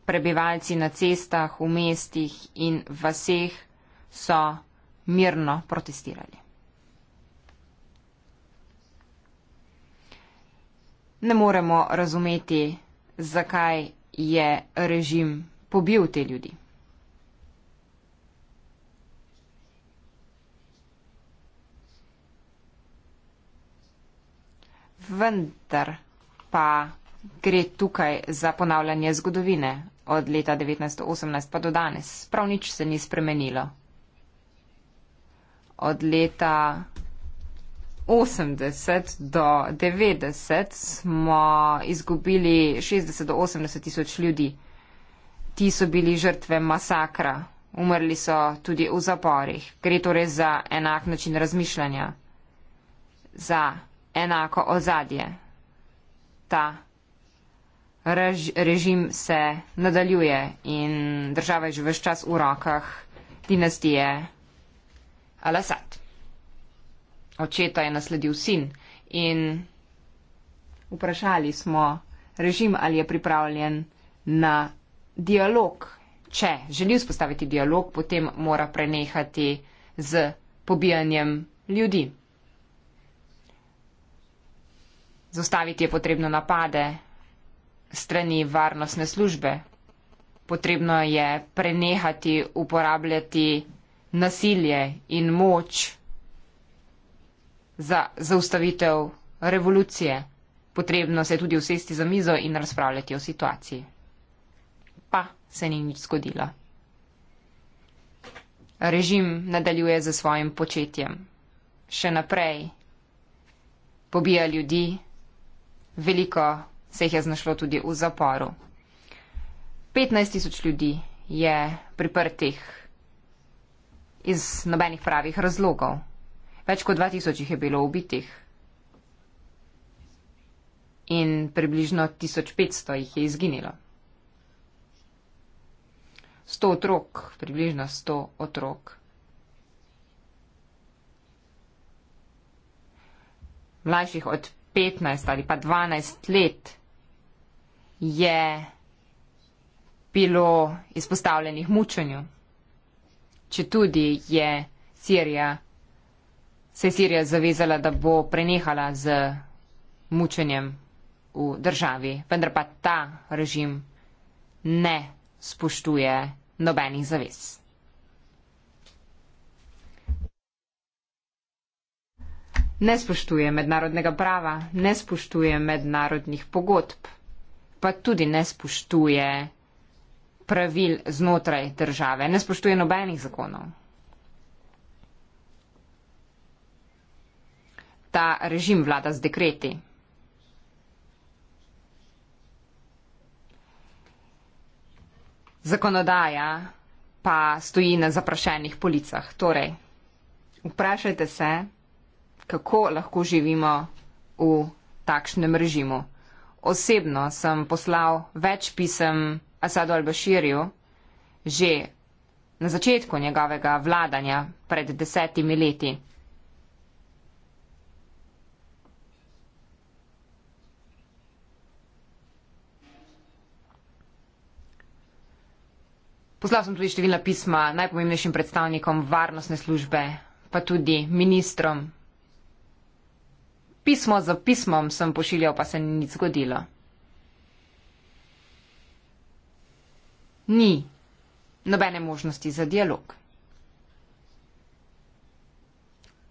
prebivalci na cestah, v mestih in vseh so mirno protestirali. ne moremo razumeti, zakaj je režim pobil te ljudi. Vendar pa gre tukaj za ponavljanje zgodovine od leta 1918 pa do danes. Prav nič se ni spremenilo. Od leta 80 do 90 smo izgubili 60 do 80 tisoč ljudi. Ti so bili žrtve masakra, umrli so tudi v zaporih. Gre torej za enak način razmišljanja, za enako ozadje. Ta rež, režim se nadaljuje in država je že vse čas v rokah dinastije Al-Assad očeta je nasledil sin. In vprašali smo režim, ali je pripravljen na dialog. Če želi vzpostaviti dialog, potem mora prenehati z pobijanjem ljudi. Zostaviti je potrebno napade strani varnostne službe. Potrebno je prenehati uporabljati nasilje in moč za zaustavitev revolucije. Potrebno se je tudi usesti za mizo in razpravljati o situaciji. Pa se ni nič zgodilo. Režim nadaljuje za svojim početjem. Še naprej pobija ljudi, veliko se jih je znašlo tudi v zaporu. 15 tisoč ljudi je priprtih iz nobenih pravih razlogov. Več kot 2000 jih je bilo ubitih in približno 1500 jih je izginilo. 100 otrok, približno 100 otrok. Mlajših od 15 ali pa 12 let je bilo izpostavljenih mučenju, če tudi je Sirija se je Sirija zavezala, da bo prenehala z mučenjem v državi, vendar pa ta režim ne spoštuje nobenih zavez. Ne spoštuje mednarodnega prava, ne spoštuje mednarodnih pogodb, pa tudi ne spoštuje pravil znotraj države, ne spoštuje nobenih zakonov. ta režim vlada z dekreti. Zakonodaja pa stoji na zaprašenih policah. Torej, vprašajte se, kako lahko živimo v takšnem režimu. Osebno sem poslal več pisem Asadu al-Bashirju že na začetku njegovega vladanja pred desetimi leti. Poslal sem tudi številna pisma najpomembnejšim predstavnikom varnostne službe, pa tudi ministrom. Pismo za pismom sem pošiljal, pa se ni nič zgodilo. Ni nobene možnosti za dialog.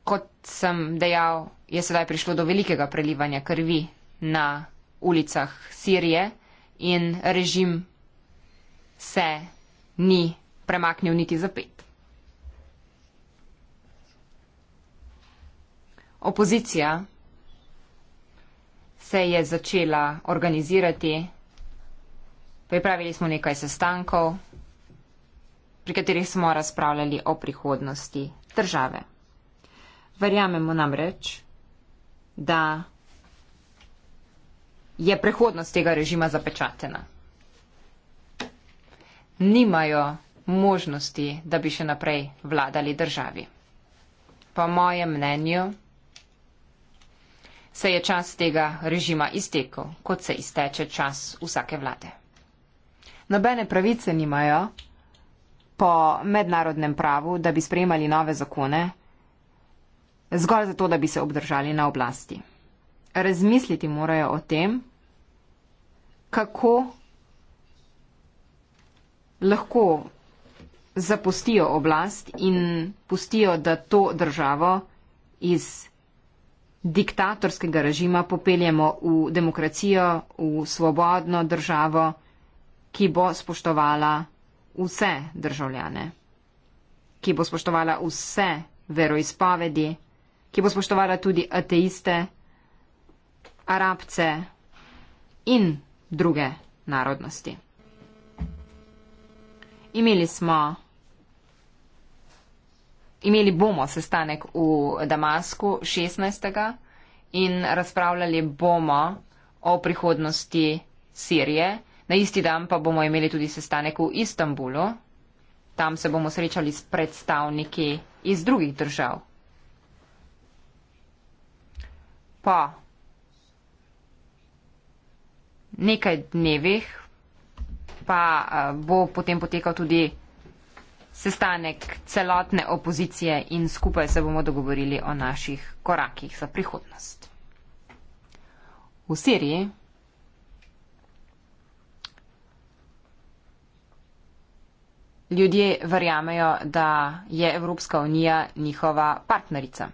Kot sem dejal, je sedaj prišlo do velikega prelivanja krvi na ulicah Sirije in režim se ni premaknil niti za pet. Opozicija se je začela organizirati, pripravili smo nekaj sestankov, pri katerih smo razpravljali o prihodnosti države. Verjamemo namreč, da je prihodnost tega režima zapečatena nimajo možnosti, da bi še naprej vladali državi. Po mojem mnenju se je čas tega režima iztekel, kot se izteče čas vsake vlade. Nobene pravice nimajo po mednarodnem pravu, da bi sprejemali nove zakone, zgolj zato, da bi se obdržali na oblasti. Razmisliti morajo o tem, kako lahko zapustijo oblast in pustijo, da to državo iz diktatorskega režima popeljemo v demokracijo, v svobodno državo, ki bo spoštovala vse državljane, ki bo spoštovala vse veroizpovedi, ki bo spoštovala tudi ateiste, arabce in druge narodnosti. Imeli smo. Imeli bomo sestanek v Damasku 16. in razpravljali bomo o prihodnosti Sirije. Na isti dan pa bomo imeli tudi sestanek v Istanbulu. Tam se bomo srečali s predstavniki iz drugih držav. Po nekaj dnevih pa eh, bo potem potekal tudi sestanek celotne opozicije in skupaj se bomo dogovorili o naših korakih za prihodnost. V Siriji ljudje verjamejo, da je Evropska unija njihova partnerica.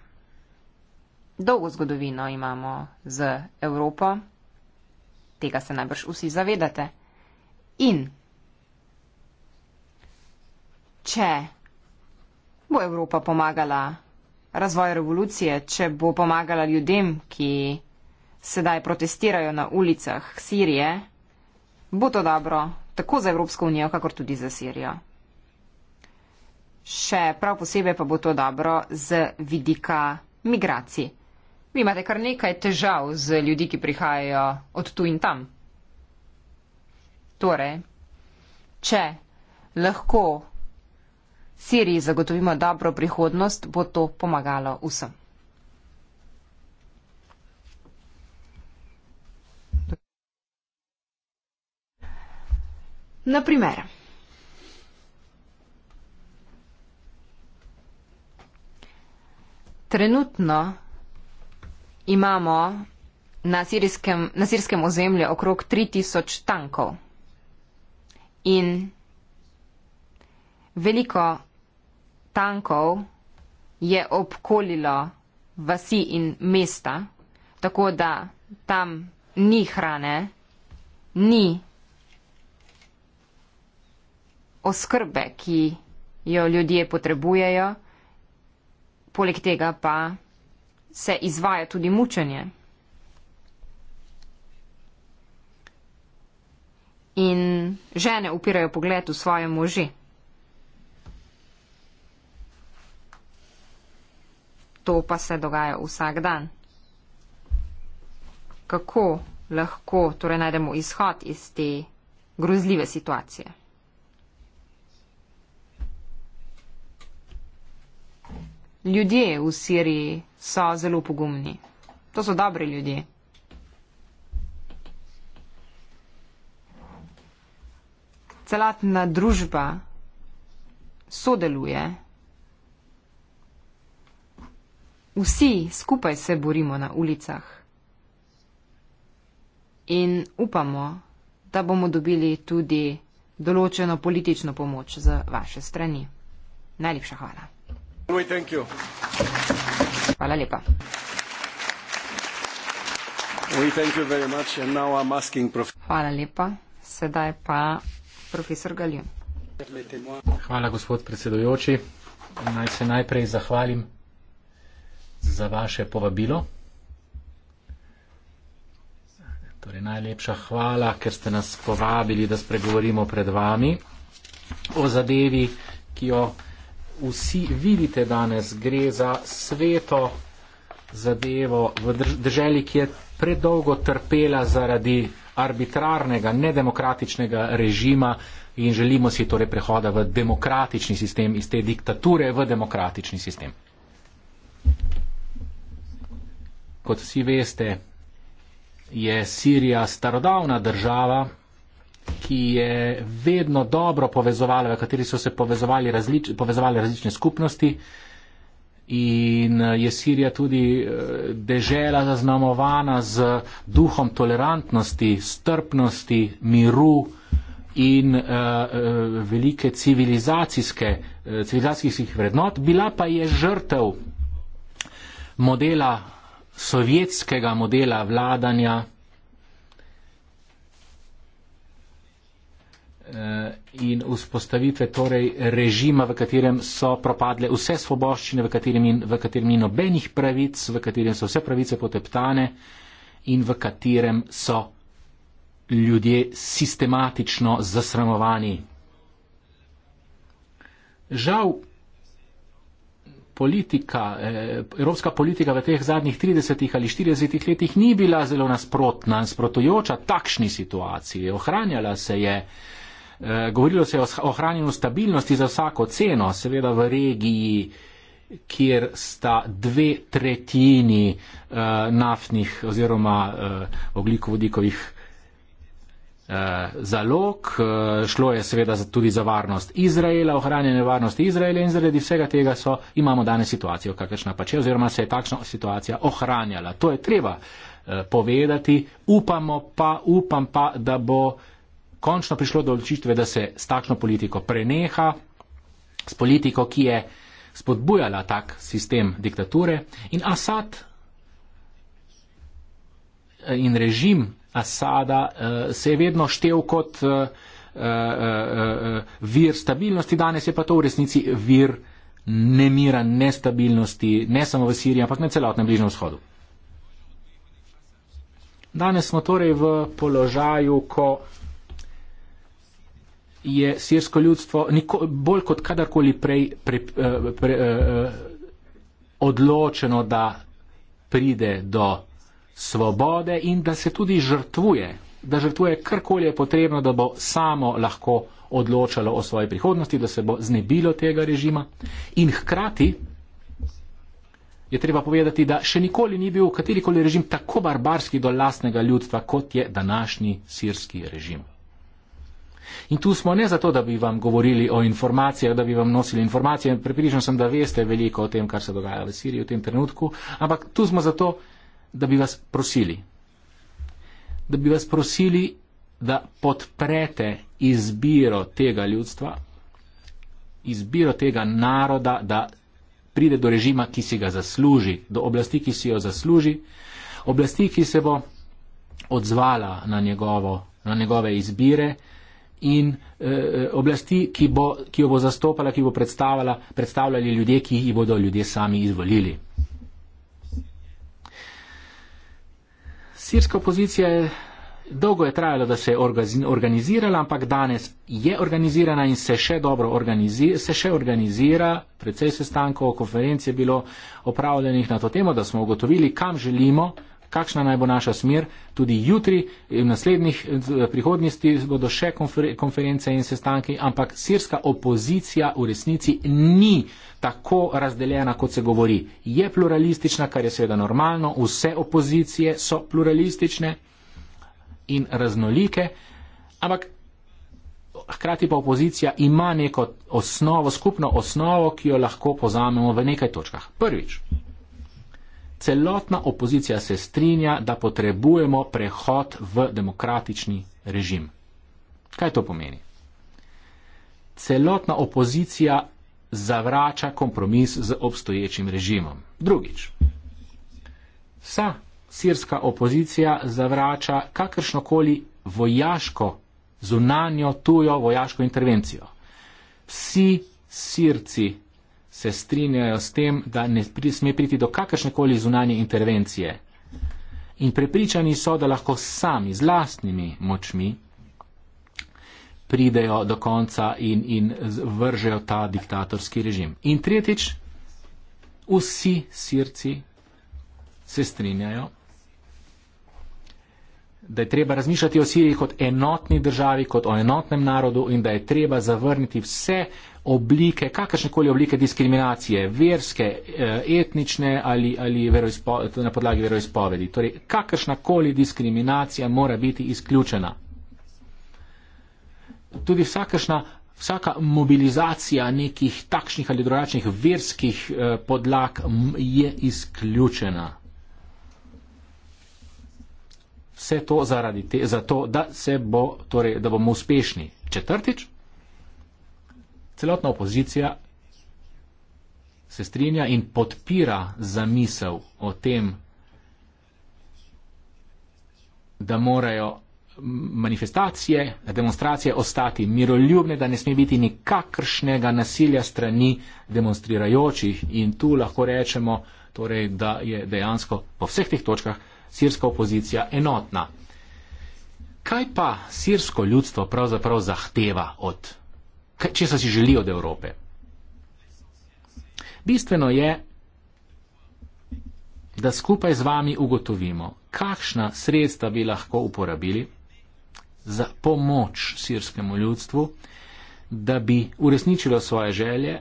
Dolgo zgodovino imamo z Evropo, tega se najbrž vsi zavedate in. Če bo Evropa pomagala razvoju revolucije, če bo pomagala ljudem, ki sedaj protestirajo na ulicah Sirije, bo to dobro tako za Evropsko unijo, kakor tudi za Sirijo. Še prav posebej pa bo to dobro z vidika migracij. Vi imate kar nekaj težav z ljudi, ki prihajajo od tu in tam. Torej, če lahko Siriji zagotovimo dobro prihodnost, bo to pomagalo vsem. Naprimer. Trenutno imamo na sirskem ozemlju okrog 3000 tankov in veliko tankov je obkolilo vasi in mesta, tako da tam ni hrane, ni oskrbe, ki jo ljudje potrebujejo, poleg tega pa se izvaja tudi mučenje. in žene upirajo pogled v svoje moži. To pa se dogaja vsak dan. Kako lahko torej najdemo izhod iz te grozljive situacije? Ljudje v Siriji so zelo pogumni. To so dobri ljudje. celotna družba sodeluje, vsi skupaj se borimo na ulicah in upamo, da bomo dobili tudi določeno politično pomoč z vaše strani. Najlepša hvala. Hvala lepa. Hvala lepa. Sedaj pa profesor Galjon. Hvala, gospod predsedujoči. Naj se najprej zahvalim za vaše povabilo. Torej, najlepša hvala, ker ste nas povabili, da spregovorimo pred vami o zadevi, ki jo vsi vidite danes. Gre za sveto zadevo v drž deželi, ki je predolgo trpela zaradi arbitrarnega, nedemokratičnega režima in želimo si torej prehoda v demokratični sistem iz te diktature v demokratični sistem. Kot vsi veste, je Sirija starodavna država, ki je vedno dobro povezovala, v kateri so se povezovali, različ, povezovali različne skupnosti. Uh, in eh, je Sirija tudi eh, dežela zaznamovana z duhom tolerantnosti, strpnosti, miru in uh, velike civilizacijske, civilizacijskih vrednot. Bila pa je žrtev modela, sovjetskega modela vladanja, Eh, in vzpostavitve torej režima, v katerem so propadle vse svoboščine, v katerem, in, v katerem ni nobenih pravic, v katerem so vse pravice poteptane in v katerem so ljudje sistematično zasramovani. Žal, politika, eh, evropska politika v teh zadnjih 30 ali 40 letih ni bila zelo nasprotna, nasprotujoča takšni situaciji. Ohranjala se je Eh, govorilo se je o ohranjenju stabilnosti za vsako ceno, seveda v regiji, kjer sta dve tretjini uh, naftnih oziroma uh, eh, oglikovodikovih zalog, šlo je seveda tudi za varnost Izraela, ohranjanje varnosti Izraela in zaradi vsega tega so, imamo danes situacijo, kakršna pa če, oziroma se je takšna situacija ohranjala. To je treba povedati, upamo pa, upam pa, da bo uh, končno prišlo do odločitve, da se s takšno politiko preneha, s politiko, ki je spodbujala tak sistem diktature in Asad eh, in režim Asada eh, se je vedno štev kot eh, vir stabilnosti, danes je pa to v resnici vir nemira, nestabilnosti, ne samo v Siriji, ampak na celotnem Bližnem vzhodu. Danes smo torej v položaju, ko je sirsko ljudstvo niko, bolj kot kadarkoli prej pre, eh, pre, eh, odločeno, da pride do svobode in da se tudi žrtvuje, da žrtvuje karkoli je potrebno, da bo samo lahko odločalo o svoji prihodnosti, da se bo znebilo tega režima. In hkrati je treba povedati, da še nikoli ni bil katerikoli režim tako barbarski do lastnega ljudstva, kot je današnji sirski režim. In tu smo ne zato, da bi vam govorili o informacijah, da bi vam nosili informacije. Pripričan sem, da veste veliko o tem, kar se dogaja v Siriji v tem trenutku, ampak tu smo zato, da bi vas prosili. Da bi vas prosili, da podprete izbiro tega ljudstva, izbiro tega naroda, da pride do režima, ki si ga zasluži, do oblasti, ki si jo zasluži, oblasti, ki se bo odzvala na, njegovo, na njegove izbire, in eh, oblasti, ki, bo, ki jo bo zastopala, ki bo predstavljali ljudje, ki jih bodo ljudje sami izvolili. Sirska opozicija je dolgo je trajala, da se je organizirala, ampak danes je organizirana in se še dobro organizira, se še organizira. Precej sestankov, konferenc je bilo opravljenih na to temo, da smo ugotovili, kam želimo, kakšna naj bo naša smer. Tudi jutri in naslednjih eh, prihodnosti bodo še konference in sestanki, ampak sirska opozicija v resnici ni tako razdeljena, kot se govori. Je pluralistična, kar je seveda normalno, vse opozicije so pluralistične in raznolike, ampak hkrati pa opozicija ima neko osnovo, skupno osnovo, ki jo lahko pozamemo v nekaj točkah. Prvič, celotna opozicija se strinja, da potrebujemo prehod v demokratični režim. Kaj to pomeni? Celotna opozicija zavrača kompromis z obstoječim režimom. Drugič, vsa sirska opozicija zavrača kakršnokoli vojaško, zunanjo, tujo vojaško intervencijo. Vsi Sirci se strinjajo s tem, da ne pri, sme priti do kakršnekoli zunanje intervencije. In prepričani so, da lahko sami z lastnimi močmi pridejo do konca in, in vržejo ta diktatorski režim. In tretjič, vsi sirci se strinjajo, da je treba razmišljati o Siriji kot enotni državi, kot o enotnem narodu in da je treba zavrniti vse oblike, kakršnekoli oblike diskriminacije, verske, eh, etnične ali, ali na podlagi veroizpovedi. Torej, kakršnakoli diskriminacija mora biti izključena. Tudi vsakašna, vsaka mobilizacija nekih takšnih ali drugačnih verskih eh, podlag je izključena. Vse to zaradi te, zato, da, bo, torej, da bomo uspešni. Četrtič, celotna opozicija se strinja in podpira zamisel o tem, da morajo manifestacije, demonstracije ostati miroljubne, da ne sme biti nikakršnega nasilja strani demonstrirajočih. In tu lahko rečemo, torej, da je dejansko po vseh teh točkah sirska opozicija enotna. Kaj pa sirsko ljudstvo pravzaprav zahteva od če se si želi od Evrope. Bistveno je, da skupaj z vami ugotovimo, kakšna sredstva bi lahko uporabili za pomoč sirskemu ljudstvu, da bi uresničilo svoje želje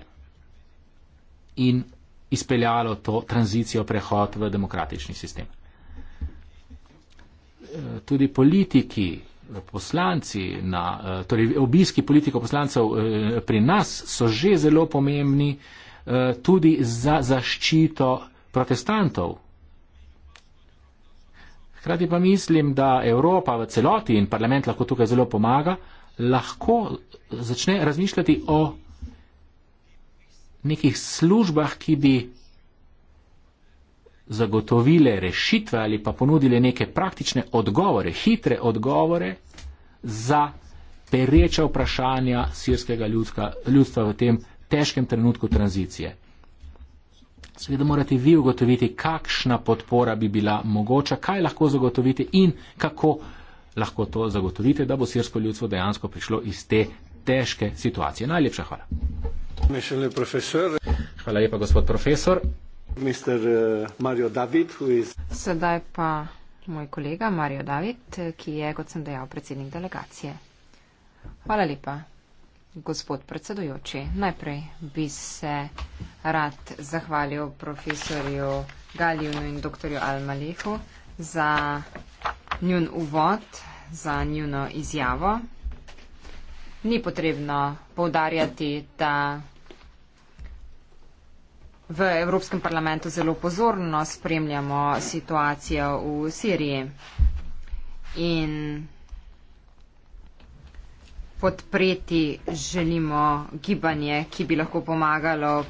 in izpeljalo to tranzicijo, prehod v demokratični sistem. E, tudi politiki poslanci, na, eh, torej obiski politikov poslancev eh, pri nas so že zelo pomembni eh, tudi za zaščito protestantov. Hkrati pa mislim, da Evropa v celoti in parlament lahko tukaj zelo pomaga, lahko začne razmišljati o nekih službah, ki bi zagotovile rešitve ali pa ponudile neke praktične odgovore, hitre odgovore za pereča vprašanja sirskega ljudska, ljudstva v tem težkem trenutku tranzicije. Seveda morate vi ugotoviti, kakšna podpora bi bila mogoča, kaj lahko zagotovite in kako lahko to zagotovite, da bo sirsko ljudstvo dejansko prišlo iz te težke situacije. Najlepša hvala. Hvala lepa, gospod profesor. Mr. Eh, Mario David, who is. Sedaj pa moj kolega Mario David, ki je, kot sem dejal, predsednik delegacije. Hvala lepa, gospod predsedujoči. Najprej bi se rad zahvalil profesorju Galjunu in doktorju Almalehu za njun uvod, za njuno izjavo. Ni potrebno poudarjati, da V Evropskem parlamentu zelo pozorno spremljamo situacijo v Siriji in podpreti želimo gibanje, ki bi lahko pomagalo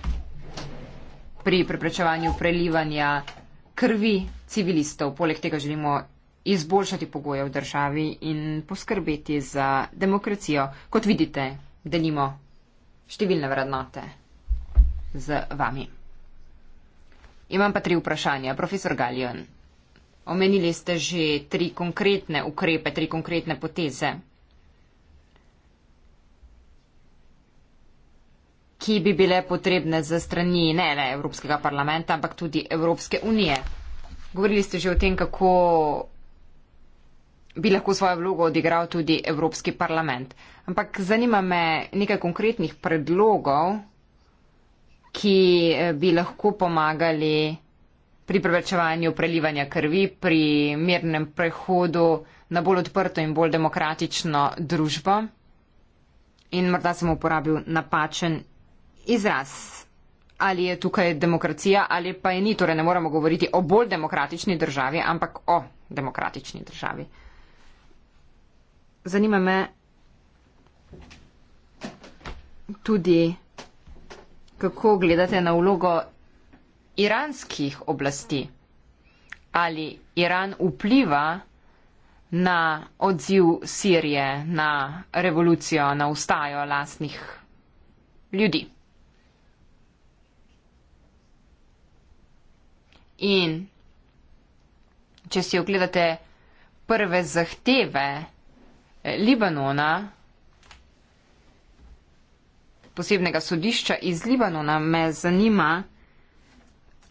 pri preprečevanju prelivanja krvi civilistov. Poleg tega želimo izboljšati pogoje v državi in poskrbeti za demokracijo. Kot vidite, delimo številne vrednote z vami. Imam pa tri vprašanja. Profesor Galjon, omenili ste že tri konkretne ukrepe, tri konkretne poteze, ki bi bile potrebne za strani ne le Evropskega parlamenta, ampak tudi Evropske unije. Govorili ste že o tem, kako bi lahko svojo vlogo odigral tudi Evropski parlament. Ampak zanima me nekaj konkretnih predlogov, ki eh, bi lahko pomagali pri preprečevanju prelivanja krvi, pri mirnem prehodu na bolj odprto in bolj demokratično družbo. In morda sem uporabil napačen izraz. Ali je tukaj demokracija ali pa je ni. Torej ne moramo govoriti o bolj demokratični državi, ampak o demokratični državi. Zanima me tudi kako gledate na vlogo iranskih oblasti? Ali Iran vpliva na odziv Sirije, na revolucijo, na ustajo lastnih ljudi? In če si ogledate prve zahteve Libanona, posebnega sodišča iz Libanona, me zanima,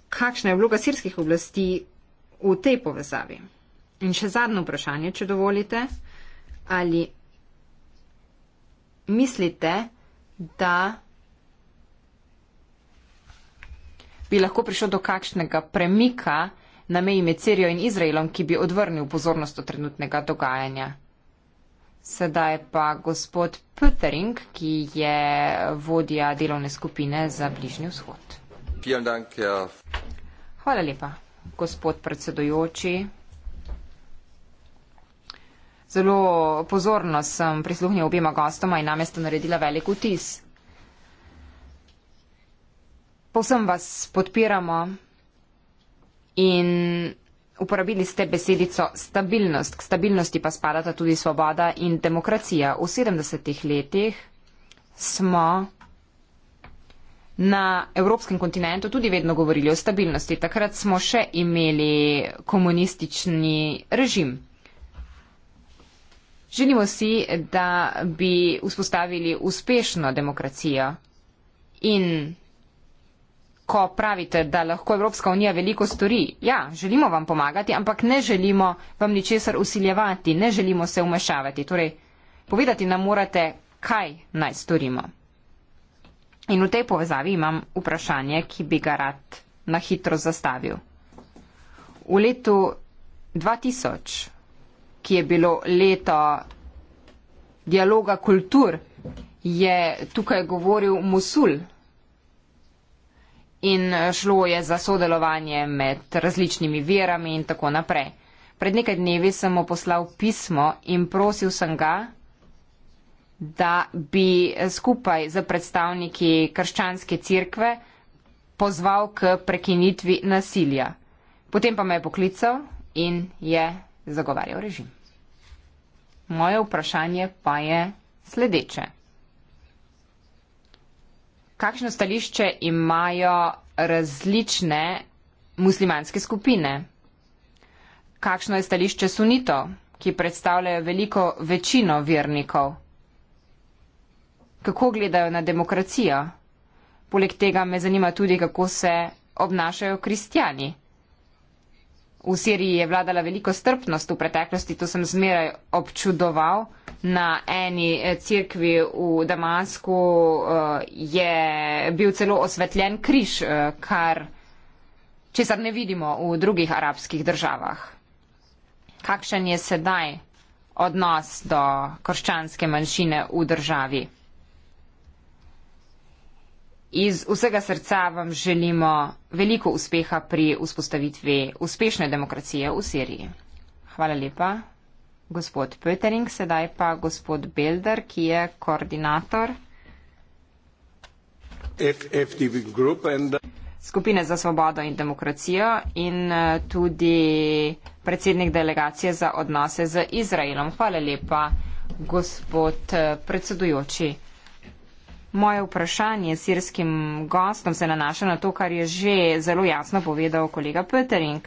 kakšna je vloga sirskih oblasti v tej povezavi. In še zadnje vprašanje, če dovolite, ali mislite, da bi lahko prišlo do kakšnega premika na meji med Sirijo in Izraelom, ki bi odvrnil pozornost od trenutnega dogajanja Sedaj pa gospod Pöttering, ki je vodja delovne skupine za Bližnji vzhod. Hvala lepa, gospod predsedujoči. Zelo pozorno sem prisluhnil obima gostoma in name sta naredila velik vtis. Povsem vas podpiramo in Uporabili ste besedico stabilnost, k stabilnosti pa spadata tudi svoboda in demokracija. V 70-ih letih smo na evropskem kontinentu tudi vedno govorili o stabilnosti. Takrat smo še imeli komunistični režim. Želimo si, da bi vzpostavili uspešno demokracijo in ko pravite, da lahko Evropska unija veliko stori. Ja, želimo vam pomagati, ampak ne želimo vam ničesar usiljevati, ne želimo se umešavati. Torej, povedati nam morate, kaj naj storimo. In v tej povezavi imam vprašanje, ki bi ga rad na hitro zastavil. V letu 2000, ki je bilo leto dialoga kultur, je tukaj govoril Musul in eh, šlo je za sodelovanje med različnimi verami in tako naprej. Pred nekaj dnevi sem mu poslal pismo in prosil sem ga, da bi eh, skupaj z predstavniki krščanske cirkve pozval k prekinitvi nasilja. Potem pa me je poklical in je zagovarjal režim. Moje vprašanje pa je sledeče kakšno stališče imajo različne muslimanske skupine. Kakšno je stališče sunitov, ki predstavljajo veliko večino vernikov? Kako gledajo na demokracijo? Poleg tega me zanima tudi, kako se obnašajo kristijani. V Siriji je vladala veliko strpnost v preteklosti, to sem zmeraj občudoval. Na eni eh, cerkvi v Damasku eh, je bil celo osvetljen križ, eh, kar, česar ne vidimo v drugih arabskih državah. Kakšen je sedaj odnos do krščanske manjšine v državi? Iz vsega srca vam želimo veliko uspeha pri vzpostavitvi uspešne demokracije v Siriji. Hvala lepa, gospod Pötering, sedaj pa gospod Belder, ki je koordinator skupine za svobodo in demokracijo in eh, tudi predsednik delegacije za odnose z Izraelom. Hvala lepa, gospod eh, predsedujoči. Moje vprašanje sirskim gostom se nanaša na to, kar je že zelo jasno povedal kolega Petering.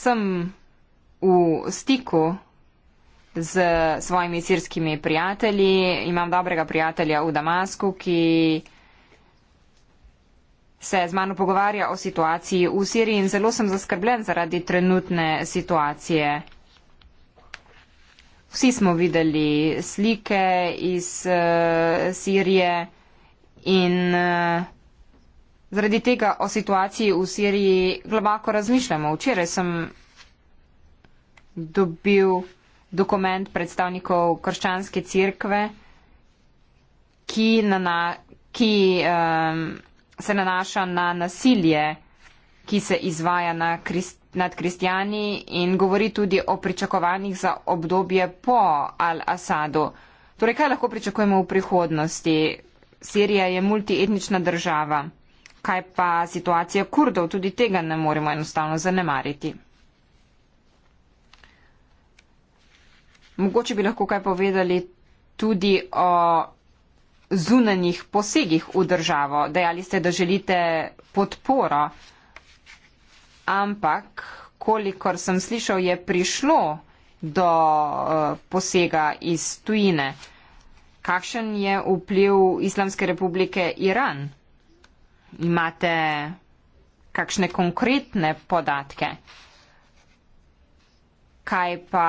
Sem v stiku z svojimi sirskimi prijatelji. Imam dobrega prijatelja v Damasku, ki se z mano pogovarja o situaciji v Siriji in zelo sem zaskrbljen zaradi trenutne situacije. Vsi smo videli slike iz uh, Sirije in uh, zaradi tega o situaciji v Siriji globoko razmišljamo. Včeraj sem dobil dokument predstavnikov krščanske cirkve, ki, na na, ki um, se nanaša na nasilje ki se izvaja na krist, nad kristijani in govori tudi o pričakovanjih za obdobje po Al-Asadu. Torej, kaj lahko pričakujemo v prihodnosti? Sirija je multietnična država. Kaj pa situacija kurdov? Tudi tega ne moremo enostavno zanemariti. Mogoče bi lahko kaj povedali tudi o zunanjih posegih v državo. Dejali ste, da želite podporo ampak kolikor sem slišal, je prišlo do eh, posega iz tujine. Kakšen je vpliv Islamske republike Iran? Imate kakšne konkretne podatke? Kaj pa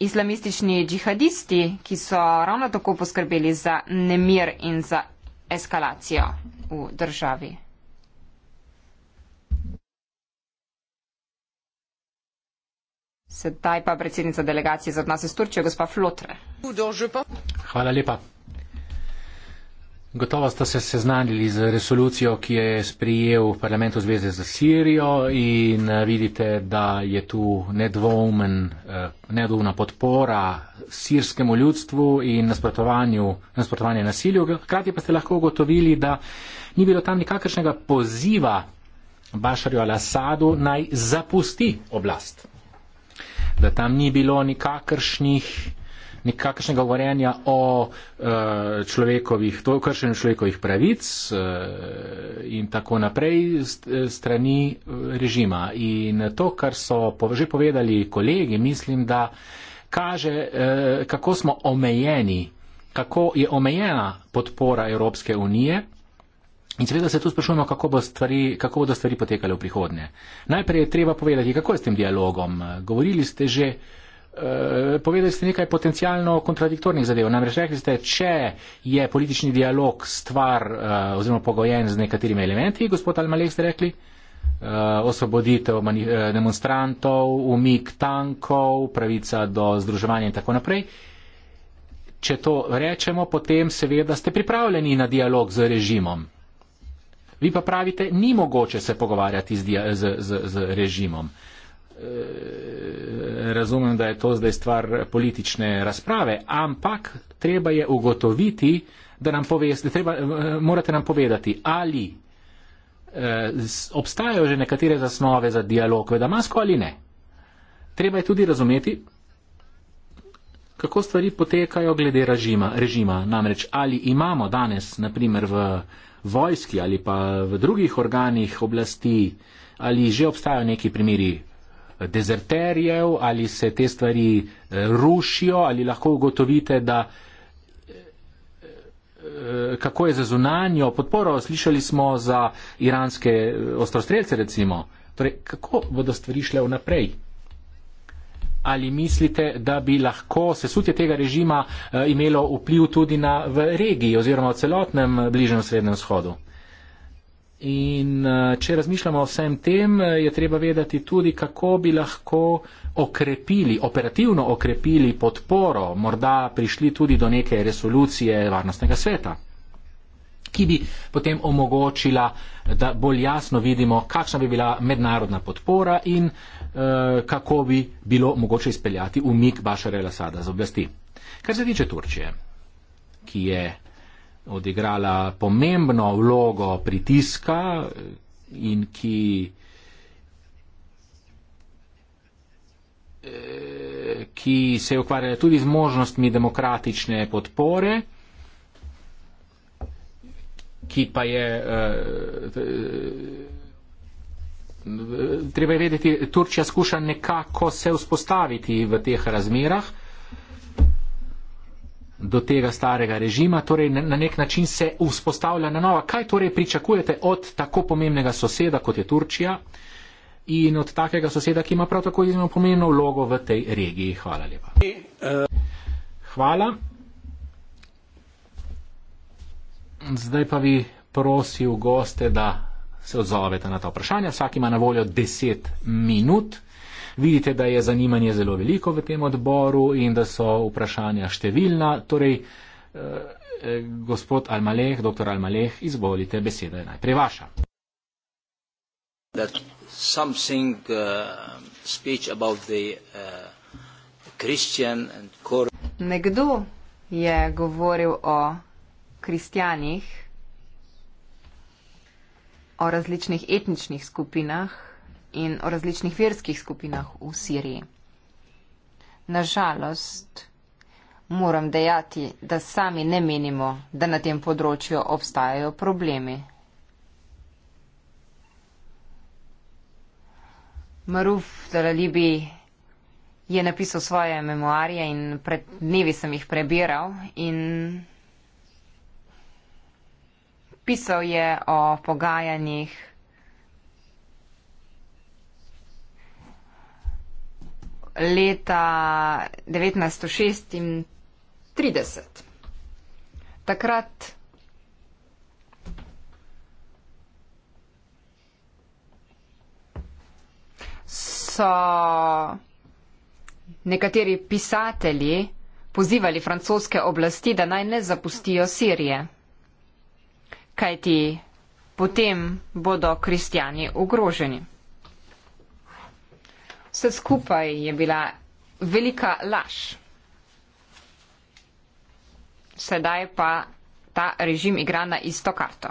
islamistični džihadisti, ki so ravno tako poskrbeli za nemir in za eskalacijo v državi? Sedaj pa predsednica delegacije za odnose s Turčijo, gospa Flotre. Hvala lepa. Gotovo ste se seznanili z resolucijo, ki je sprijel parlament v zveze za Sirijo in eh, vidite, da je tu nedvoumen, eh, nedvoumna podpora sirskemu ljudstvu in nasprotovanje nasilju. Hkrati pa ste lahko ugotovili, da ni bilo tam nikakršnega poziva Bašarju al-Assadu naj zapusti oblast da tam ni bilo nikakršnih, nikakršnega govorenja o eh, kršenju človekovih pravic eh, in tako naprej strani eh, režima. In to, kar so že povedali kolegi, mislim, da kaže, kako smo omejeni, kako je omejena podpora Evropske unije In seveda se tu sprašujemo, kako, bo stvari, kako bodo stvari potekale v prihodnje. Najprej je treba povedati, kako je s tem dialogom. Govorili ste že, eh, povedali ste nekaj potencijalno kontradiktornih zadev. Namreč rekli ste, če je politični dialog stvar eh, oziroma pogojen z nekaterimi elementi, gospod Almalek ste rekli, eh, osvoboditev mani, eh, demonstrantov, umik tankov, pravica do združevanja in tako naprej. Če to rečemo, potem seveda ste pripravljeni na dialog z režimom. Vi pa pravite, ni mogoče se pogovarjati z, z, z, z režimom. E, razumem, da je to zdaj stvar politične razprave, ampak treba je ugotoviti, da nam poveste, treba, e, morate nam povedati, ali e, z, obstajajo že nekatere zasnove za dialog v Damasku ali ne. Treba je tudi razumeti, kako stvari potekajo glede režima. režima. Namreč ali imamo danes, naprimer v vojski ali pa v drugih organih oblasti, ali že obstajajo neki primeri dezerterjev, ali se te stvari eh, rušijo, ali lahko ugotovite, da eh, eh, kako je za zunanjo podporo, slišali smo za iranske ostrostrelce recimo. Torej, kako bodo stvari šle vnaprej? ali mislite, da bi lahko sesutje tega režima eh, imelo vpliv tudi na v regiji oziroma v celotnem eh, bližnjem srednjem shodu? In eh, če razmišljamo o vsem tem, je treba vedeti tudi, kako bi lahko okrepili, operativno okrepili podporo, morda prišli tudi do neke resolucije varnostnega sveta ki bi potem omogočila, da bolj jasno vidimo, kakšna bi bila mednarodna podpora in eh, kako bi bilo mogoče izpeljati umik Bašara el-Asada z oblasti. Kar se tiče Turčije, ki je odigrala pomembno vlogo pritiska eh, in ki eh, ki se je ukvarjala tudi z možnostmi demokratične podpore, ki pa je. Eh, treba je vedeti, Turčija skuša nekako se vzpostaviti v teh razmerah do tega starega režima, torej na nek način se vzpostavlja na novo. Kaj torej pričakujete od tako pomembnega soseda, kot je Turčija in od takega soseda, ki ima prav tako izjemno pomembno vlogo v tej regiji? Hvala lepa. Eh, Hvala. Zdaj pa bi prosil goste, da se odzovete na ta vprašanja. Vsak ima na voljo 10 minut. Vidite, da je zanimanje zelo veliko v tem odboru in da so vprašanja številna. Torej, eh, eh gospod Almaleh, doktor Almaleh, izvolite, beseda je najprej vaša. Something, uh, the, uh, Nekdo je govoril o kristjanih, o različnih etničnih skupinah in o različnih verskih skupinah v Siriji. Nažalost, moram dejati, da sami ne menimo, da na tem področju obstajajo problemi. Maruf Dalalibi je napisal svoje memoarje in pred dnevi sem jih prebiral in pisal je o pogajanjih. Leta 1936. Takrat so nekateri pisatelji pozivali francoske oblasti, da naj ne zapustijo Sirije kajti potem bodo kristijani ogroženi. Vse skupaj je bila velika laž. Sedaj pa ta režim igra na isto karto.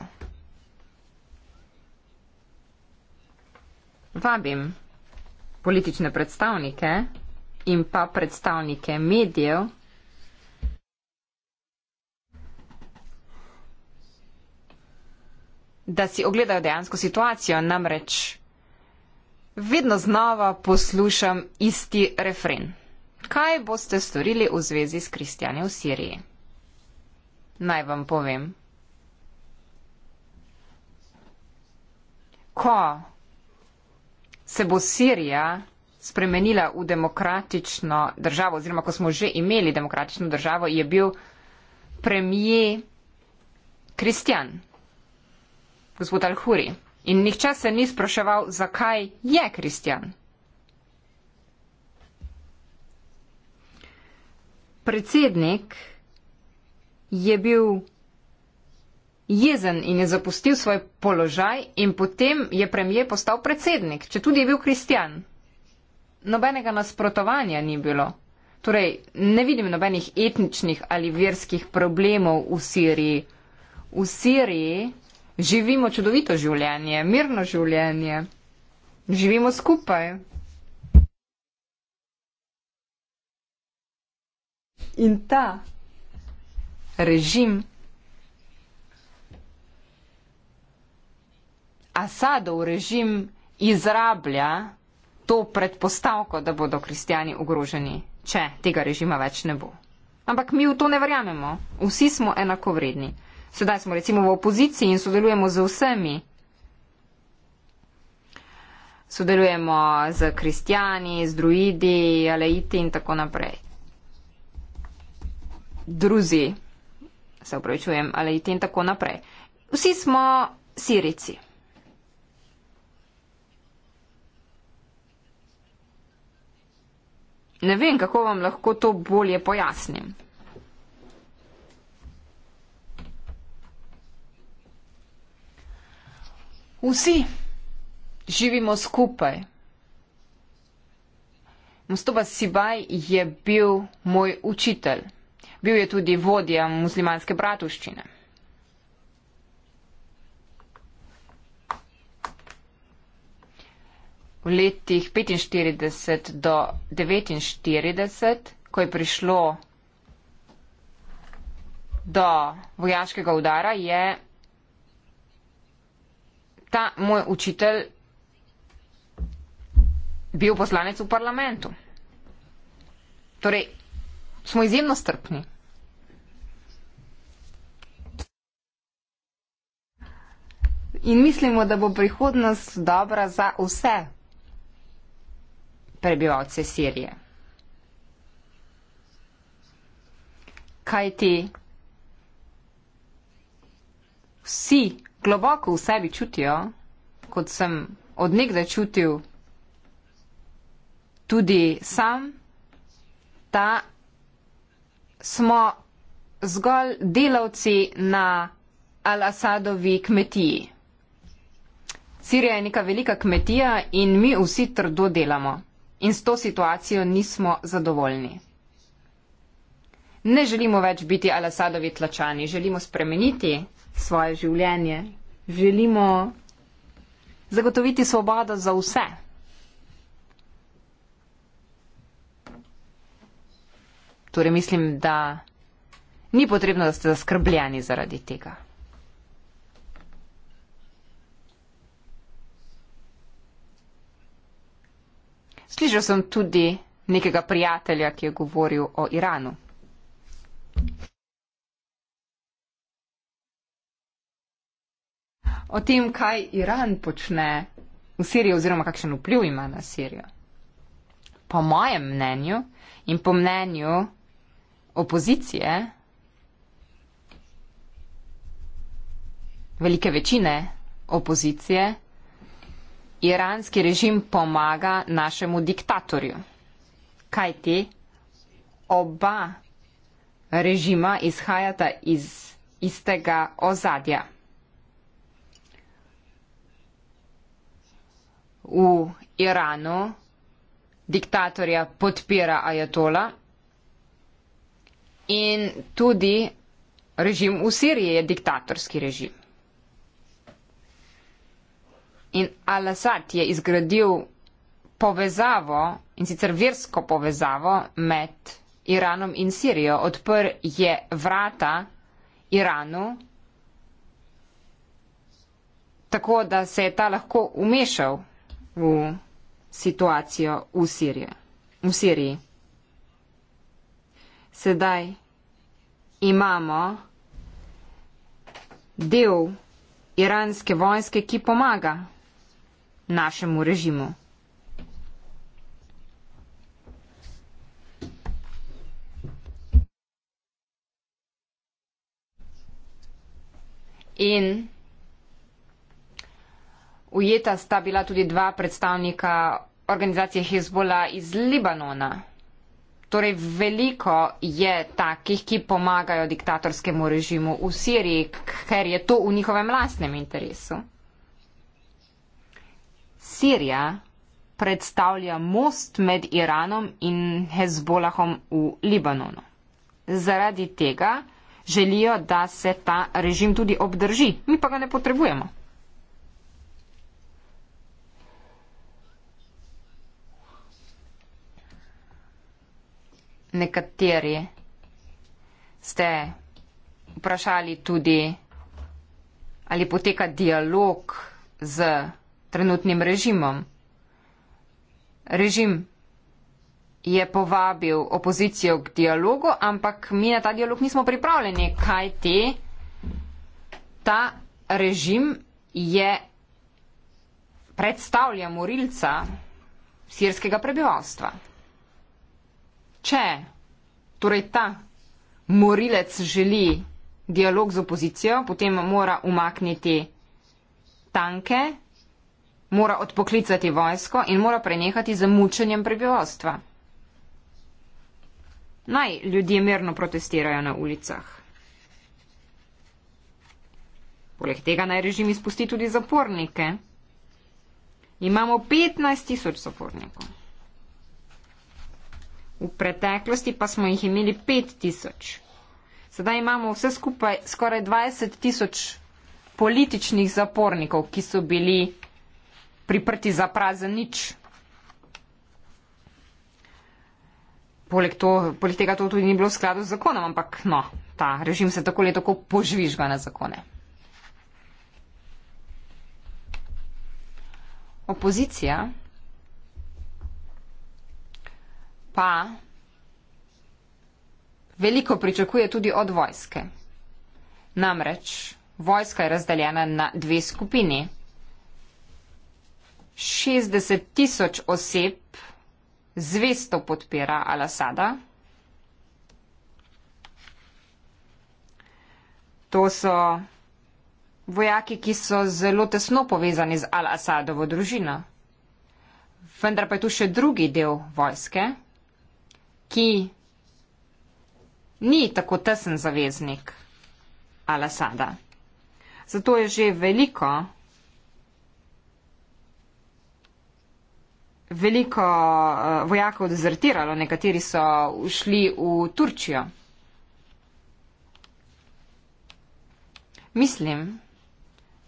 Vabim politične predstavnike in pa predstavnike medijev, da si ogledajo dejansko situacijo, namreč vedno znova poslušam isti refren. Kaj boste storili v zvezi s kristjani v Siriji? Naj vam povem. Ko se bo Sirija spremenila v demokratično državo, oziroma ko smo že imeli demokratično državo, je bil premije kristjan gospod Alhuri. In nihče se ni spraševal, zakaj je kristjan. Predsednik je bil jezen in je zapustil svoj položaj in potem je premije postal predsednik, če tudi je bil kristjan. Nobenega nasprotovanja ni bilo. Torej, ne vidim nobenih etničnih ali verskih problemov v Siriji. V Siriji živimo čudovito življenje, mirno življenje, živimo skupaj. In ta režim, Asadov režim, izrablja to predpostavko, da bodo kristijani ogroženi, če tega režima več ne bo. Ampak mi v to ne verjamemo. Vsi smo enako vredni. Sedaj smo recimo v opoziciji in sodelujemo z vsemi. Sodelujemo z kristijani, z druidi, aleiti in tako naprej. Druzi, se upravičujem, aleiti in tako naprej. Vsi smo sirici. Ne vem, kako vam lahko to bolje pojasnim. Vsi živimo skupaj. Mustoba Sibaj je bil moj učitelj. Bil je tudi vodja muslimanske bratuščine. V letih 45 do 49, ko je prišlo do vojaškega udara, je ta moj učitelj bil poslanec v parlamentu. Torej, smo izjemno strpni. In mislimo, da bo prihodnost dobra za vse prebivalce Sirije. Kaj ti? Vsi globoko v sebi čutijo, kot sem odnegda čutil tudi sam, da smo zgolj delavci na Al-Asadovi kmetiji. Sirija je neka velika kmetija in mi vsi trdo delamo in s to situacijo nismo zadovoljni. Ne želimo več biti Al-Asadovi tlačani, želimo spremeniti svoje življenje. Želimo zagotoviti svobodo za vse. Torej mislim, da ni potrebno, da ste zaskrbljeni zaradi tega. Slišal sem tudi nekega prijatelja, ki je govoril o Iranu. o tem, kaj Iran počne v Siriji oziroma kakšen vpliv ima na Sirijo. Po mojem mnenju in po mnenju opozicije, velike večine opozicije, iranski režim pomaga našemu diktatorju. Kaj ti? Oba režima izhajata iz istega ozadja. v Iranu diktatorja podpira ajatola in tudi režim v Siriji je diktatorski režim. In Al-Assad je izgradil povezavo, in sicer versko povezavo med Iranom in Sirijo. Odprl je vrata Iranu, tako da se je ta lahko umešal v situacijo v, Sirijo, v Siriji. Sedaj imamo del iranske vojske, ki pomaga našemu režimu. In Ujeta sta bila tudi dva predstavnika organizacije Hezbollah iz Libanona. Torej, veliko je takih, ki pomagajo diktatorskemu režimu v Siriji, ker je to v njihovem lastnem interesu. Sirija predstavlja most med Iranom in Hezbollahom v Libanonu. Zaradi tega želijo, da se ta režim tudi obdrži. Mi pa ga ne potrebujemo. nekateri ste vprašali tudi, ali poteka dialog z trenutnim režimom. Režim je povabil opozicijo k dialogu, ampak mi na ta dialog nismo pripravljeni, kaj te. Ta režim je predstavlja morilca sirskega prebivalstva če torej ta morilec želi dialog z opozicijo, potem mora umakniti tanke, mora odpoklicati vojsko in mora prenehati z mučenjem prebivalstva. Naj ljudje mirno protestirajo na ulicah. Poleg tega naj režim izpusti tudi zapornike. Imamo 15 tisoč zapornikov. V preteklosti pa smo jih imeli 5000. Sedaj imamo vse skupaj skoraj 20 tisoč političnih zapornikov, ki so bili priprti za prazen nič. Poleg, to, poleg tega to tudi ni bilo v skladu z zakonom, ampak no, ta režim se tako ali tako požvižga na zakone. Opozicija pa veliko pričakuje tudi od vojske. Namreč vojska je razdeljena na dve skupini. 60 tisoč oseb zvesto podpira Al-Asada. To so vojaki, ki so zelo tesno povezani z Al-Asadovo družino. Vendar pa je tu še drugi del vojske ki ni tako tesen zaveznik Al-Asada. Zato je že veliko, veliko eh, vojakov dezertiralo, nekateri so šli v Turčijo. Mislim,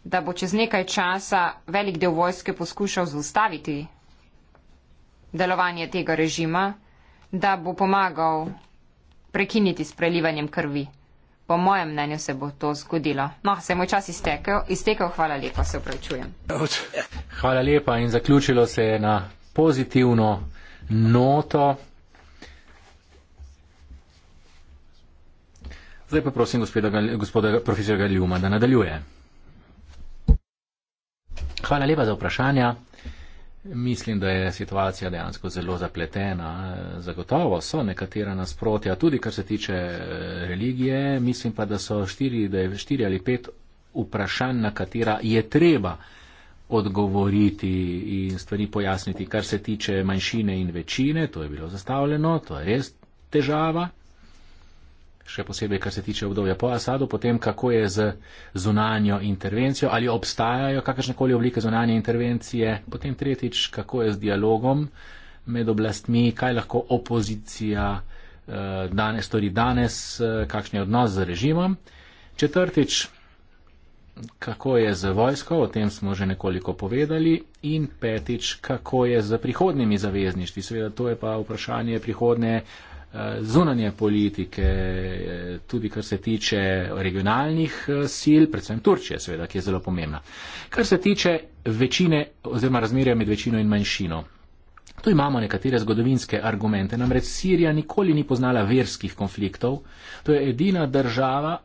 da bo čez nekaj časa velik del vojske poskušal zaustaviti delovanje tega režima da bo pomagal prekiniti s prelivanjem krvi. Po mojem mnenju se bo to zgodilo. No, se mu čas iztekel, iztekel, hvala lepa, se upravičujem. Hvala lepa in zaključilo se je na pozitivno noto. Zdaj pa prosim gospoda, gospoda profesora Galjuma, da nadaljuje. Hvala lepa za vprašanja. Mislim, da je situacija dejansko zelo zapletena. Zagotovo so nekatera nasprotja, tudi kar se tiče eh, religije. Mislim pa, da so štiri, da štiri ali pet vprašanj, na katera je treba odgovoriti in stvari pojasniti, kar se tiče manjšine in večine. To je bilo zastavljeno, to je res težava še posebej, kar se tiče obdobja po Asadu, potem kako je z zunanjo intervencijo, ali obstajajo kakršnekoli oblike zunanje intervencije, potem tretjič, kako je z dialogom med oblastmi, kaj lahko opozicija eh, danes stori danes, eh, kakšen je odnos z režimom. Četrtič, kako je z vojsko, o tem smo že nekoliko povedali. In petič, kako je z prihodnimi zavezništvi. Seveda, to je pa vprašanje prihodne zunanje politike, tudi kar se tiče regionalnih eh, sil, predvsem Turčije, seveda, ki je zelo pomembna. Kar se tiče večine oziroma razmerja med večino in manjšino. Tu imamo nekatere zgodovinske argumente. Namreč Sirija nikoli ni poznala verskih konfliktov. To je edina država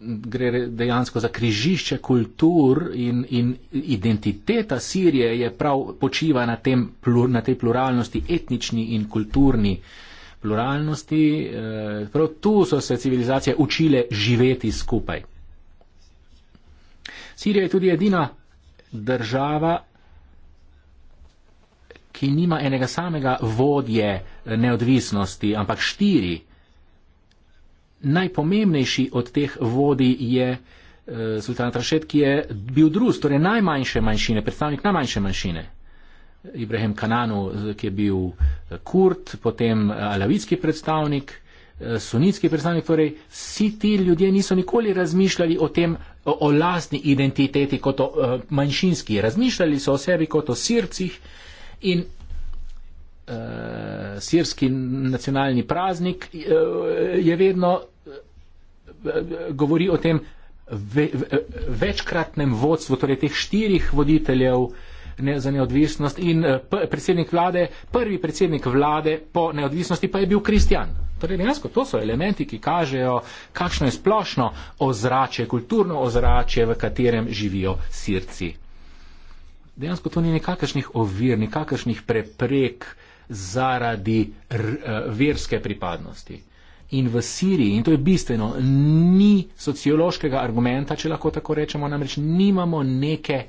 gre dejansko za križišče kultur in, in identiteta Sirije je prav počiva na, tem, na tej pluralnosti, etnični in kulturni pluralnosti. Eh, prav tu so se civilizacije učile živeti skupaj. Sirija je tudi edina država, ki nima enega samega vodje neodvisnosti, ampak štiri najpomembnejši od teh vodi je uh, eh, Sultan Trašet, ki je bil drus, torej najmanjše manjšine, predstavnik najmanjše manjšine. Ibrahim Kananu, ki je bil eh, kurd, potem eh, alavitski predstavnik, sunitski predstavnik, torej vsi ti ljudje niso nikoli razmišljali o tem, o, o lastni identiteti kot o, o manjšinski. Razmišljali so o sebi kot o sircih in uh, sirski nacionalni praznik uh, je vedno govori o tem ve, ve, večkratnem vodstvu, torej teh štirih voditeljev ne, za neodvisnost in eh, p, predsednik vlade, prvi predsednik vlade po neodvisnosti pa je bil kristjan. Torej, dejansko to so elementi, ki kažejo, kakšno je splošno ozračje, kulturno ozračje, v katerem živijo sirci. Dejansko to ni nekakšnih ovir, nekakšnih preprek zaradi r, eh, verske pripadnosti in v Siriji, in to je bistveno, ni sociološkega argumenta, če lahko tako rečemo, namreč nimamo neke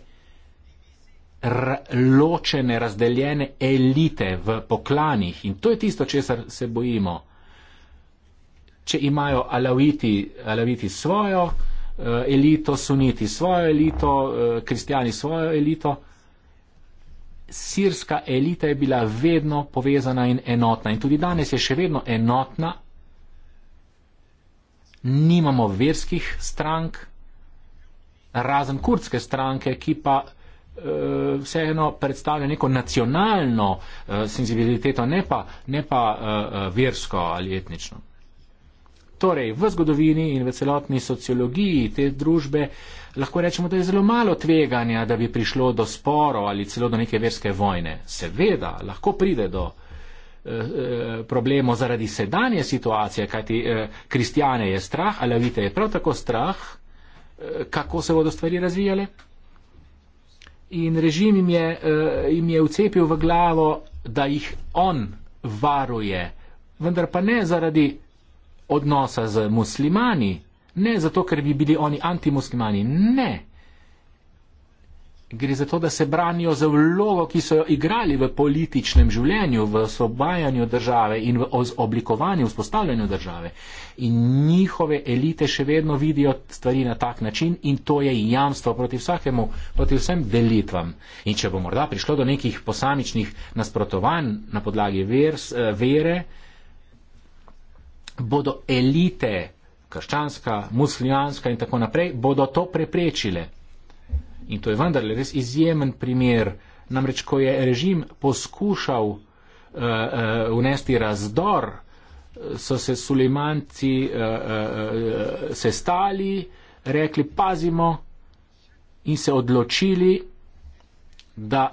ločene, razdeljene elite v poklanih in to je tisto, česar se bojimo. Če imajo alaviti, alaviti svojo uh, elito, suniti svojo elito, uh, kristijani svojo elito, sirska elita je bila vedno povezana in enotna in tudi danes je še vedno enotna nimamo verskih strank, razen kurdske stranke, ki pa uh, vseeno predstavlja neko nacionalno uh, senzibiliteto, ne pa, ne pa uh, uh, versko ali etnično. Torej, v zgodovini in v celotni sociologiji te družbe lahko rečemo, da je zelo malo tveganja, da bi prišlo do sporo ali celo do neke verske vojne. Seveda, lahko pride do problemov zaradi sedanje situacije, kajti eh, kristijane je strah, a levite je prav tako strah, eh, kako se bodo stvari razvijale. In režim jim je, eh, jim je vcepil v glavo, da jih on varuje, vendar pa ne zaradi odnosa z muslimani, ne zato, ker bi bili oni antimuslimani, ne, Gre za to, da se branijo za vlogo, ki so jo igrali v političnem življenju, v osvobajanju države in v oblikovanju, vzpostavljanju države. In njihove elite še vedno vidijo stvari na tak način in to je jamstvo proti vsakemu, proti vsem delitvam. In če bo morda prišlo do nekih posamičnih nasprotovanj na podlagi vers, eh, vere, bodo elite, krščanska, muslimanska in tako naprej, bodo to preprečile. In to je vendarle res izjemen primer. Namreč, ko je režim poskušal eh, eh, vnesti uh, uh, razdor, eh, so se sulimanci uh, uh, uh, sestali, rekli pazimo in se odločili, da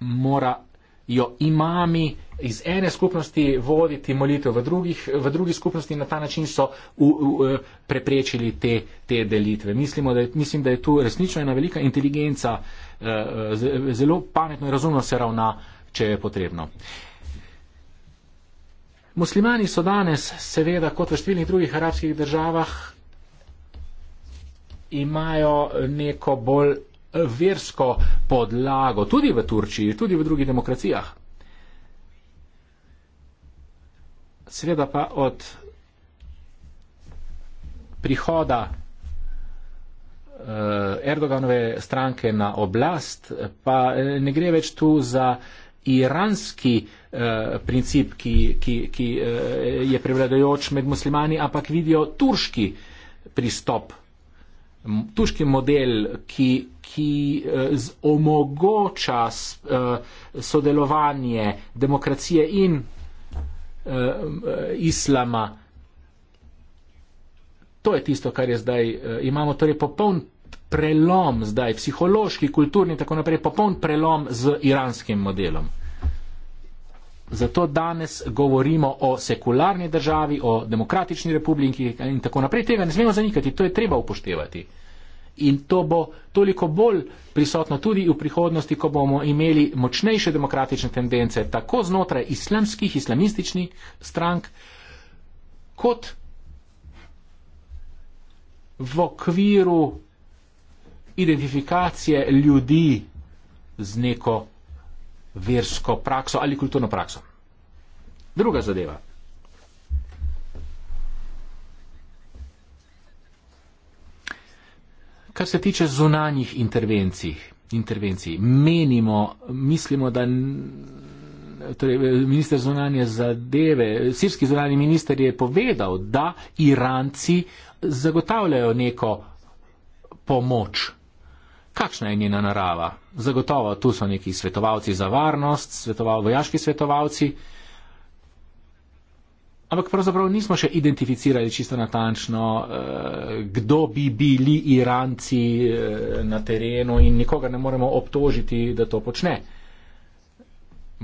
morajo imami iz ene skupnosti voditi molitev v, drugih, v drugi skupnosti in na ta način so u, u, u, e, preprečili te, te delitve. Mislimo, da je, mislim, da je tu resnično ena velika inteligenca, e, e, zelo pametno in razumno se ravna, če je potrebno. Muslimani so danes, seveda, kot v številnih drugih arabskih državah, imajo neko bolj versko podlago, tudi v Turčiji, tudi v drugih demokracijah. seveda pa od prihoda eh, Erdoganove stranke na oblast, pa eh, ne gre več tu za iranski eh, princip, ki, ki, ki je prevladojoč med muslimani, ampak vidijo turški pristop, turški model, ki, ki omogoča sodelovanje demokracije in Eh, islama. To je tisto, kar je zdaj. Eh, imamo torej popoln prelom zdaj, psihološki, kulturni in tako naprej, popoln prelom z iranskim modelom. Zato danes govorimo o sekularni državi, o demokratični republiki in tako naprej. Tega ne smemo zanikati, to je treba upoštevati in to bo toliko bolj prisotno tudi v prihodnosti, ko bomo imeli močnejše demokratične tendence tako znotraj islamskih, islamističnih strank, kot v okviru identifikacije ljudi z neko versko prakso ali kulturno prakso. Druga zadeva. kar se tiče zunanjih intervencij, intervencij menimo, mislimo, da. Torej, minister zunanje zadeve, sirski zunani minister je povedal, da Iranci zagotavljajo neko pomoč. Kakšna je njena narava? Zagotovo tu so neki svetovalci za varnost, svetoval, vojaški svetovalci. Uh, Ampak pravzaprav nismo še identificirali čisto natančno, eh, kdo bi bili Iranci eh, na terenu in nikoga ne moremo obtožiti, da to počne.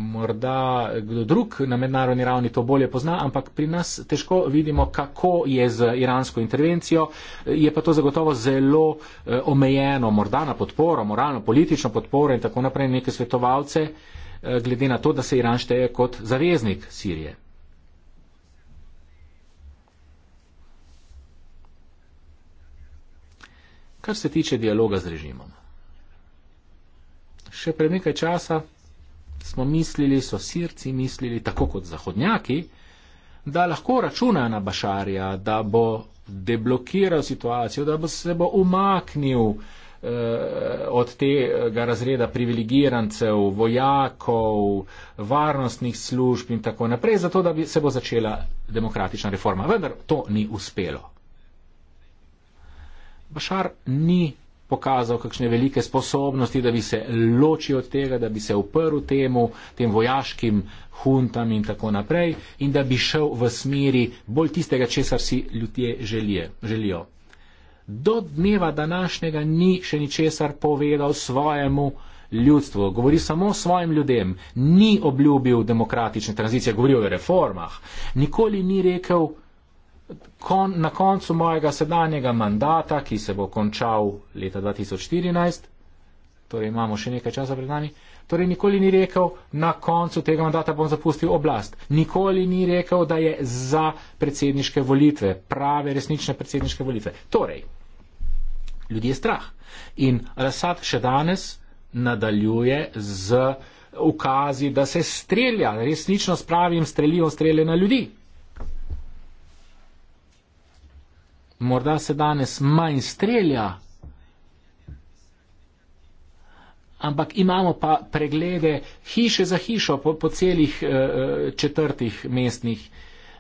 Morda kdo drug na mednarodni ravni to bolje pozna, ampak pri nas težko vidimo, kako je z iransko intervencijo. Je pa to zagotovo zelo eh, omejeno, morda na podporo, moralno, politično podporo in tako naprej neke svetovalce, glede na to, da se Iran šteje kot zaveznik Sirije. kar se tiče dialoga z režimom. Še pred nekaj časa smo mislili, so sirci mislili, tako kot zahodnjaki, da lahko računajo na Bašarja, da bo deblokiral situacijo, da bo se bo umaknil eh, od tega razreda privilegirancev, vojakov, varnostnih služb in tako naprej, zato da bi se bo začela demokratična reforma. Vendar to ni uspelo. Bašar ni pokazal kakšne velike sposobnosti, da bi se ločil od tega, da bi se uprl temu, tem vojaškim huntam in tako naprej in da bi šel v smeri bolj tistega, česar si ljudje želije, želijo. Do dneva današnjega ni še ničesar povedal svojemu ljudstvu, govori samo svojim ljudem, ni obljubil demokratične tranzicije, govori o reformah, nikoli ni rekel, kon, na koncu mojega sedanjega mandata, ki se bo končal leta 2014, torej imamo še nekaj časa pred nami, torej nikoli ni rekel, na koncu tega mandata bom zapustil oblast. Nikoli ni rekel, da je za predsedniške volitve, prave, resnične predsedniške volitve. Torej, ljudje je strah. In Rasad še danes nadaljuje z ukazi, da se strelja, resnično s pravim strelivom strelja na ljudi. morda se danes manj strelja, ampak imamo pa preglede hiše za hišo po, po celih eh, eh četrtih mestnih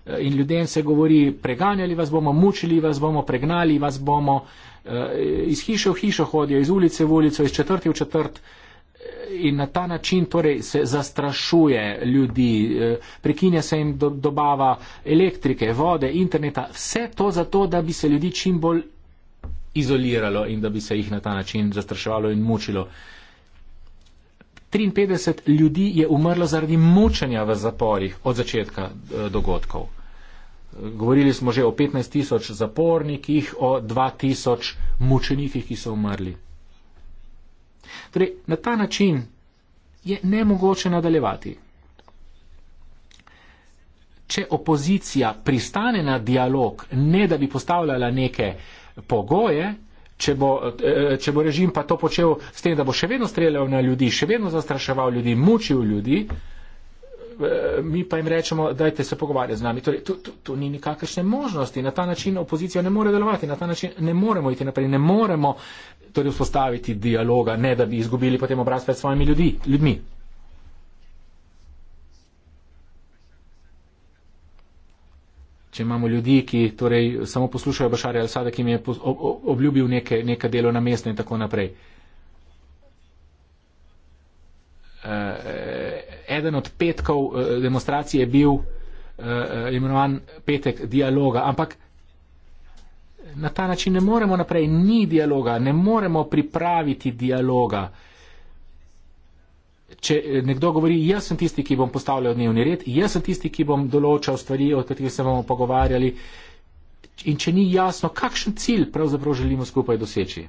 eh, in ljudem se govori, preganjali vas bomo, mučili vas bomo, pregnali vas bomo, eh, iz hiše v hišo hodijo, iz ulice v ulico, iz četrti v četrti in na ta način torej se zastrašuje ljudi, e, prekinja se jim dobava elektrike, vode, interneta, vse to zato, da bi se ljudi čim bolj izoliralo in da bi se jih na ta način zastraševalo in mučilo. 53 ljudi je umrlo zaradi mučenja v zaporih od začetka e, dogodkov. Govorili smo že o 15 tisoč zapornikih, o 2 tisoč mučenikih, ki so umrli. Torej, na ta način je nemogoče nadaljevati. Če opozicija pristane na dialog, ne da bi postavljala neke pogoje, če bo, eh, če bo režim pa to počel s tem, da bo še vedno streljal na ljudi, še vedno zastraševal ljudi, mučil ljudi, Eh, mi pa jim rečemo, dajte se pogovarjati z nami. Torej, tu, tu, tu ni nikakršne možnosti. Na ta način opozicija ne more delovati, na ta način ne moremo iti naprej, ne moremo torej, vzpostaviti dialoga, ne da bi izgubili potem obraz pred svojimi ljudi, ljudmi. Če imamo ljudi, ki torej, samo poslušajo Bašarja Al-Sada, ki jim je obljubil neke, neka delo na mestu in tako naprej. Eh, eh, eden od petkov eh, demonstracije bil eh, eh, imenovan petek dialoga, ampak na ta način ne moremo naprej, ni dialoga, ne moremo pripraviti dialoga. Če nekdo govori, jaz sem tisti, ki bom postavljal dnevni red, jaz sem tisti, ki bom določal stvari, o katerih se bomo pogovarjali, in če ni jasno, kakšen cilj pravzaprav želimo skupaj doseči.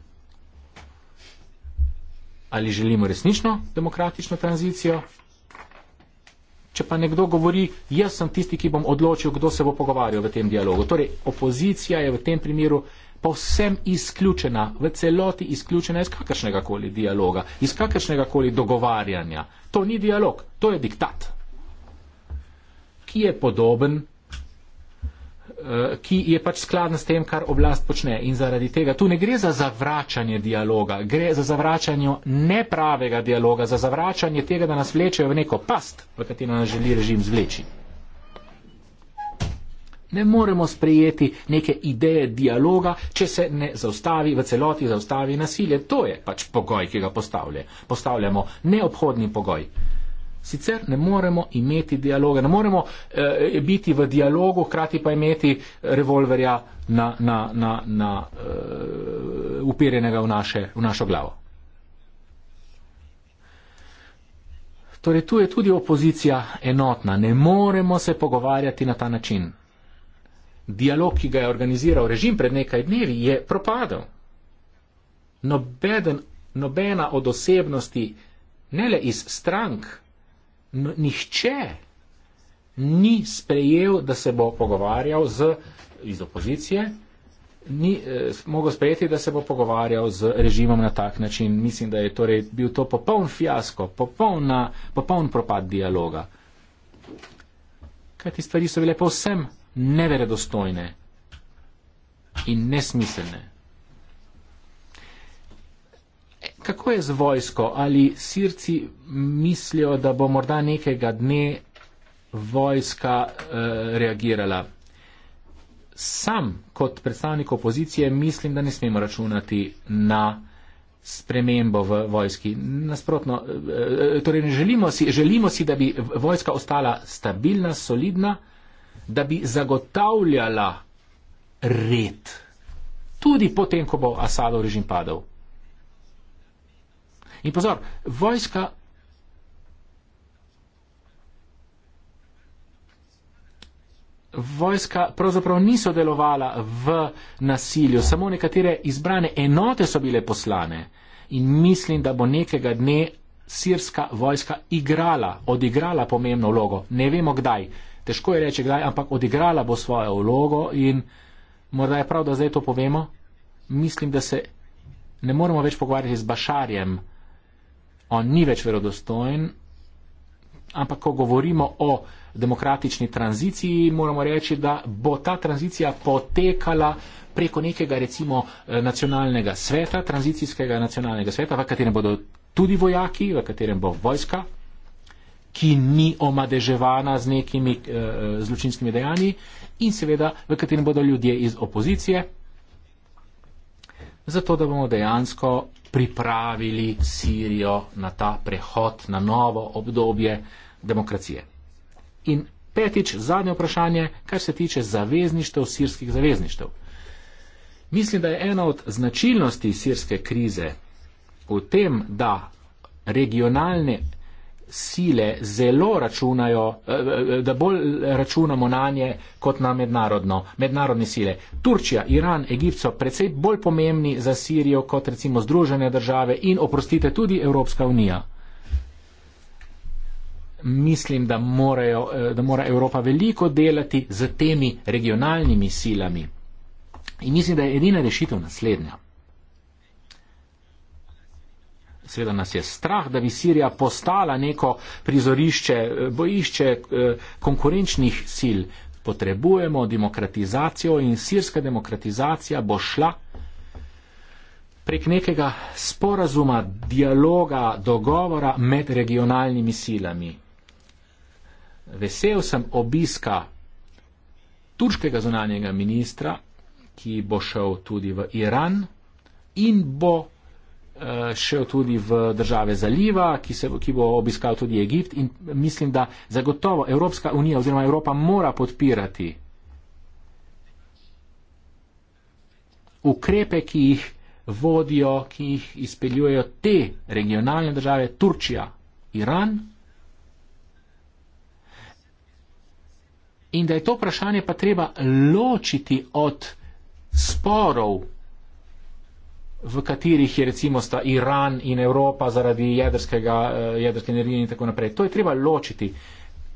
Ali želimo resnično demokratično tranzicijo? Če pa nekdo govori, jaz sem tisti, ki bom odločil, kdo se bo pogovarjal v tem dialogu. Torej, opozicija je v tem primeru povsem izključena, v celoti izključena iz kakršnega koli dialoga, iz kakršnega koli dogovarjanja. To ni dialog, to je diktat, ki je podoben Eh, ki je pač skladen s tem, kar oblast počne. In zaradi tega tu ne gre za zavračanje dialoga, gre za zavračanje nepravega dialoga, za zavračanje tega, da nas vlečejo v neko past, v katero nas želi režim zvleči. Ne moremo sprejeti neke ideje dialoga, če se ne zaustavi v celoti, zaustavi nasilje. To je pač pogoj, ki ga postavlja. Postavljamo neobhodni pogoj. Sicer ne moremo imeti dialoga, ne moremo eh, biti v dialogu, hkrati pa imeti revolverja na, na, na, na, eh, upirjenega v, naše, v našo glavo. Torej, tu je tudi opozicija enotna. Ne moremo se pogovarjati na ta način. Dialog, ki ga je organiziral režim pred nekaj dnevi, je propadel. Nobeden, nobena od osebnosti, ne le iz strank, nihče ni sprejel, da se bo pogovarjal z, iz opozicije, ni eh, mogel sprejeti, da se bo pogovarjal z režimom na tak način. Mislim, da je torej bil to popoln fiasko, popolna, popoln propad dialoga. Kaj ti stvari so bile povsem neveredostojne in nesmiselne. Kako je z vojsko? Ali sirci mislijo, da bo morda nekega dne vojska eh, reagirala? Sam kot predstavnik opozicije mislim, da ne smemo računati na spremembo v vojski. Nasprotno, eh, eh torej želimo, si, želimo si, da bi vojska ostala stabilna, solidna, da bi zagotavljala red. Tudi potem, ko bo Asadov režim padal. In pozor, vojska vojska pravzaprav niso delovala v nasilju, samo nekatere izbrane enote so bile poslane in mislim, da bo nekega dne sirska vojska igrala, odigrala pomembno vlogo. Ne vemo kdaj, težko je reči kdaj, ampak odigrala bo svojo vlogo in morda je prav, da zdaj to povemo. Mislim, da se ne moremo več pogovarjati z Bašarjem, on ni več verodostojen, ampak ko govorimo o demokratični tranziciji, moramo reči, da bo ta tranzicija potekala preko nekega recimo eh, nacionalnega sveta, tranzicijskega nacionalnega sveta, v katerem bodo tudi vojaki, v katerem bo vojska, ki ni omadeževana z nekimi eh, eh zločinskimi dejanji in seveda v katerem bodo ljudje iz opozicije, zato da bomo dejansko pripravili Sirijo na ta prehod, na novo obdobje demokracije. In petič, zadnje vprašanje, kar se tiče zavezništev, sirskih zavezništev. Mislim, da je ena od značilnosti sirske krize v tem, da regionalne sile zelo računajo, eh, eh, da bolj računamo na nje kot na mednarodne sile. Turčija, Iran, Egipt so precej bolj pomembni za Sirijo kot recimo Združene države in oprostite tudi Evropska unija. Mislim, da, morajo, eh, da mora Evropa veliko delati z temi regionalnimi silami. In mislim, da je edina rešitev naslednja. Seveda nas je strah, da bi Sirija postala neko prizorišče, eh, bojišče eh, konkurenčnih sil. Potrebujemo demokratizacijo in sirska demokratizacija bo šla prek nekega sporazuma, dialoga, dogovora med regionalnimi silami. Vesel sem obiska turškega zunanjega ministra, ki bo šel tudi v Iran in bo Eh, šel tudi v države zaliva, ki, se, ki bo obiskal tudi Egipt in mislim, da zagotovo Evropska unija oziroma Evropa mora podpirati ukrepe, ki jih vodijo, ki jih izpeljujejo te regionalne države, Turčija, Iran. In da je to vprašanje pa treba ločiti od sporov v katerih je recimo sta Iran in Evropa zaradi jedrskega, eh, jedrske energije in tako naprej. To je treba ločiti.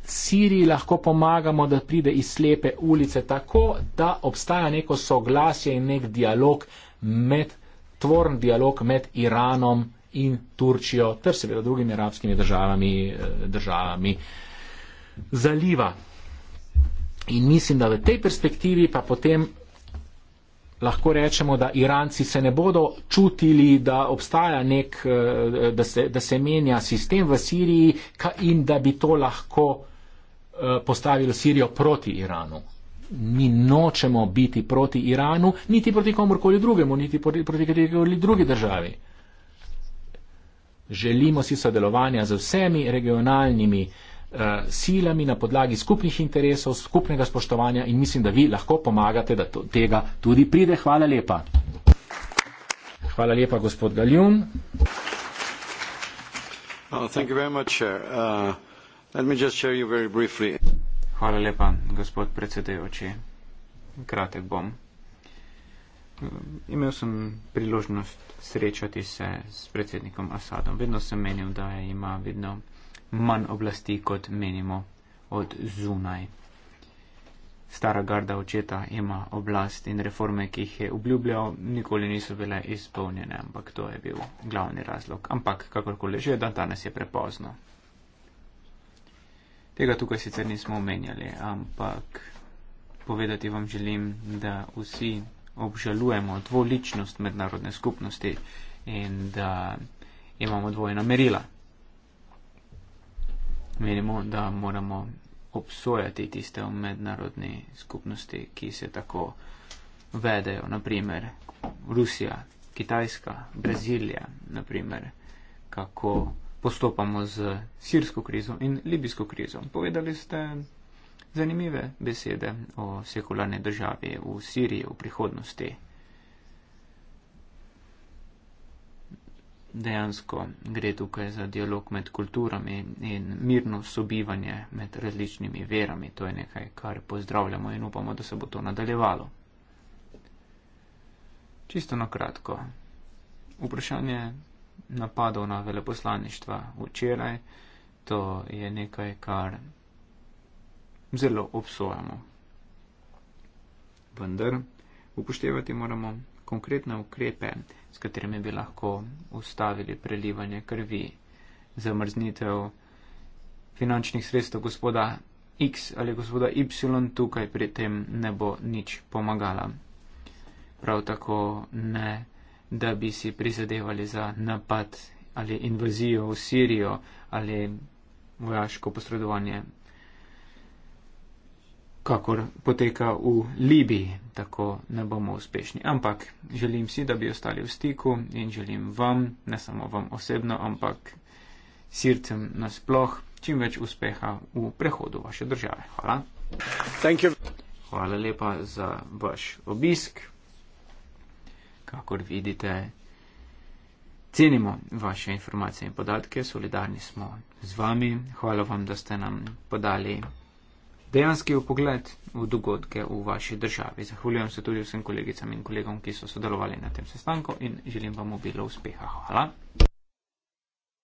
Siriji lahko pomagamo, da pride iz slepe ulice tako, da obstaja neko soglasje in nek dialog med, tvorn dialog med Iranom in Turčijo ter seveda drugimi arabskimi državami, eh, državami zaliva. In mislim, da v tej perspektivi pa potem lahko rečemo, da Iranci se ne bodo čutili, da obstaja nek, eh, da se, da se menja sistem v Siriji in da bi to lahko eh, postavilo Sirijo proti Iranu. Mi nočemo biti proti Iranu, niti proti komorkoli drugemu, niti proti katerikoli drugi državi. Želimo si sodelovanja z vsemi regionalnimi uh, Eh, silami na podlagi skupnih interesov, skupnega spoštovanja in mislim, da vi lahko pomagate, da to, tega tudi pride. Hvala lepa. Hvala lepa, gospod Galjun. Oh, uh, Hvala lepa, gospod predsedajoči. Kratek bom. Imel sem priložnost srečati se s predsednikom Asadom. Vedno sem menil, da ima vedno manj oblasti, kot menimo od zunaj. Stara garda očeta ima oblast in reforme, ki jih je obljubljal, nikoli niso bile izpolnjene, ampak to je bil glavni razlog. Ampak kakorkoli že, dan danes je prepozno. Tega tukaj sicer nismo omenjali, ampak povedati vam želim, da vsi obžalujemo dvoličnost mednarodne skupnosti in da imamo dvojna merila menimo, da moramo obsojati tiste v mednarodni skupnosti, ki se tako vedejo, naprimer Rusija, Kitajska, Brazilija, naprimer, kako postopamo z sirsko krizo in libijsko krizo. Povedali ste zanimive besede o sekularni državi v Siriji v prihodnosti. dejansko gre tukaj za dialog med kulturami in mirno sobivanje med različnimi verami. To je nekaj, kar pozdravljamo in upamo, da se bo to nadaljevalo. Čisto na kratko. Vprašanje napadov na veleposlaništva včeraj, to je nekaj, kar zelo obsojamo. Vendar upoštevati moramo konkretne ukrepe, s katerimi bi lahko ustavili prelivanje krvi, zamrznitev finančnih sredstev gospoda X ali gospoda Y tukaj pri tem ne bo nič pomagala. Prav tako ne, da bi si prizadevali za napad ali invazijo v Sirijo ali vojaško posredovanje kakor poteka v Libiji, tako ne bomo uspešni. Ampak želim si, da bi ostali v stiku in želim vam, ne samo vam osebno, ampak sircem nasploh, čim več uspeha v prehodu vaše države. Hvala. Hvala lepa za vaš obisk. Kakor vidite, cenimo vaše informacije in podatke, solidarni smo z vami. Hvala vam, da ste nam podali dejanski upogled v dogodke v vaši državi. Zahvaljujem se tudi vsem kolegicam in kolegom, ki so sodelovali na tem sestanku in želim vam obilo uspeha. Hvala.